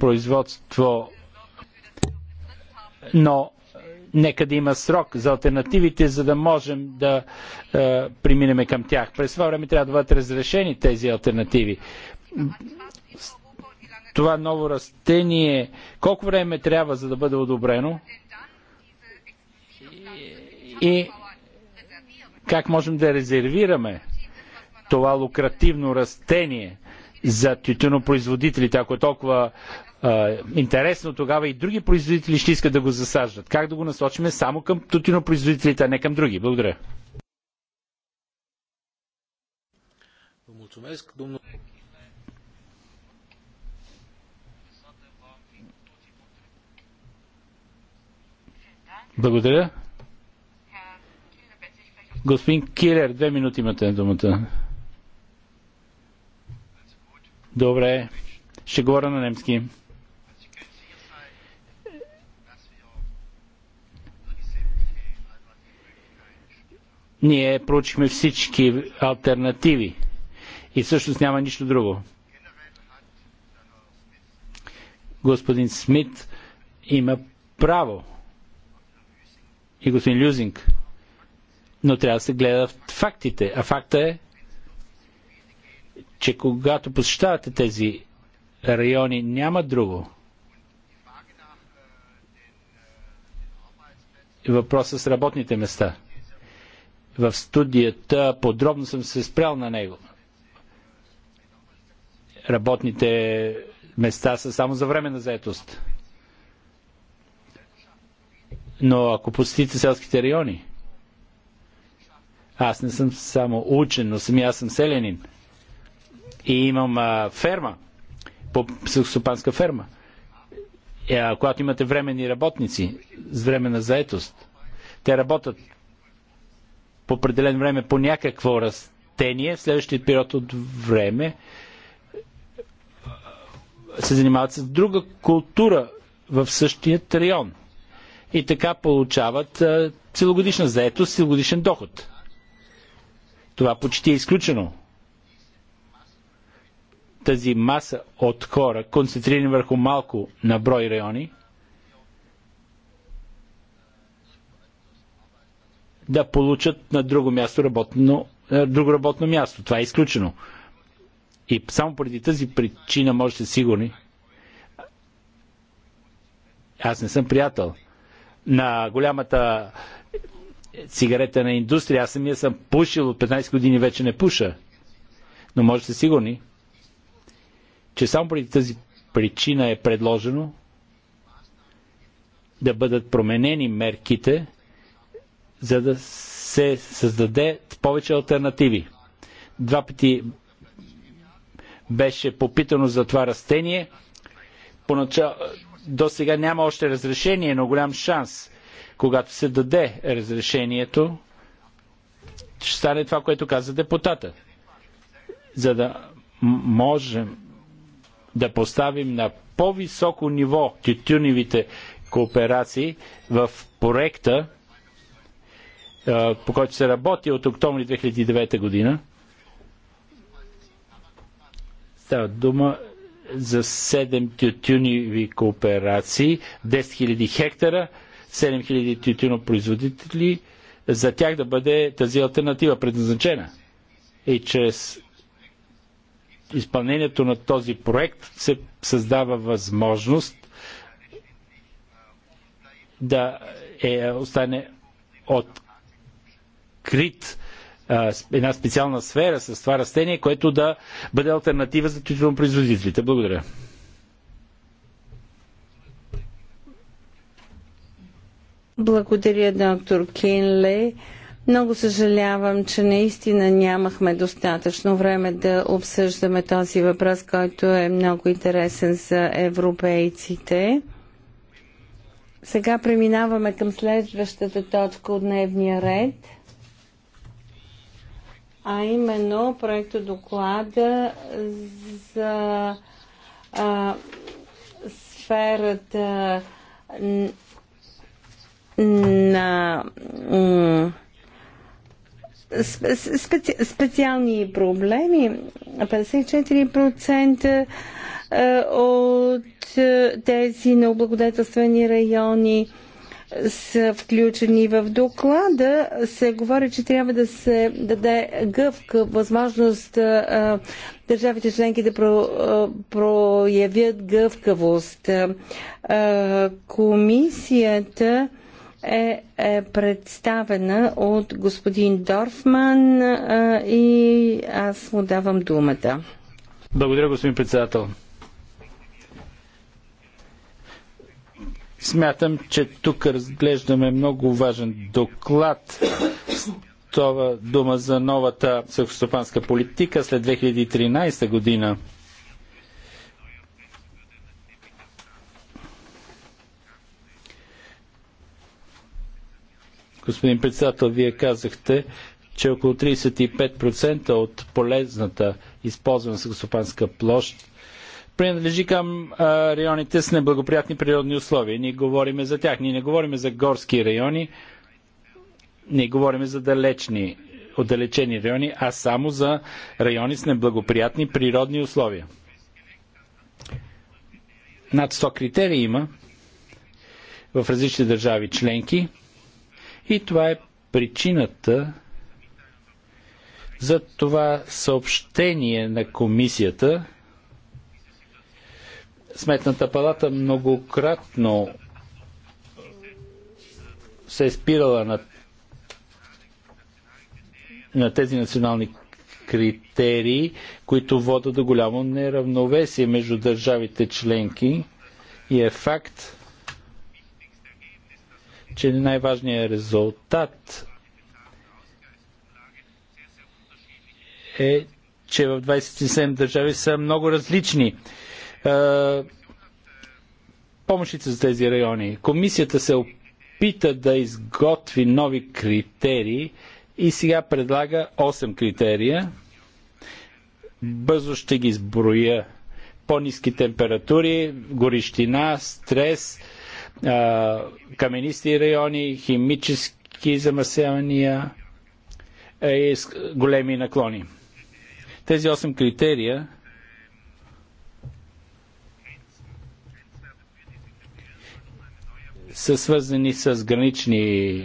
производство, но е, нека да има срок за альтернативите, за да можем да е, преминем към тях. През това време трябва да бъдат разрешени тези альтернативи. Това ново растение, колко време трябва за да бъде одобрено? и как можем да резервираме това лукративно растение за тютюнопроизводителите. Ако е толкова е, интересно, тогава и други производители ще искат да го засаждат. Как да го насочиме само към тютюнопроизводителите, а не към други? Благодаря. Благодаря. Господин Килер, две минути имате думата. Добре, ще говоря на немски. Ние проучихме всички альтернативи и всъщност няма нищо друго. Господин Смит има право и господин Люзинг но трябва да се гледат фактите. А факта е, че когато посещавате тези райони, няма друго. Въпросът с работните места. В студията подробно съм се спрял на него. Работните места са само за време на заетост. Но ако посетите селските райони, аз не съм само учен, но сами аз съм селянин. И имам а, ферма, по стопанска ферма. И, е, а, когато имате временни работници с време на заетост, те работят по определен време по някакво растение, в следващия период от време се занимават с друга култура в същия район. И така получават а, целогодишна заетост, целогодишен доход. Това почти е изключено. Тази маса от хора, концентрирани върху малко на брой райони, да получат на друго място работно, друго работно място. Това е изключено. И само поради тази причина можете сигурни. Аз не съм приятел на голямата цигаретена индустрия. Аз самия съм пушил от 15 години, вече не пуша. Но може сте сигурни, че само преди тази причина е предложено да бъдат променени мерките, за да се създаде повече альтернативи. Два пъти беше попитано за това растение. Поначал... до сега няма още разрешение, но голям шанс когато се даде разрешението, ще стане това, което каза депутата. За да можем да поставим на по-високо ниво тютюневите кооперации в проекта, по който се работи от октомври 2009 година. Става дума за 7 тютюниви кооперации, 10 000 хектара, 7000 тютюнопроизводители, за тях да бъде тази альтернатива предназначена. И чрез изпълнението на този проект се създава възможност да е, остане открит а, една специална сфера с това растение, което да бъде альтернатива за тютюнопроизводителите. Благодаря. Благодаря, доктор Кинле. Много съжалявам, че наистина нямахме достатъчно време да обсъждаме този въпрос, който е много интересен за европейците. Сега преминаваме към следващата точка от дневния ред, а именно проекто доклада за а, сферата на специ, специални проблеми. 54% е, от е, тези облагодетелствени райони са включени в доклада, се говори, че трябва да се даде гъвка възможност е, държавите членки да про, проявят гъвкавост. комисията е, е представена от господин Дорфман е, и аз му давам думата. Благодаря, господин председател. Смятам, че тук разглеждаме много важен доклад. Това дума за новата селскостопанска политика след 2013 година. Господин председател, вие казахте, че около 35% от полезната използвана съгосопанска площ принадлежи към а, районите с неблагоприятни природни условия. Ние говориме за тях. Ние не говориме за горски райони, ние говориме за далечни, отдалечени райони, а само за райони с неблагоприятни природни условия. Над 100 критерии има в различни държави членки – и това е причината за това съобщение на комисията. Сметната палата многократно се е спирала на, на тези национални критерии, които водят до голямо неравновесие между държавите членки и е факт, че най-важният резултат е, че в 27 държави са много различни помощите за тези райони. Комисията се опита да изготви нови критерии и сега предлага 8 критерия. Бързо ще ги сброя. По-низки температури, горещина, стрес, каменисти райони, химически замърсявания е, и големи наклони. Тези 8 критерия са свързани с гранични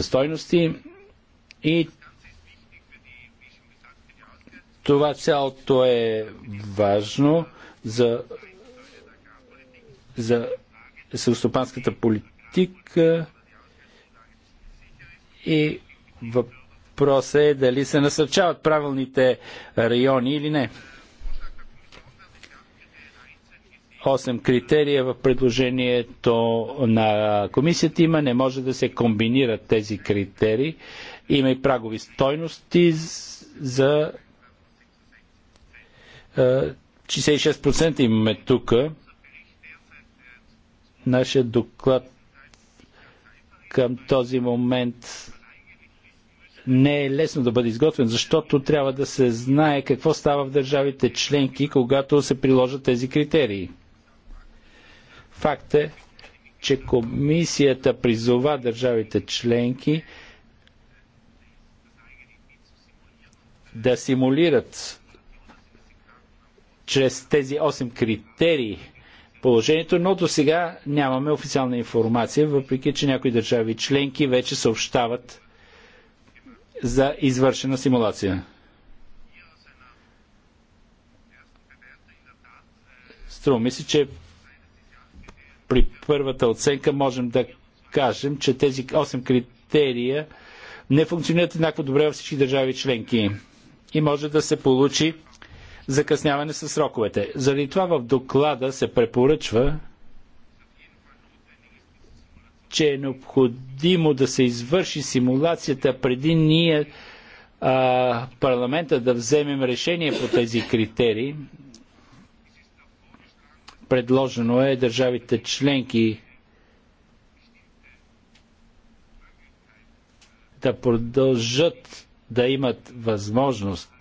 стойности и това цялото е важно за, за селстопанската политика и въпросът е дали се насърчават правилните райони или не. Осем критерия в предложението на комисията има. Не може да се комбинират тези критерии. Има и прагови стойности за 66% е, имаме тук нашия доклад към този момент не е лесно да бъде изготвен, защото трябва да се знае какво става в държавите членки, когато се приложат тези критерии. Факт е, че комисията призова държавите членки да симулират чрез тези 8 критерии положението, но до сега нямаме официална информация, въпреки че някои държави членки вече съобщават за извършена симулация. Струва ми се, че при първата оценка можем да кажем, че тези 8 критерия не функционират еднакво добре във всички държави членки и може да се получи закъсняване с сроковете. Заради това в доклада се препоръчва, че е необходимо да се извърши симулацията преди ние а, парламента да вземем решение по тези критерии. Предложено е държавите членки да продължат да имат възможност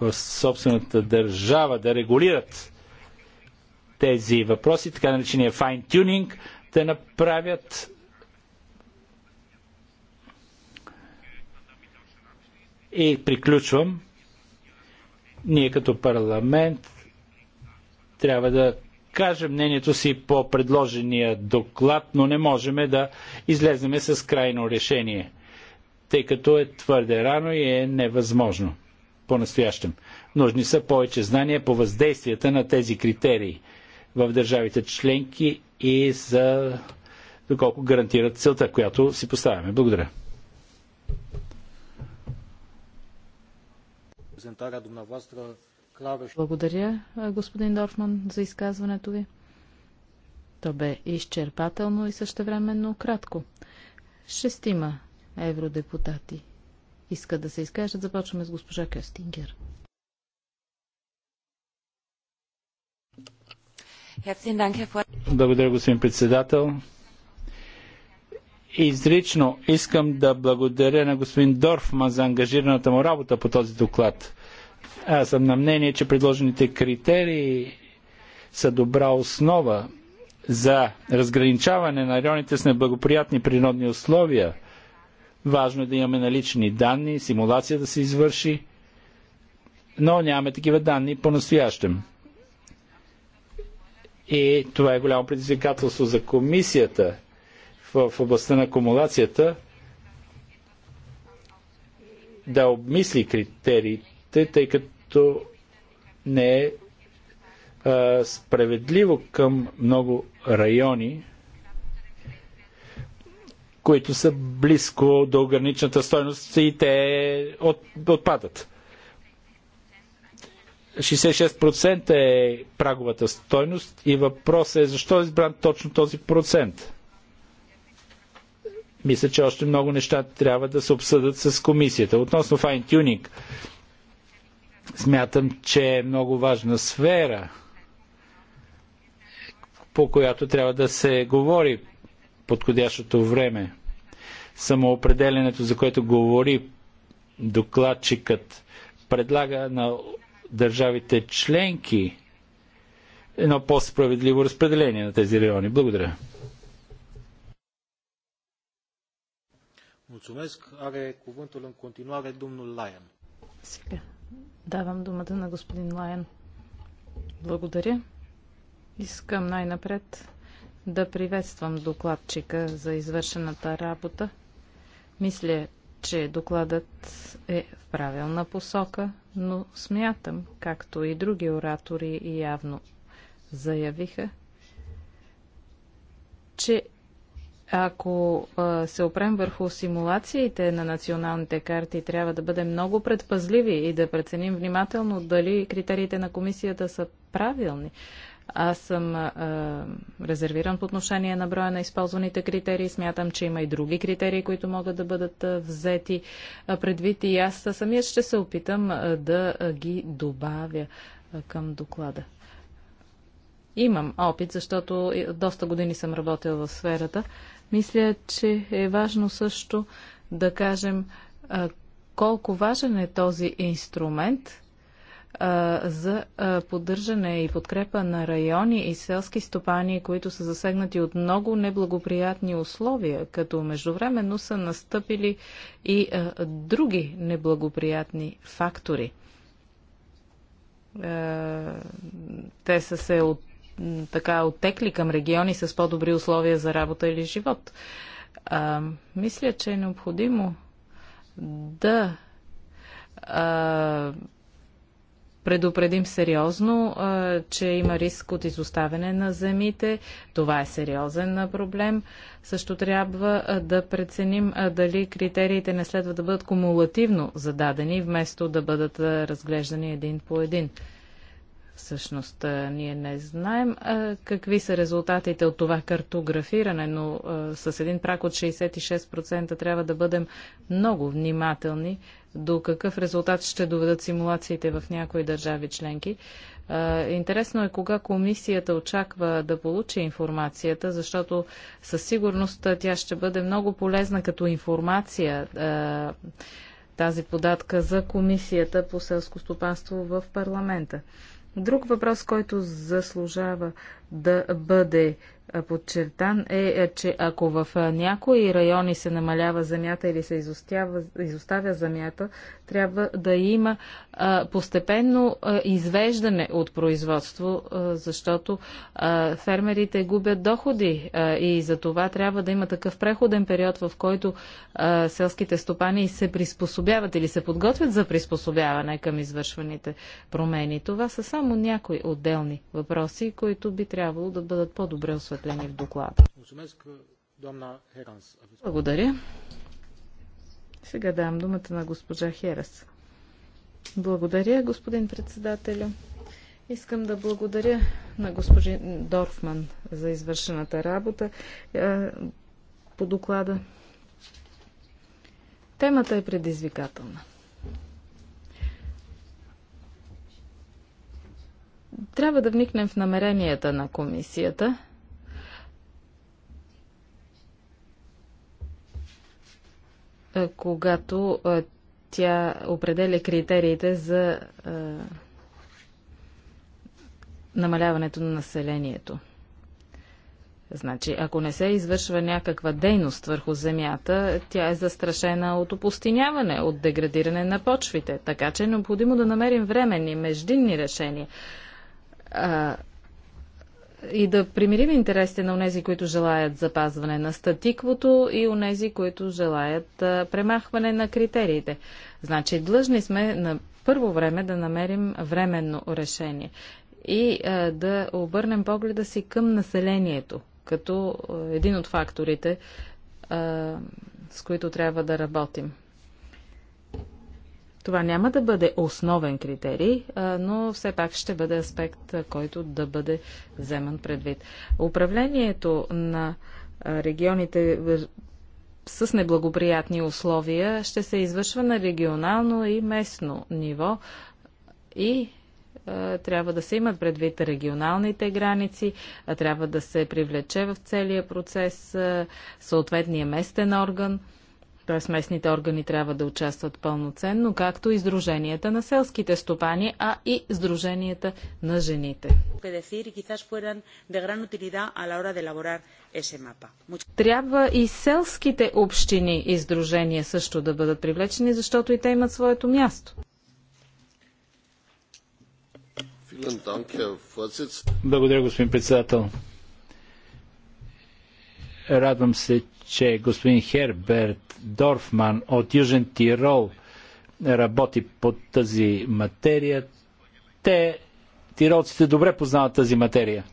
в собствената държава да регулират тези въпроси, така наречения fine tuning, да направят и приключвам. Ние като парламент трябва да кажем мнението си по предложения доклад, но не можем да излеземе с крайно решение, тъй като е твърде рано и е невъзможно по-настоящем. Нужни са повече знания по въздействията на тези критерии в държавите членки и за доколко гарантират целта, която си поставяме. Благодаря. Благодаря, господин Дорфман, за изказването ви. То бе изчерпателно и същевременно кратко. Шестима евродепутати искат да се изкажат. Започваме с госпожа Кестингер. Благодаря, господин председател. Изрично искам да благодаря на господин Дорфман за ангажираната му работа по този доклад. Аз съм на мнение, че предложените критерии са добра основа за разграничаване на районите с неблагоприятни природни условия – Важно е да имаме налични данни, симулация да се извърши, но нямаме такива данни по-настоящем. И това е голямо предизвикателство за комисията в областта на акумулацията да обмисли критериите, тъй като не е а, справедливо към много райони – които са близко до граничната стойност и те от, отпадат. 66% е праговата стойност и въпросът е защо е избран точно този процент. Мисля, че още много неща трябва да се обсъдят с комисията. Относно файн-тюнинг, смятам, че е много важна сфера, по която трябва да се говори подходящото време самоопределенето, за което говори докладчикът, предлага на държавите членки едно по-справедливо разпределение на тези райони. Благодаря. Are cuvântul în continuare domnul Сега давам думата на господин Лайен. Благодаря. Искам най-напред да приветствам докладчика за извършената работа. Мисля, че докладът е в правилна посока, но смятам, както и други оратори явно заявиха, че ако се опрем върху симулациите на националните карти, трябва да бъдем много предпазливи и да преценим внимателно дали критериите на комисията са правилни. Аз съм а, резервиран по отношение на броя на използваните критерии. Смятам, че има и други критерии, които могат да бъдат а, взети а, предвид и аз самия ще се опитам а, да а, ги добавя а, към доклада. Имам опит, защото доста години съм работил в сферата. Мисля, че е важно също да кажем а, колко важен е този инструмент за поддържане и подкрепа на райони и селски стопани, които са засегнати от много неблагоприятни условия, като междувременно са настъпили и други неблагоприятни фактори. Те са се от, така отекли към региони с по-добри условия за работа или живот. мисля, че е необходимо да предупредим сериозно, че има риск от изоставяне на земите. Това е сериозен проблем. Също трябва да преценим дали критериите не следва да бъдат кумулативно зададени, вместо да бъдат разглеждани един по един. Всъщност, ние не знаем а, какви са резултатите от това картографиране, но а, с един прак от 66% трябва да бъдем много внимателни до какъв резултат ще доведат симулациите в някои държави членки. А, интересно е кога комисията очаква да получи информацията, защото със сигурност тя ще бъде много полезна като информация тази податка за комисията по селско стопанство в парламента. Друг въпрос, който заслужава да бъде е, подчертан е, е, че ако в е, някои райони се намалява земята или се изостява, изоставя земята, трябва да има постепенно извеждане от производство, защото фермерите губят доходи и за това трябва да има такъв преходен период, в който селските стопани се приспособяват или се подготвят за приспособяване към извършваните промени. Това са само някои отделни въпроси, които би трябвало да бъдат по-добре осветлени закрепени в доклада. Благодаря. Сега давам думата на госпожа Херас. Благодаря, господин председателю. Искам да благодаря на господин Дорфман за извършената работа по доклада. Темата е предизвикателна. Трябва да вникнем в намеренията на комисията Е, когато е, тя определя критериите за е, намаляването на населението. Значи, ако не се извършва някаква дейност върху земята, тя е застрашена от опустиняване, от деградиране на почвите. Така че е необходимо да намерим временни, междинни решения. А, и да примирим интересите на онези, които желаят запазване на статиквото и онези, които желаят премахване на критериите. Значи, длъжни сме на първо време да намерим временно решение и а, да обърнем погледа си към населението, като един от факторите, а, с които трябва да работим. Това няма да бъде основен критерий, но все пак ще бъде аспект, който да бъде вземан предвид. Управлението на регионите с неблагоприятни условия ще се извършва на регионално и местно ниво и трябва да се имат предвид регионалните граници, трябва да се привлече в целия процес съответния местен орган т.е. местните органи трябва да участват пълноценно, както и Сдруженията на селските стопани, а и Сдруженията на жените. Трябва и селските общини и сдружения също да бъдат привлечени, защото и те имат своето място. Благодаря, господин председател. Радвам се, че господин Херберт Дорфман от Южен Тирол работи по тази материя. Те, тиролците, добре познават тази материя.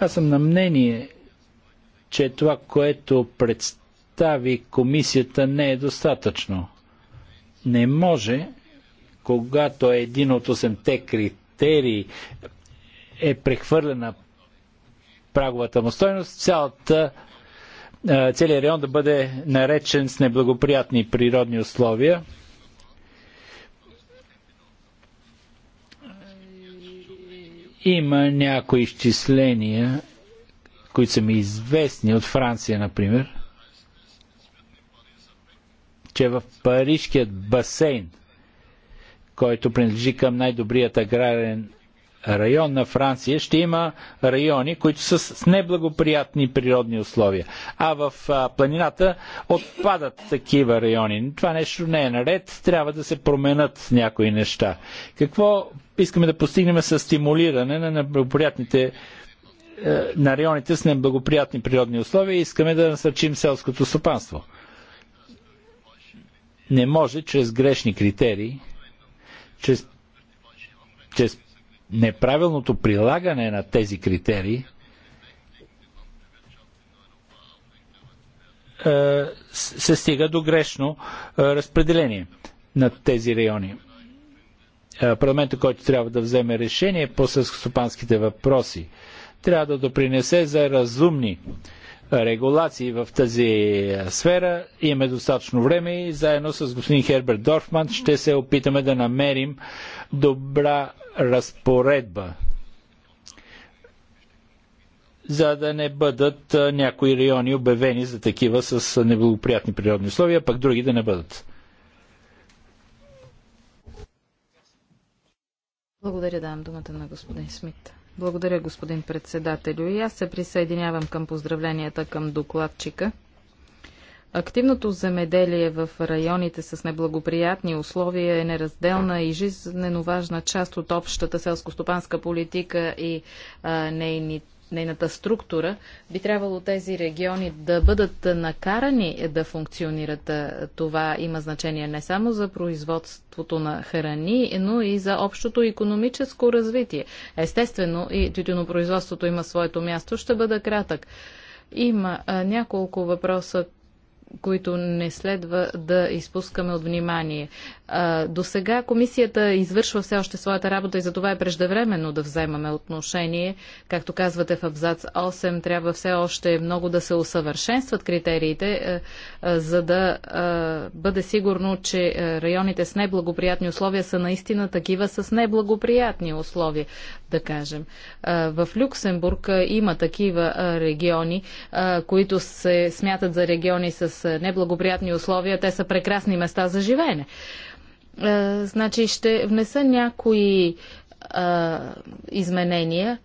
Аз съм на мнение, че това, което представи комисията, не е достатъчно. Не може, когато е един от 8-те критерии е прехвърлена праговата му стойност, цялата целият район да бъде наречен с неблагоприятни природни условия. Има някои изчисления, които са ми известни от Франция, например, че в парижкият басейн, който принадлежи към най-добрият аграрен район на Франция ще има райони, които са с неблагоприятни природни условия. А в планината отпадат такива райони. Това нещо не е наред, трябва да се променят някои неща. Какво искаме да постигнем с стимулиране на неблагоприятните е, на районите с неблагоприятни природни условия и искаме да насърчим селското стопанство. Не може чрез грешни критерии, чрез, чрез неправилното прилагане на тези критерии е, се стига до грешно е, разпределение на тези райони. Е, парламентът, който трябва да вземе решение по съскостопанските въпроси, трябва да допринесе за разумни регулации в тази сфера. Имаме достатъчно време и заедно с господин Херберт Дорфман ще се опитаме да намерим добра разпоредба, за да не бъдат някои райони обявени за такива с неблагоприятни природни условия, пък други да не бъдат. Благодаря, давам думата на господин Смит. Благодаря, господин председателю. И аз се присъединявам към поздравленията към докладчика. Активното земеделие в районите с неблагоприятни условия е неразделна и жизненно важна част от общата селскостопанска политика и а, нейни, нейната структура, би трябвало тези региони да бъдат накарани да функционират. Това има значение не само за производството на храни, но и за общото економическо развитие. Естествено, и тютюнопроизводството има своето място. Ще бъда кратък. Има а, няколко въпроса, които не следва да изпускаме от внимание. До сега комисията извършва все още своята работа и за това е преждевременно да вземаме отношение. Както казвате в абзац 8, трябва все още много да се усъвършенстват критериите, за да бъде сигурно, че районите с неблагоприятни условия са наистина такива с неблагоприятни условия, да кажем. В Люксембург има такива региони, които се смятат за региони с с е, неблагоприятни условия, те са прекрасни места за живеене. Е, значи ще внеса някои е, изменения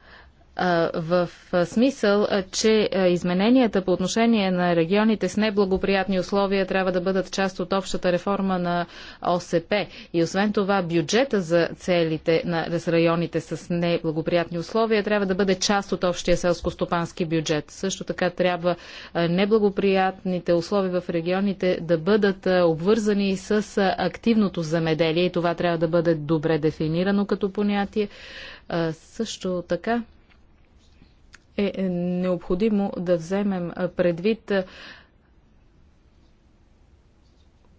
в смисъл, че измененията по отношение на регионите с неблагоприятни условия трябва да бъдат част от общата реформа на ОСП. И освен това, бюджета за целите на районите с неблагоприятни условия трябва да бъде част от общия селско-стопански бюджет. Също така трябва неблагоприятните условия в регионите да бъдат обвързани с активното замеделие и това трябва да бъде добре дефинирано като понятие. Също така, е необходимо да вземем предвид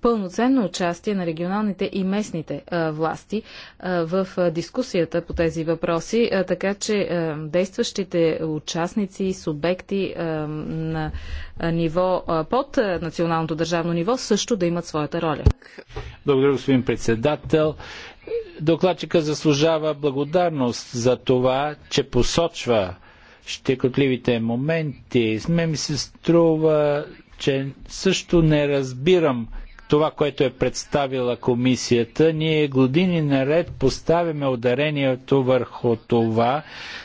пълноценно участие на регионалните и местните власти в дискусията по тези въпроси, така че действащите участници и субекти на ниво под националното държавно ниво също да имат своята роля. Благодаря, господин председател. Докладчика заслужава благодарност за това, че посочва щекотливите моменти. Сме ми се струва, че също не разбирам това, което е представила комисията. Ние години наред поставяме ударението върху това,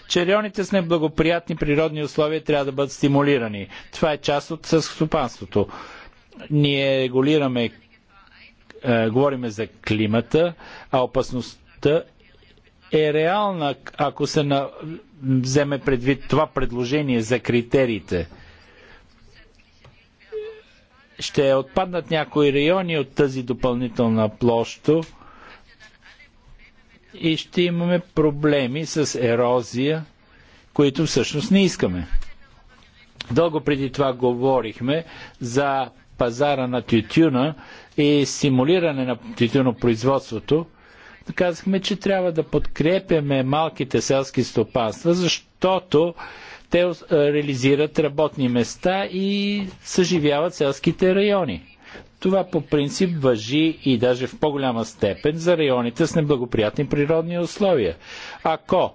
че районите с неблагоприятни природни условия трябва да бъдат стимулирани. Това е част от съсхопанството. Ние регулираме, е, говориме за климата, а опасността е реална, ако се на... вземе предвид това предложение за критериите. Ще отпаднат някои райони от тази допълнителна площ, и ще имаме проблеми с ерозия, които всъщност не искаме. Дълго преди това говорихме за пазара на тютюна и стимулиране на тютюнопроизводството казахме, че трябва да подкрепяме малките селски стопанства, защото те е, реализират работни места и съживяват селските райони. Това по принцип въжи и даже в по-голяма степен за районите с неблагоприятни природни условия. Ако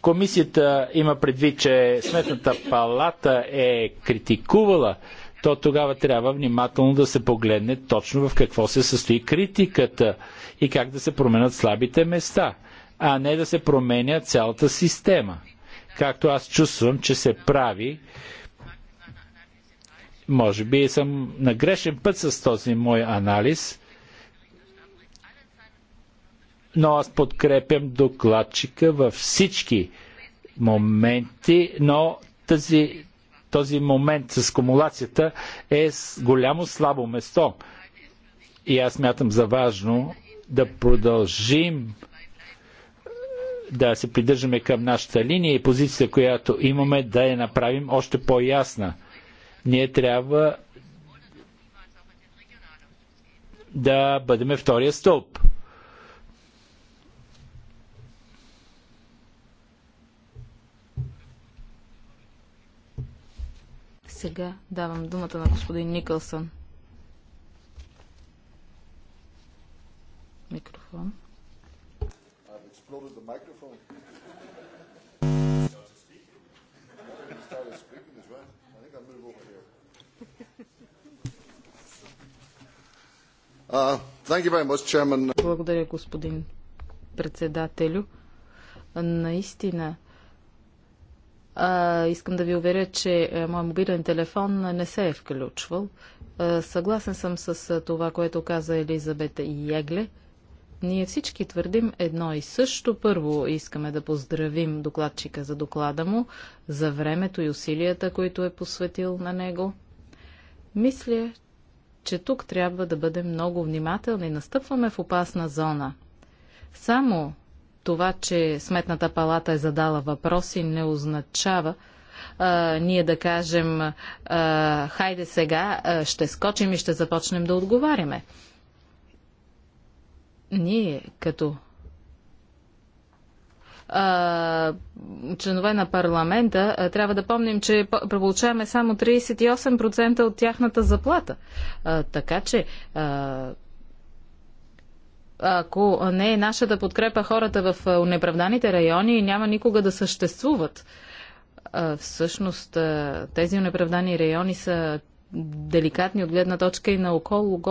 комисията има предвид, че Сметната палата е критикувала, то тогава трябва внимателно да се погледне точно в какво се състои критиката и как да се променят слабите места, а не да се променя цялата система. Както аз чувствам, че се прави, може би съм на грешен път с този мой анализ, но аз подкрепям докладчика във всички моменти, но тази, този момент с кумулацията е с голямо слабо место. И аз мятам за важно да продължим да се придържаме към нашата линия и позицията, която имаме, да я направим още по-ясна. Ние трябва да бъдем втория стълб. Сега давам думата на господин Никълсън. Микрофон. Uh, Благодаря, господин председателю. Наистина, а, искам да ви уверя, че моят мобилен телефон не се е включвал. А, съгласен съм с това, което каза Елизабет Егле. Ние всички твърдим едно и също. Първо искаме да поздравим докладчика за доклада му, за времето и усилията, които е посветил на него. Мисля, че тук трябва да бъдем много внимателни. Настъпваме в опасна зона. Само това, че Сметната палата е задала въпроси, не означава, а, ние да кажем а, хайде сега, а, ще скочим и ще започнем да отговаряме. Ние като членове на парламента, трябва да помним, че получаваме само 38% от тяхната заплата. Така че, ако не е нашата подкрепа, хората в неправданите райони няма никога да съществуват. Всъщност, тези неправдани райони са деликатни от гледна точка и на, около,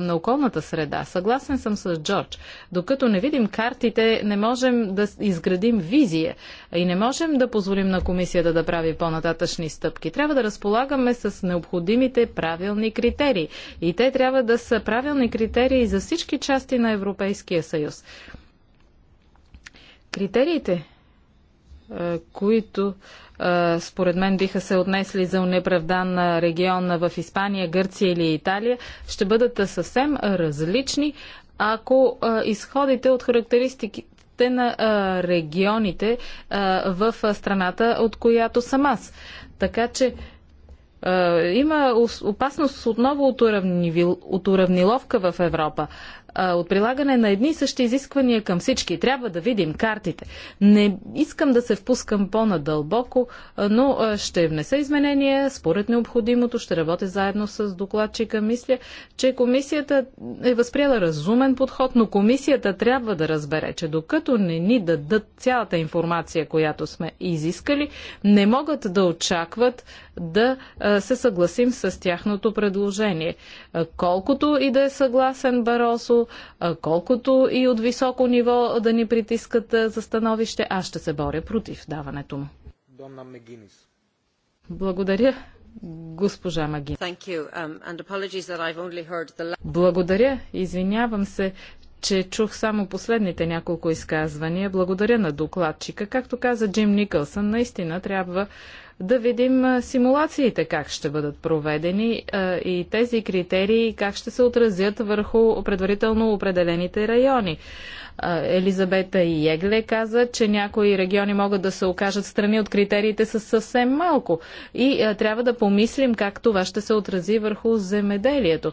на околната среда. Съгласен съм с Джордж. Докато не видим картите, не можем да изградим визия и не можем да позволим на комисията да прави по-нататъчни стъпки. Трябва да разполагаме с необходимите правилни критерии. И те трябва да са правилни критерии за всички части на Европейския съюз. Критериите, които според мен биха се отнесли за унеправдан регион в Испания, Гърция или Италия, ще бъдат съвсем различни, ако изходите от характеристики на а, регионите а, в а, страната, от която съм аз. Така че а, има опасност отново от, от уравниловка в Европа от прилагане на едни и същи изисквания към всички. Трябва да видим картите. Не искам да се впускам по-надълбоко, но ще внеса изменения според необходимото. Ще работя заедно с докладчика. Мисля, че комисията е възприела разумен подход, но комисията трябва да разбере, че докато не ни дадат цялата информация, която сме изискали, не могат да очакват да се съгласим с тяхното предложение. Колкото и да е съгласен Баросо, колкото и от високо ниво да ни притискат за становище, аз ще се боря против даването му. Благодаря, госпожа Магин. Um, the... Благодаря, извинявам се, че чух само последните няколко изказвания. Благодаря на докладчика. Както каза Джим Никълсън, наистина трябва да видим симулациите как ще бъдат проведени и тези критерии как ще се отразят върху предварително определените райони. Елизабета Егле каза, че някои региони могат да се окажат страни от критериите с съвсем малко. И трябва да помислим как това ще се отрази върху земеделието.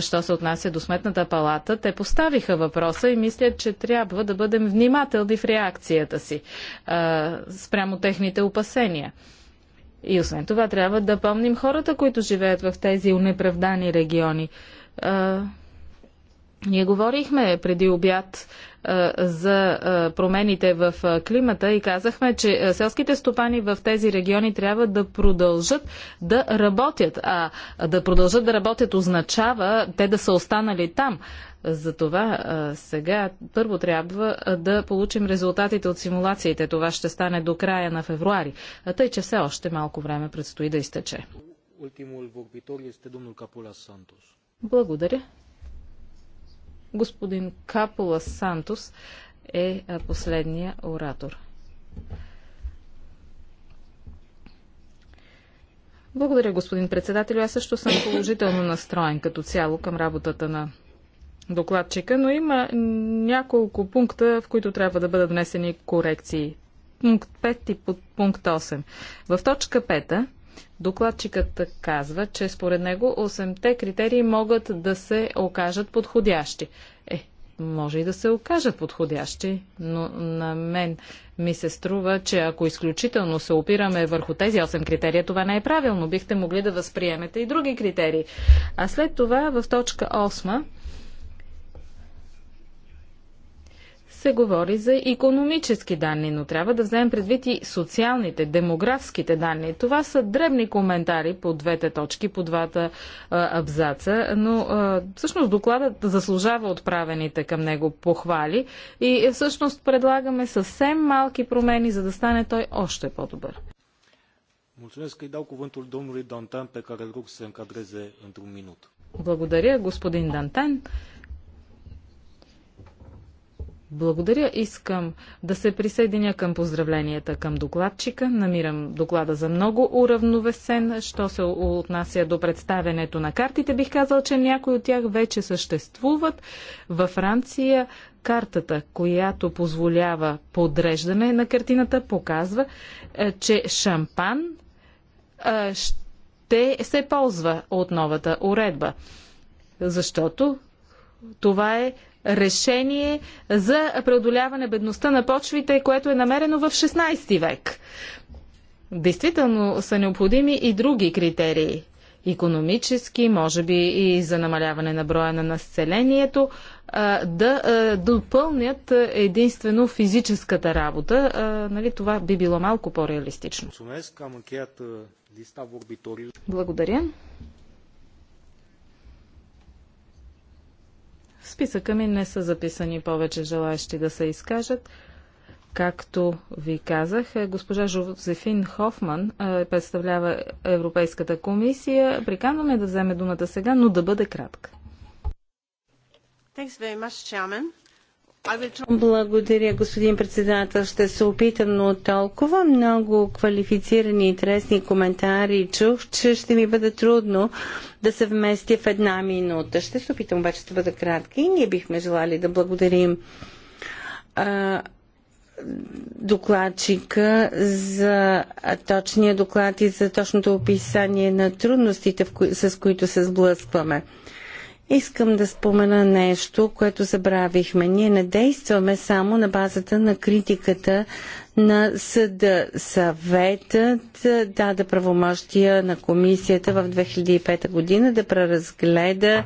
Що се отнася до сметната палата, те поставиха въпроса и мислят, че трябва да бъдем внимателни в реакцията си спрямо техните опасения. И освен това трябва да помним хората, които живеят в тези унеправдани региони. А, ние говорихме преди обяд за промените в климата и казахме, че селските стопани в тези региони трябва да продължат да работят. А да продължат да работят означава те да са останали там. Затова сега първо трябва да получим резултатите от симулациите. Това ще стане до края на февруари. Тъй, че все още малко време предстои да изтече. Благодаря. Господин Капола Сантос е последния оратор. Благодаря, господин председател. Аз също съм положително настроен като цяло към работата на докладчика, но има няколко пункта, в които трябва да бъдат внесени корекции. Пункт 5 и пункт 8. В точка 5 Докладчикът казва, че според него 8-те критерии могат да се окажат подходящи. Е, може и да се окажат подходящи, но на мен ми се струва, че ако изключително се опираме върху тези 8 критерия, това не е правилно. Бихте могли да възприемете и други критерии. А след това в точка 8 се говори за економически данни, но трябва да вземем предвид и социалните, демографските данни. Това са дребни коментари по двете точки, по двата а, абзаца, но а, всъщност докладът заслужава отправените към него похвали и е, всъщност предлагаме съвсем малки промени, за да стане той още по-добър. Mulțumesc că îi dau cuvântul domnului Dantan pe care rog să se încadreze într-un minut. Благодаря, господин Дантан. Благодаря. Искам да се присъединя към поздравленията към докладчика. Намирам доклада за много уравновесен. Що се отнася до представенето на картите, бих казал, че някои от тях вече съществуват. Във Франция картата, която позволява подреждане на картината, показва, е, че шампан е, ще се ползва от новата уредба. Защото това е решение за преодоляване бедността на почвите, което е намерено в 16 век. Действително са необходими и други критерии. Економически, може би и за намаляване на броя на населението, да допълнят единствено физическата работа. Нали, това би било малко по-реалистично. Благодаря. списъка ми не са записани повече желаящи да се изкажат. Както ви казах, е, госпожа Жозефин Хофман е, представлява Европейската комисия. Приканваме да вземе думата сега, но да бъде кратка. Much, благодаря, господин председател. Ще се опитам, но толкова много квалифицирани и интересни коментари чух, че ще ми бъде трудно да се вмести в една минута. Ще се опитам обаче да бъда кратка и ние бихме желали да благодарим а, докладчика за точния доклад и за точното описание на трудностите, с които се сблъскваме. Искам да спомена нещо, което забравихме. Ние не действаме само на базата на критиката на съда. Съветът е, даде правомощия на комисията в 2005 година да преразгледа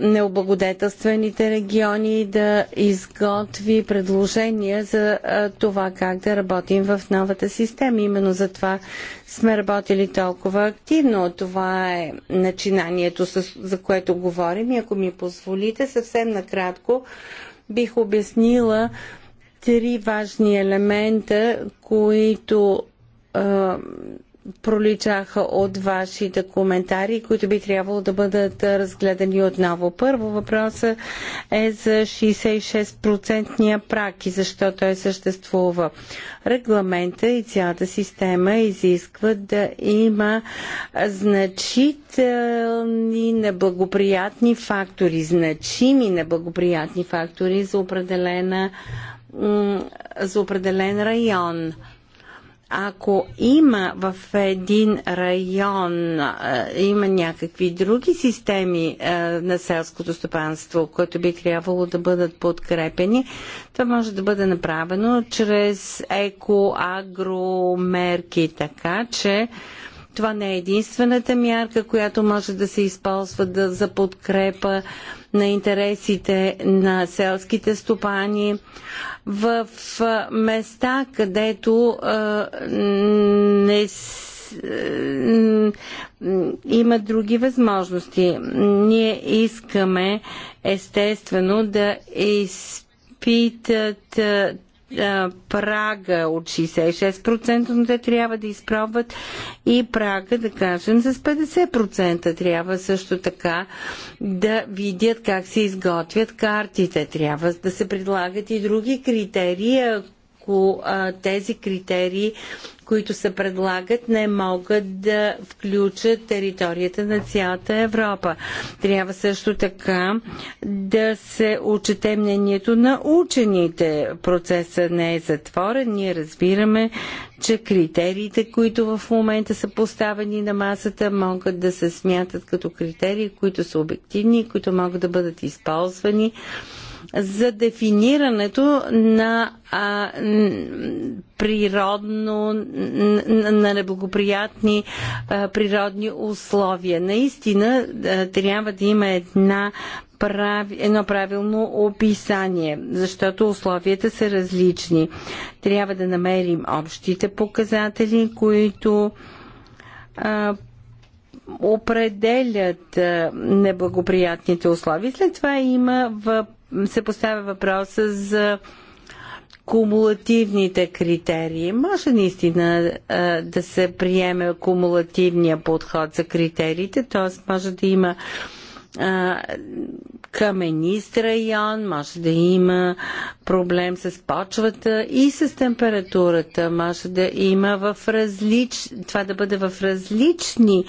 необлагодетелствените региони, да изготви предложения за това как да работим в новата система. Именно за това сме работили толкова активно. Това е начинанието, за което говорим. И ако ми позволите, съвсем накратко бих обяснила три важни елемента, които проличаха от вашите коментари, които би трябвало да бъдат разгледани отново. Първо въпросът е за 66-процентния прак и защо той съществува. Регламента и цялата система изискват да има значителни неблагоприятни фактори, значими неблагоприятни фактори за определена за определен район ако има в един район, има някакви други системи на селското стопанство, които би трябвало да бъдат подкрепени, това може да бъде направено чрез еко-агромерки, така че това не е единствената мярка, която може да се използва да, за подкрепа на интересите на селските стопани в места, където не има други възможности. Ние искаме естествено да изпитат е, прага от 66%, но те трябва да изпробват и прага, да кажем, с 50%. Трябва също така да видят как се изготвят картите. Трябва да се предлагат и други критерии, ако а, тези критерии които се предлагат, не могат да включат територията на цялата Европа. Трябва също така да се учете мнението на учените. Процесът не е затворен. Ние разбираме, че критериите, които в момента са поставени на масата, могат да се смятат като критерии, които са обективни, и които могат да бъдат използвани за дефинирането на а, природно, на неблагоприятни а, природни условия. Наистина а, трябва да има една едно правилно описание, защото условията са различни. Трябва да намерим общите показатели, които а, определят неблагоприятните условия. След това има въпрос се поставя въпроса за кумулативните критерии. Може наистина да се приеме кумулативния подход за критериите, т.е. може да има каменист район, може да има проблем с почвата и с температурата, може да има в различ... това да бъде в различни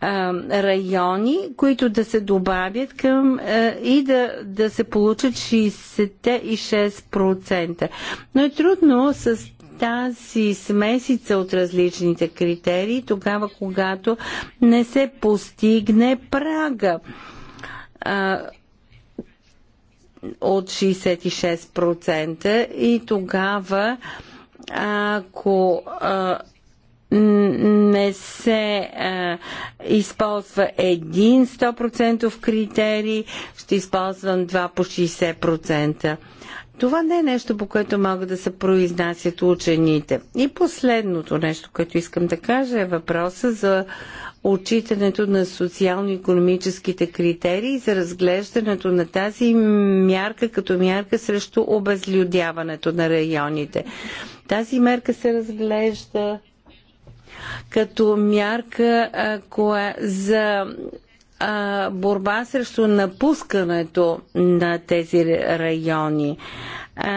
а, райони, които да се добавят към а, и да, да се получат 66%. Но е трудно с тази смесица от различните критерии, тогава когато не се постигне прага от 66% и тогава ако а, не се а, използва един 100% критерий, ще използвам 2 по 60%. Това не е нещо, по което могат да се произнасят учените. И последното нещо, което искам да кажа е въпроса за отчитането на социално-економическите критерии за разглеждането на тази мярка като мярка срещу обезлюдяването на районите. Тази мерка се разглежда като мярка кое, за а, борба срещу напускането на тези райони. А,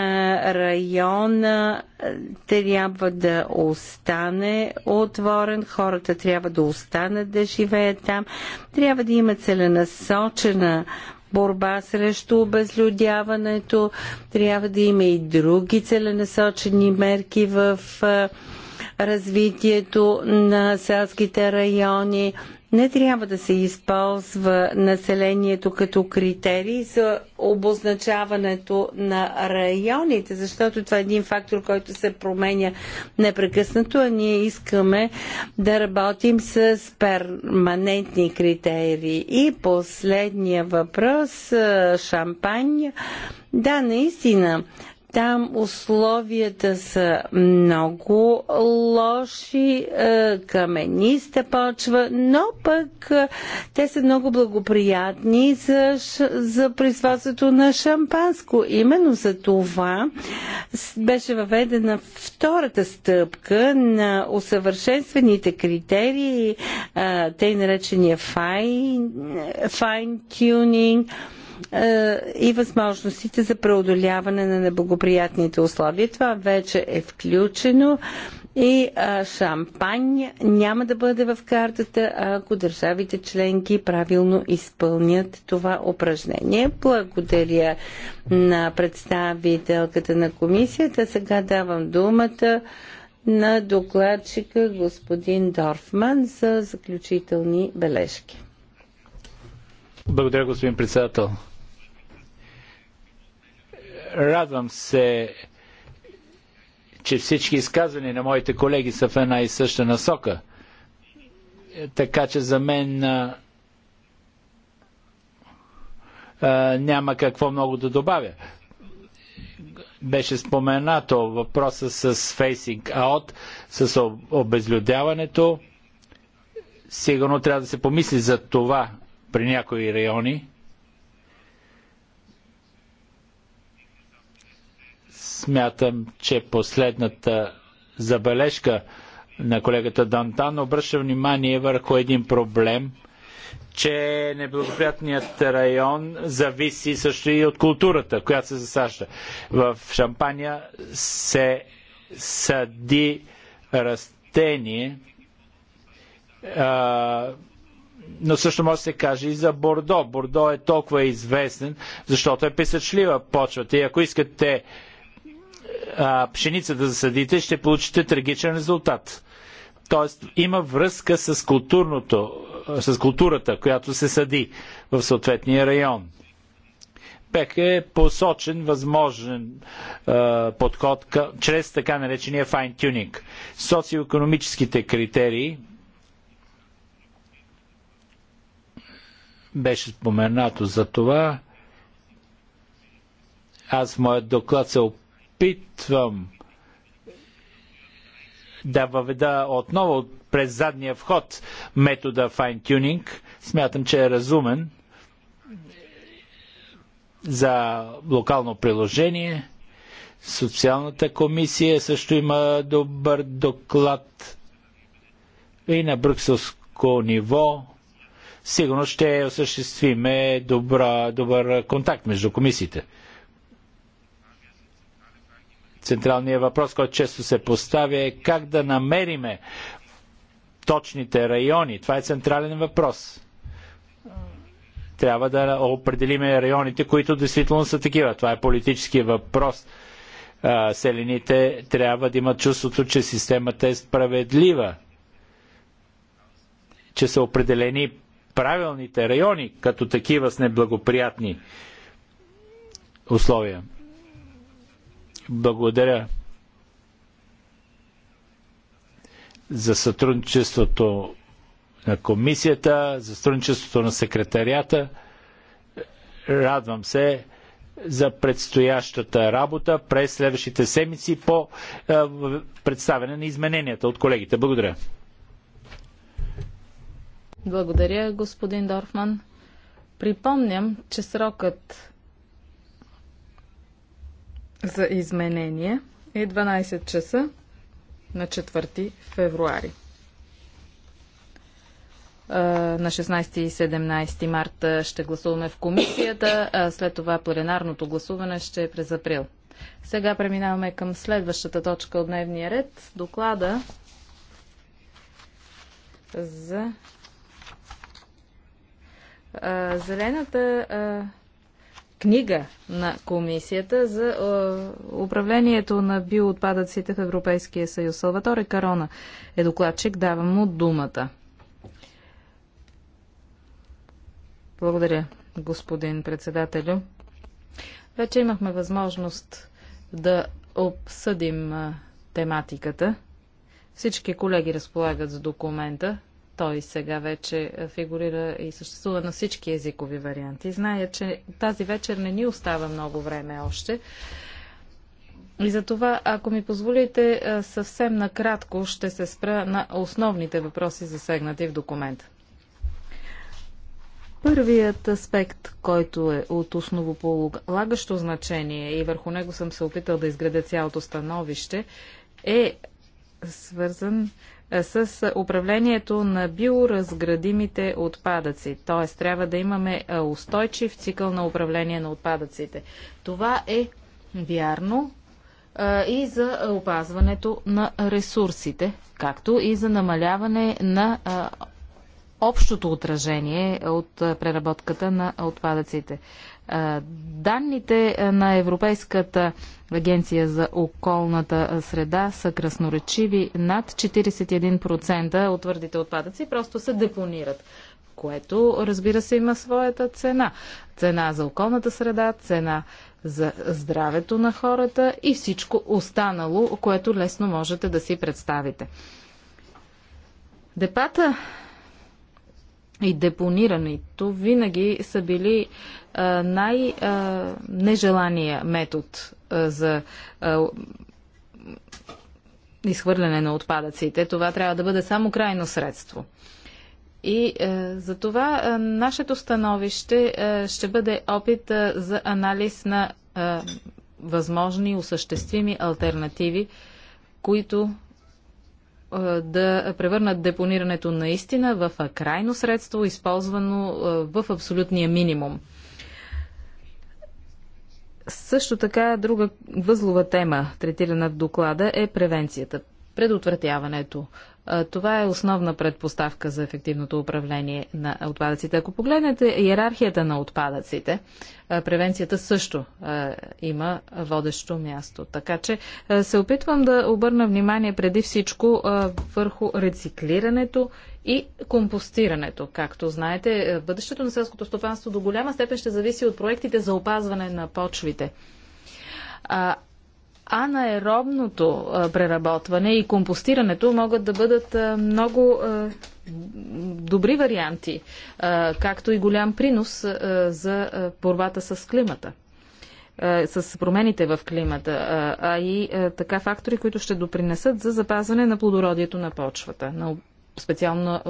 района трябва да остане отворен, хората трябва да останат да живеят там, трябва да има целенасочена борба срещу обезлюдяването, трябва да има и други целенасочени мерки в развитието на селските райони, не трябва да се използва населението като критерий за обозначаването на районите, защото това е един фактор, който се променя непрекъснато, а ние искаме да работим с перманентни критерии. И последния въпрос шампань. Да, наистина, там условията са много лоши, е, камениста почва, но пък е, те са много благоприятни за, за производството на шампанско. Именно за това беше въведена втората стъпка на усъвършенствените критерии, е, тъй наречения fine, fine tuning – е, и възможностите за преодоляване на неблагоприятните условия. Това вече е включено и е, шампань няма да бъде в картата, ако държавите членки правилно изпълнят това упражнение. Благодаря на представителката на комисията. Сега давам думата на докладчика господин Дорфман за заключителни бележки. Благодаря, господин председател. Радвам се, че всички изказвания на моите колеги са в една и съща насока. Е, така че за мен а, а, няма какво много да добавя. Беше споменато въпроса с фейсинг аут, с обезлюдяването. Сигурно трябва да се помисли за това при някои райони. Смятам, че последната забележка на колегата Дантан обръща внимание върху един проблем, че неблагоприятният район зависи също и от културата, която се засажда. В Шампания се съди растение, а, но също може да се каже и за Бордо. Бордо е толкова известен, защото е писъчлива почвата и ако искате а, да засадите, ще получите трагичен резултат. Тоест има връзка с, културното, с културата, която се съди в съответния район. Пек е посочен възможен е, подход къ, чрез така наречения fine-tuning. Социоекономическите критерии беше споменато за това. Аз в моят доклад се опитвам да въведа отново през задния вход метода fine tuning. Смятам, че е разумен за локално приложение. Социалната комисия също има добър доклад и на брюкселско ниво. Сигурно ще осъществиме добра, добър контакт между комисиите. Централният въпрос, който често се поставя е как да намериме точните райони. Това е централен въпрос. Трябва да определиме районите, които действително са такива. Това е политически въпрос. Селените трябва да имат чувството, че системата е справедлива, че са определени правилните райони като такива с неблагоприятни условия. Благодаря за сътрудничеството на комисията, за сътрудничеството на секретарията. Радвам се за предстоящата работа през следващите седмици по е, представяне на измененията от колегите. Благодаря. Благодаря, господин Дорфман. Припомням, че срокът за изменение е 12 часа на 4 февруари. На 16 и 17 марта ще гласуваме в комисията, а след това пленарното гласуване ще е през април. Сега преминаваме към следващата точка от дневния ред. Доклада за а, зелената а, книга на комисията за е, управлението на биоотпадъците в Европейския съюз. Салваторе Карона е докладчик, давам му думата. Благодаря, господин председателю. Вече имахме възможност да обсъдим е, тематиката. Всички колеги разполагат с документа. Той сега вече е, фигурира и съществува на всички езикови варианти. Зная, че тази вечер не ни остава много време още. И за това, ако ми позволите, е, съвсем накратко ще се спра на основните въпроси, засегнати в документа. Първият аспект, който е от основополагащо значение и върху него съм се опитал да изградя цялото становище, е свързан с управлението на биоразградимите отпадъци. Т.е. трябва да имаме устойчив цикъл на управление на отпадъците. Това е вярно и за опазването на ресурсите, както и за намаляване на общото отражение от преработката на отпадъците. Данните на Европейската агенция за околната среда са красноречиви. Над 41% от твърдите отпадъци просто се депонират което разбира се има своята цена. Цена за околната среда, цена за здравето на хората и всичко останало, което лесно можете да си представите. Депата и депонирането винаги са били най-нежелания метод за изхвърляне на отпадъците. Това трябва да бъде само крайно средство. И е, за това е, нашето становище е, ще бъде опит е, за анализ на е, възможни осъществими альтернативи, които да превърнат депонирането наистина в крайно средство, използвано в абсолютния минимум. Също така, друга възлова тема, третирана в доклада, е превенцията, предотвратяването това е основна предпоставка за ефективното управление на отпадъците. Ако погледнете иерархията на отпадъците, превенцията също има водещо място. Така че се опитвам да обърна внимание преди всичко върху рециклирането и компостирането. Както знаете, бъдещето на селското стопанство до голяма степен ще зависи от проектите за опазване на почвите анаеробното преработване и компостирането могат да бъдат много добри варианти, както и голям принос за борбата с климата с промените в климата, а и така фактори, които ще допринесат за запазване на плодородието на почвата, на специално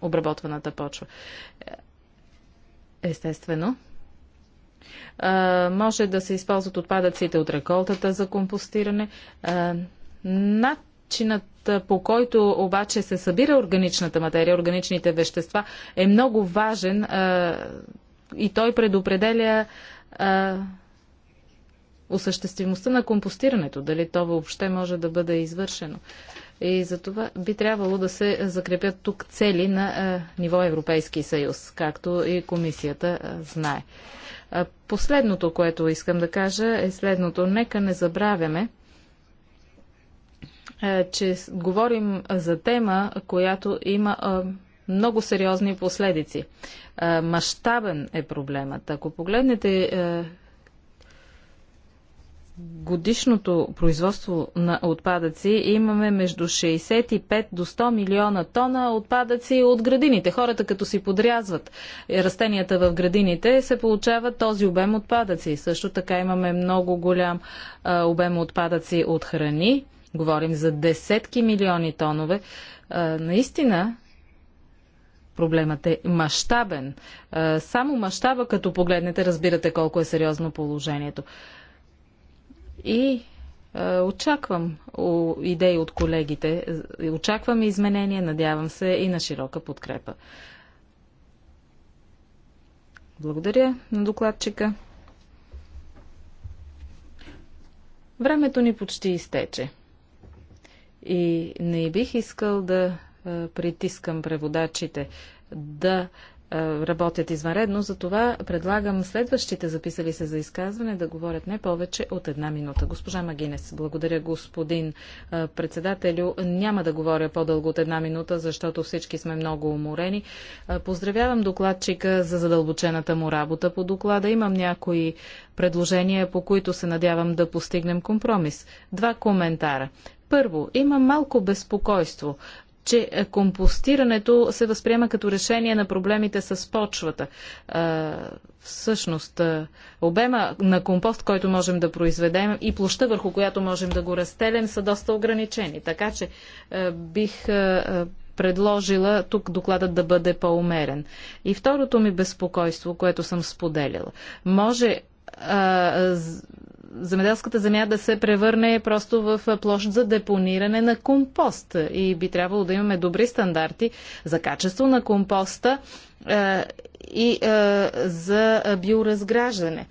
обработваната почва. Естествено, може да се използват отпадъците от реколтата за компостиране. Начинът по който обаче се събира органичната материя, органичните вещества, е много важен и той предопределя осъществимостта на компостирането, дали то въобще може да бъде извършено. И за това би трябвало да се закрепят тук цели на а, ниво Европейски съюз, както и комисията а, знае. Последното, което искам да кажа е следното. Нека не забравяме, че говорим за тема, която има много сериозни последици. Мащабен е проблемът. Ако погледнете годишното производство на отпадъци имаме между 65 до 100 милиона тона отпадъци от градините. Хората като си подрязват растенията в градините се получава този обем отпадъци. Също така имаме много голям а, обем отпадъци от храни. Говорим за десетки милиони тонове. А, наистина проблемът е мащабен. Само мащаба, като погледнете, разбирате колко е сериозно положението. И е, очаквам о, идеи от колегите, очаквам изменения, надявам се и на широка подкрепа. Благодаря на докладчика. Времето ни почти изтече. И не бих искал да е, притискам преводачите да е, е, работят извънредно, затова предлагам следващите записали се за изказване да говорят не повече от една минута. Госпожа Магинес, благодаря господин е, председателю. Няма да говоря по-дълго от една минута, защото всички сме много уморени. Е, поздравявам докладчика за задълбочената му работа по доклада. Имам някои предложения, по които се надявам да постигнем компромис. Два коментара. Първо, има малко безпокойство че е, компостирането се възприема като решение на проблемите с почвата. Е, всъщност, е, обема на компост, който можем да произведем и площа, върху която можем да го разтелем, са доста ограничени. Така че бих предложила тук докладът да бъде по-умерен. И второто ми безпокойство, което съм споделила. Може земеделската земя да се превърне просто в площ за депониране на компост. И би трябвало да имаме добри стандарти за качество на компоста е, и е, за биоразграждане.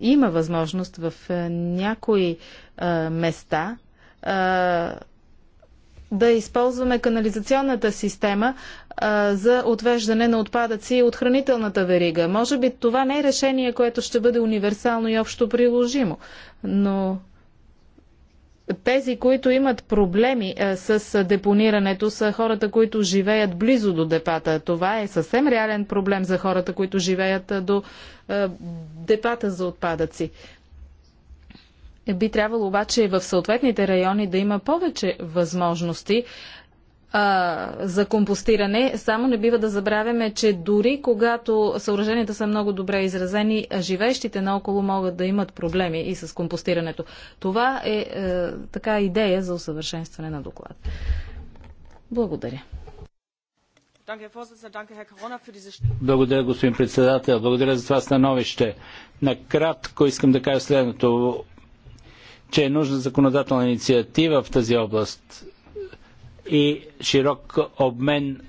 Има възможност в е, някои е, места е, да използваме канализационната система а, за отвеждане на отпадъци от хранителната верига. Може би това не е решение, което ще бъде универсално и общо приложимо, но тези, които имат проблеми а, с депонирането, са хората, които живеят близо до депата. Това е съвсем реален проблем за хората, които живеят а, до а, депата за отпадъци. Би трябвало обаче в съответните райони да има повече възможности а, за компостиране. Само не бива да забравяме, че дори когато съоръженията са много добре изразени, живеещите наоколо могат да имат проблеми и с компостирането. Това е, е така идея за усъвършенстване на доклад. Благодаря. Благодаря, господин председател. Благодаря за това становище. Накратко искам да кажа следното че е нужна законодателна инициатива в тази област и широк обмен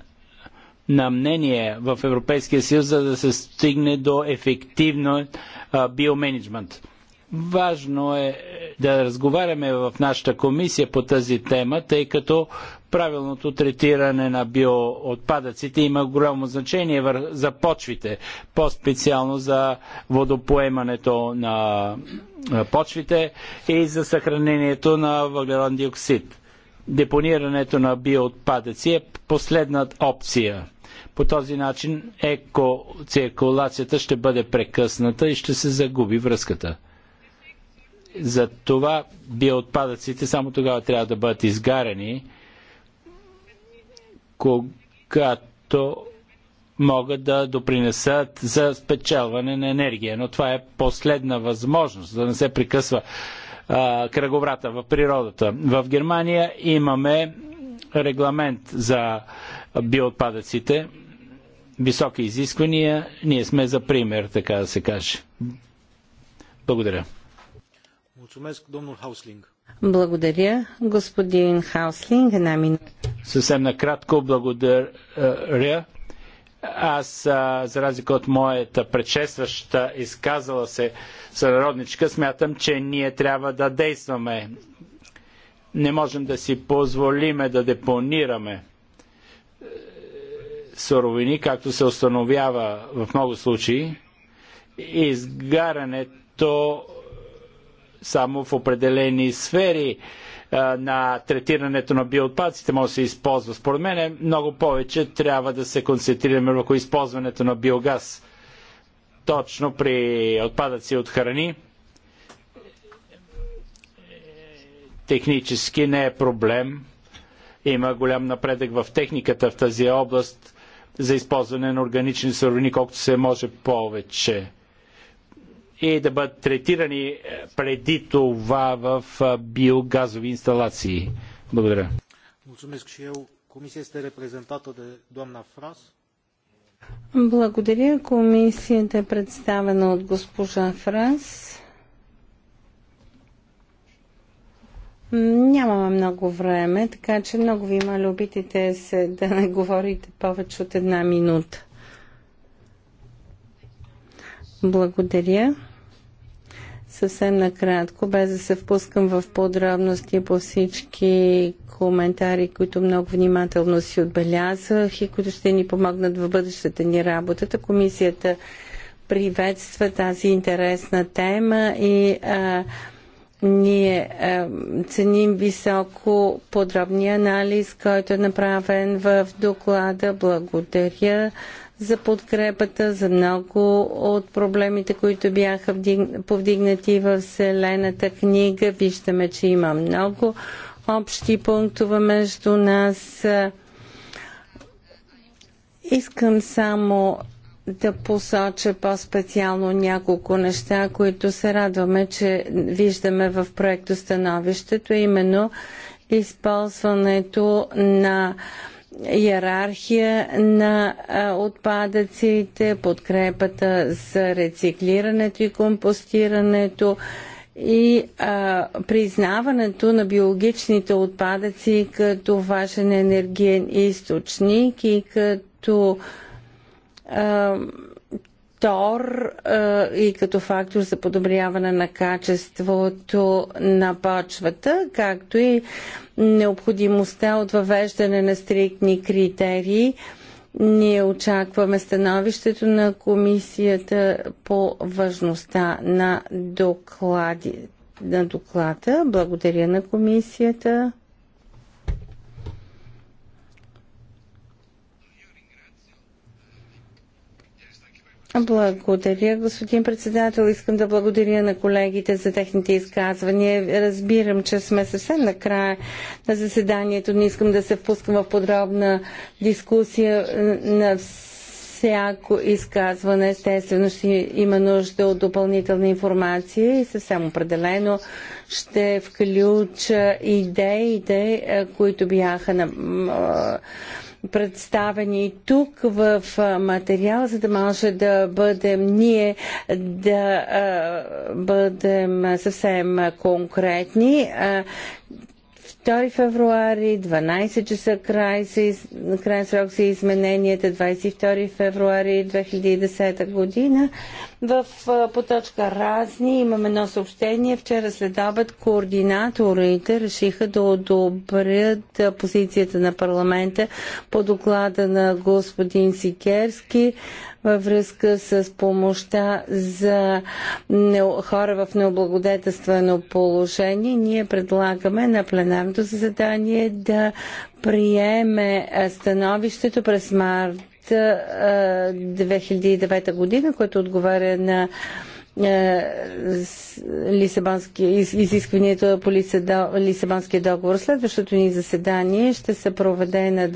на мнение в Европейския съюз, за да се стигне до ефективно биоменеджмент. Важно е да разговаряме в нашата комисия по тази тема, тъй като правилното третиране на биоотпадъците има голямо значение за почвите, по-специално за водопоемането на почвите и за съхранението на въглероден диоксид. Депонирането на биоотпадъци е последната опция. По този начин екоциркулацията ще бъде прекъсната и ще се загуби връзката. Затова биоотпадъците само тогава трябва да бъдат изгарени когато могат да допринесат за спечелване на енергия. Но това е последна възможност, за да не се прекъсва а, кръговрата в природата. В Германия имаме регламент за биоотпадъците, високи изисквания. Ние сме за пример, така да се каже. Благодаря. Mulțumesc, domnul Hausling. Благодаря. Господин Хауслинг, една минута. Съвсем накратко благодаря. Аз, за разлика от моята предшестваща изказала се сънародничка, смятам, че ние трябва да действаме. Не можем да си позволиме да депонираме е, суровини, както се установява в много случаи. Изгарянето само в определени сфери на третирането на биоотпадците може да се използва. Според мен е много повече трябва да се концентрираме върху използването на биогаз. Точно при отпадъци от храни технически не е проблем. Има голям напредък в техниката в тази област за използване на органични суровини, колкото се може повече и да бъдат третирани е, преди това в е, биогазови инсталации. Благодаря. Mulțumesc și eu. Comisia este reprezentată de doamna Fras. Благодаря. Комисията е представена от госпожа Франс. Нямаме много време, така че много ви моля, опитайте се да не говорите повече от една минута. Благодаря. Съвсем накратко, без да се впускам в подробности по всички коментари, които много внимателно си отбелязах и които ще ни помогнат в бъдещата ни работата. Комисията приветства тази интересна тема и а, ние а, ценим високо подробния анализ, който е направен в доклада. Благодаря за подкрепата, за много от проблемите, които бяха повдигнати в Вселената книга. Виждаме, че има много общи пунктове между нас. Искам само да посоча по-специално няколко неща, които се радваме, че виждаме в проекто становището, именно използването на иерархия на отпадъците, подкрепата за рециклирането и компостирането и а, признаването на биологичните отпадъци като важен енергиен източник и като а, фактор а, е, и като фактор за подобряване на качеството на почвата, както и необходимостта от въвеждане на стриктни критерии. Ние очакваме становището на комисията по важността на доклади, на доклада. Благодаря на комисията. Благодаря, господин председател. Искам да благодаря на колегите за техните изказвания. Разбирам, че сме съвсем на края на заседанието. Не искам да се впускам в подробна дискусия е, на всяко изказване. Естествено, ще има нужда от допълнителна информация и съвсем определено ще включа идеите, е, които бяха на представени тук в материал, за да може да бъдем ние да бъдем съвсем конкретни. 2 февруари, 12 часа край, се, край срок за измененията, 22 февруари 2010 година. В, поточка разни имаме едно съобщение. Вчера след обед координаторите решиха да одобрят позицията на парламента по доклада на господин Сикерски във връзка с помощта за хора в необлагодетелствено положение. Ние предлагаме на пленарното заседание да приеме становището през март 2009 е, година, който отговаря на е, изискванията по Лисабонския договор. Следващото ни заседание ще се проведе на